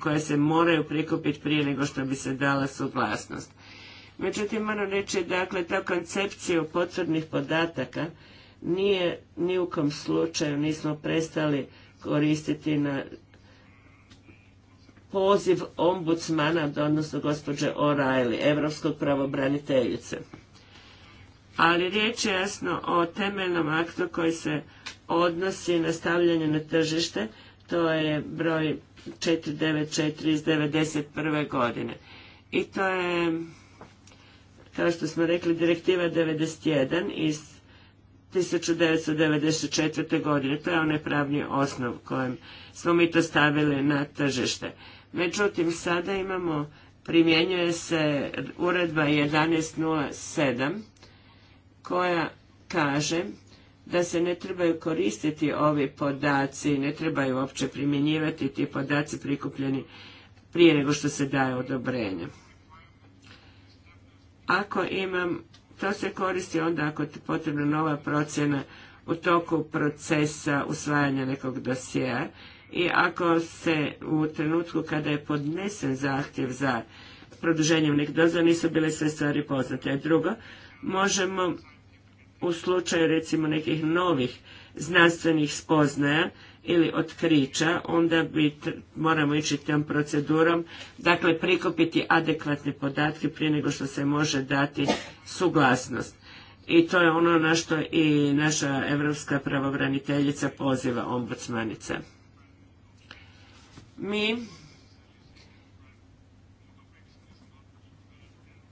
Speaker 2: koje se moraju prikupiti prije nego što bi se dala suglasnost. Međutim, moram reći, dakle, ta koncepcija potvrdnih podataka nije ni u kom slučaju nismo prestali koristiti na poziv ombudsmana, odnosno gospođe O'Reilly, evropskog pravobraniteljice. Ali riječ je jasno o temeljnom aktu koji se odnosi na stavljanje na tržište, to je broj 494 iz 1991. godine. I to je kao što smo rekli, direktiva 91 iz 1994. godine. To je onaj pravni osnov kojem smo mi to stavili na tržište. Međutim, sada imamo, primjenjuje se uredba 1107 koja kaže da se ne trebaju koristiti ovi podaci, ne trebaju uopće primjenjivati ti podaci prikupljeni prije nego što se daje odobrenje ako imam, to se koristi onda ako je potrebna nova procjena u toku procesa usvajanja nekog dosjea i ako se u trenutku kada je podnesen zahtjev za produženjem nekog doza nisu bile sve stvari poznate. A drugo, možemo u slučaju recimo nekih novih znanstvenih spoznaja ili otkrića, onda bi, moramo ići tom procedurom, dakle prikupiti adekvatne podatke prije nego što se može dati suglasnost. I to je ono na što i naša evropska pravobraniteljica poziva ombudsmanice. Mi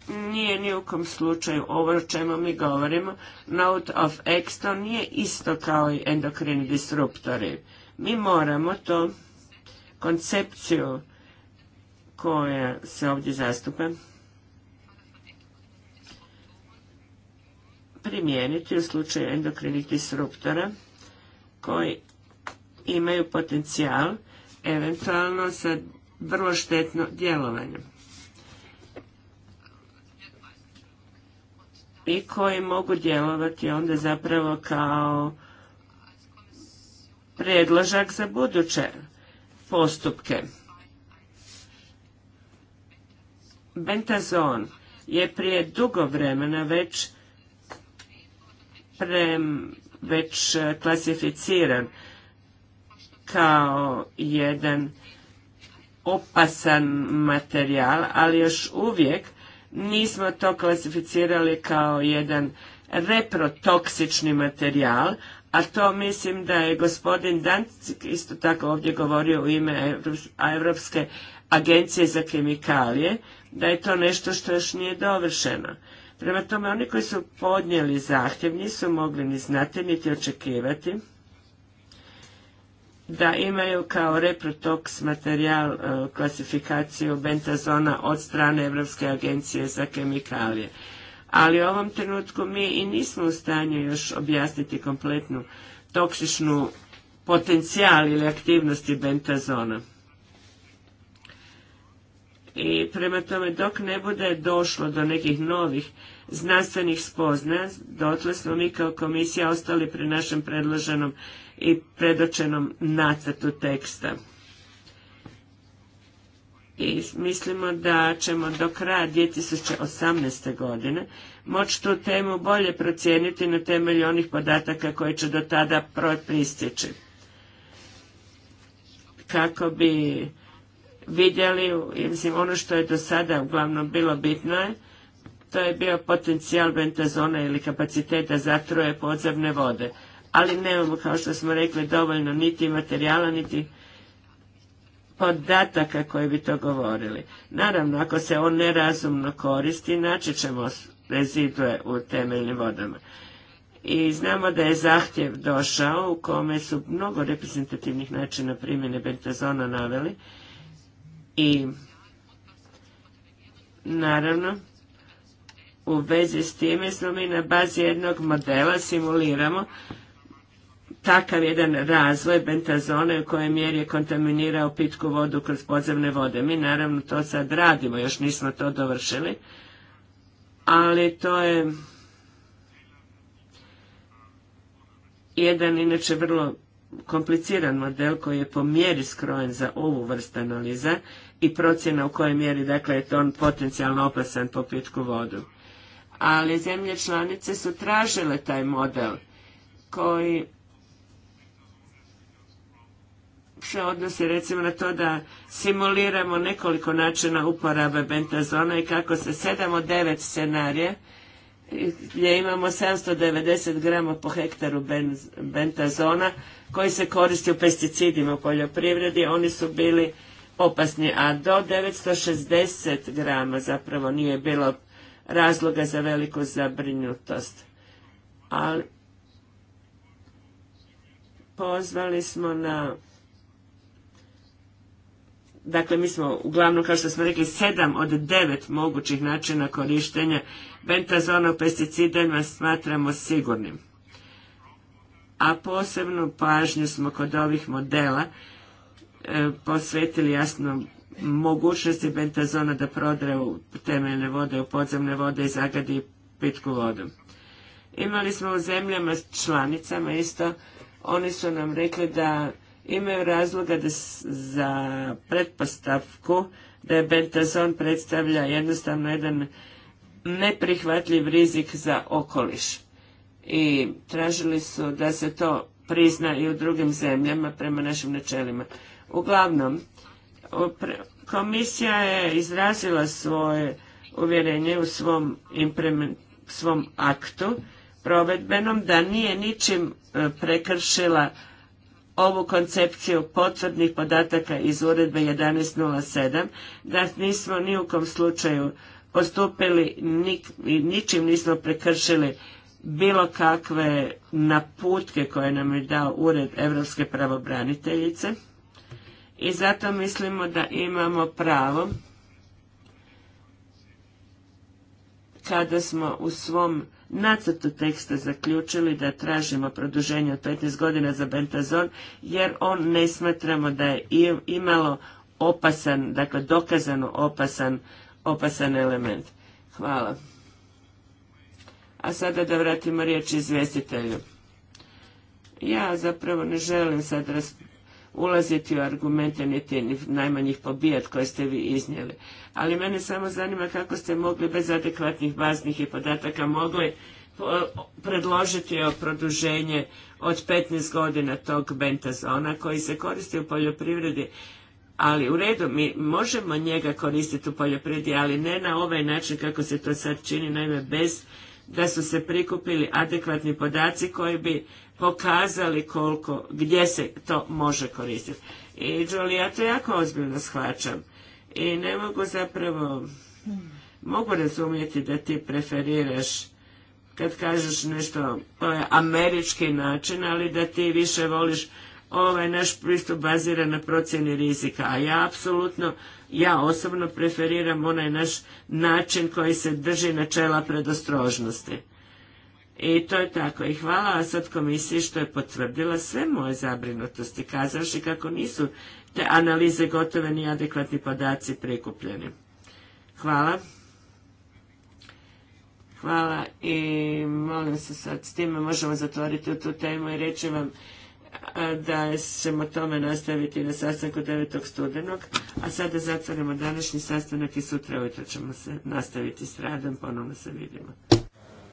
Speaker 2: nije ni u kom slučaju ovo o čemu mi govorimo, note of Exton nije isto kao i endokrini disruptori. Mi moramo to koncepciju koja se ovdje zastupa primijeniti u slučaju endokrinih disruptora koji imaju potencijal eventualno sa vrlo štetno djelovanje i koji mogu djelovati onda zapravo kao predložak za buduće postupke. Bentazon je prije dugo vremena već već e, klasificiran kao jedan opasan materijal, ali još uvijek nismo to klasificirali kao jedan reprotoksični materijal, a to mislim da je gospodin Dancik isto tako ovdje govorio u ime Europske agencije za kemikalije, da je to nešto što još nije dovršeno. Prema tome, oni koji su podnijeli zahtjev nisu mogli ni znati, niti očekivati da imaju kao reprotoks materijal e, klasifikaciju bentazona od strane Europske agencije za kemikalije ali u ovom trenutku mi i nismo u stanju još objasniti kompletnu toksičnu potencijal ili aktivnosti bentazona. I prema tome dok ne bude došlo do nekih novih znanstvenih spozna, dotle smo mi kao komisija ostali pri našem predloženom i predočenom nacrtu teksta i mislimo da ćemo do kraja 2018. godine moći tu temu bolje procijeniti na temelju onih podataka koje će do tada pristići. Kako bi vidjeli, mislim, ono što je do sada uglavnom bilo bitno je, to je bio potencijal bentazona ili kapaciteta zatruje podzemne vode. Ali nemamo, kao što smo rekli, dovoljno niti materijala, niti podataka koji bi to govorili. Naravno, ako se on nerazumno koristi, naći ćemo rezidue u temeljnim vodama. I znamo da je zahtjev došao u kome su mnogo reprezentativnih načina primjene bentazona naveli i naravno u vezi s time smo mi na bazi jednog modela simuliramo takav jedan razvoj bentazone u kojoj mjeri je kontaminirao pitku vodu kroz podzemne vode. Mi naravno to sad radimo, još nismo to dovršili, ali to je jedan inače vrlo kompliciran model koji je po mjeri skrojen za ovu vrstu analiza i procjena u kojoj mjeri dakle, je to on potencijalno opasan po pitku vodu. Ali zemlje članice su tražile taj model koji se odnosi recimo na to da simuliramo nekoliko načina uporabe bentazona i kako se sedam od devet scenarije gdje imamo 790 grama po hektaru bentazona koji se koristi u pesticidima u poljoprivredi, oni su bili opasni, a do 960 grama zapravo nije bilo razloga za veliku zabrinutost. Ali pozvali smo na Dakle, mi smo uglavnom, kao što smo rekli, sedam od devet mogućih načina korištenja bentazona u pesticidima smatramo sigurnim. A posebnu pažnju smo kod ovih modela e, posvetili jasno mogućnosti bentazona da prodre u temeljne vode, u podzemne vode i zagadi pitku vodu. Imali smo u zemljama članicama isto, oni su nam rekli da imaju razloga za pretpostavku da je bentazon predstavlja jednostavno jedan neprihvatljiv rizik za okoliš. I tražili su da se to prizna i u drugim zemljama prema našim načelima. Uglavnom, komisija je izrazila svoje uvjerenje u svom, svom aktu provedbenom da nije ničim e, prekršila ovu koncepciju potvrdnih podataka iz uredbe 1107, da nismo ni u kom slučaju postupili i ničim nismo prekršili bilo kakve naputke koje nam je dao Ured Evropske pravobraniteljice i zato mislimo da imamo pravo kada smo u svom nacrtu teksta zaključili da tražimo produženje od 15 godina za Bentazon jer on ne smatramo da je imalo opasan, dakle dokazano opasan, opasan element. Hvala. A sada da vratimo riječ izvjestitelju. Ja zapravo ne želim sad ulaziti u argumente niti najmanjih pobijat koje ste vi iznijeli. Ali mene samo zanima kako ste mogli bez adekvatnih baznih i podataka mogli predložiti o produženje od 15 godina tog bentazona koji se koristi u poljoprivredi ali u redu, mi možemo njega koristiti u poljoprivredi, ali ne na ovaj način kako se to sad čini, naime bez da su se prikupili adekvatni podaci koji bi pokazali koliko, gdje se to može koristiti. I Julie, ja to jako ozbiljno shvaćam. I ne mogu zapravo, mogu razumjeti da ti preferiraš kad kažeš nešto, to je američki način, ali da ti više voliš ovaj naš pristup bazira na procjeni rizika. A ja apsolutno, ja osobno preferiram onaj naš način koji se drži načela predostrožnosti. I to je tako. I hvala vam sad komisiji što je potvrdila sve moje zabrinutosti, kazavši kako nisu te analize gotove ni adekvatni podaci prikupljeni. Hvala. Hvala i molim se sad s time možemo zatvoriti tu temu i reći vam da ćemo tome nastaviti na sastanku 9. studenog, a sada zatvorimo današnji sastanak i sutra ujutro ćemo se nastaviti s radom, ponovno se vidimo.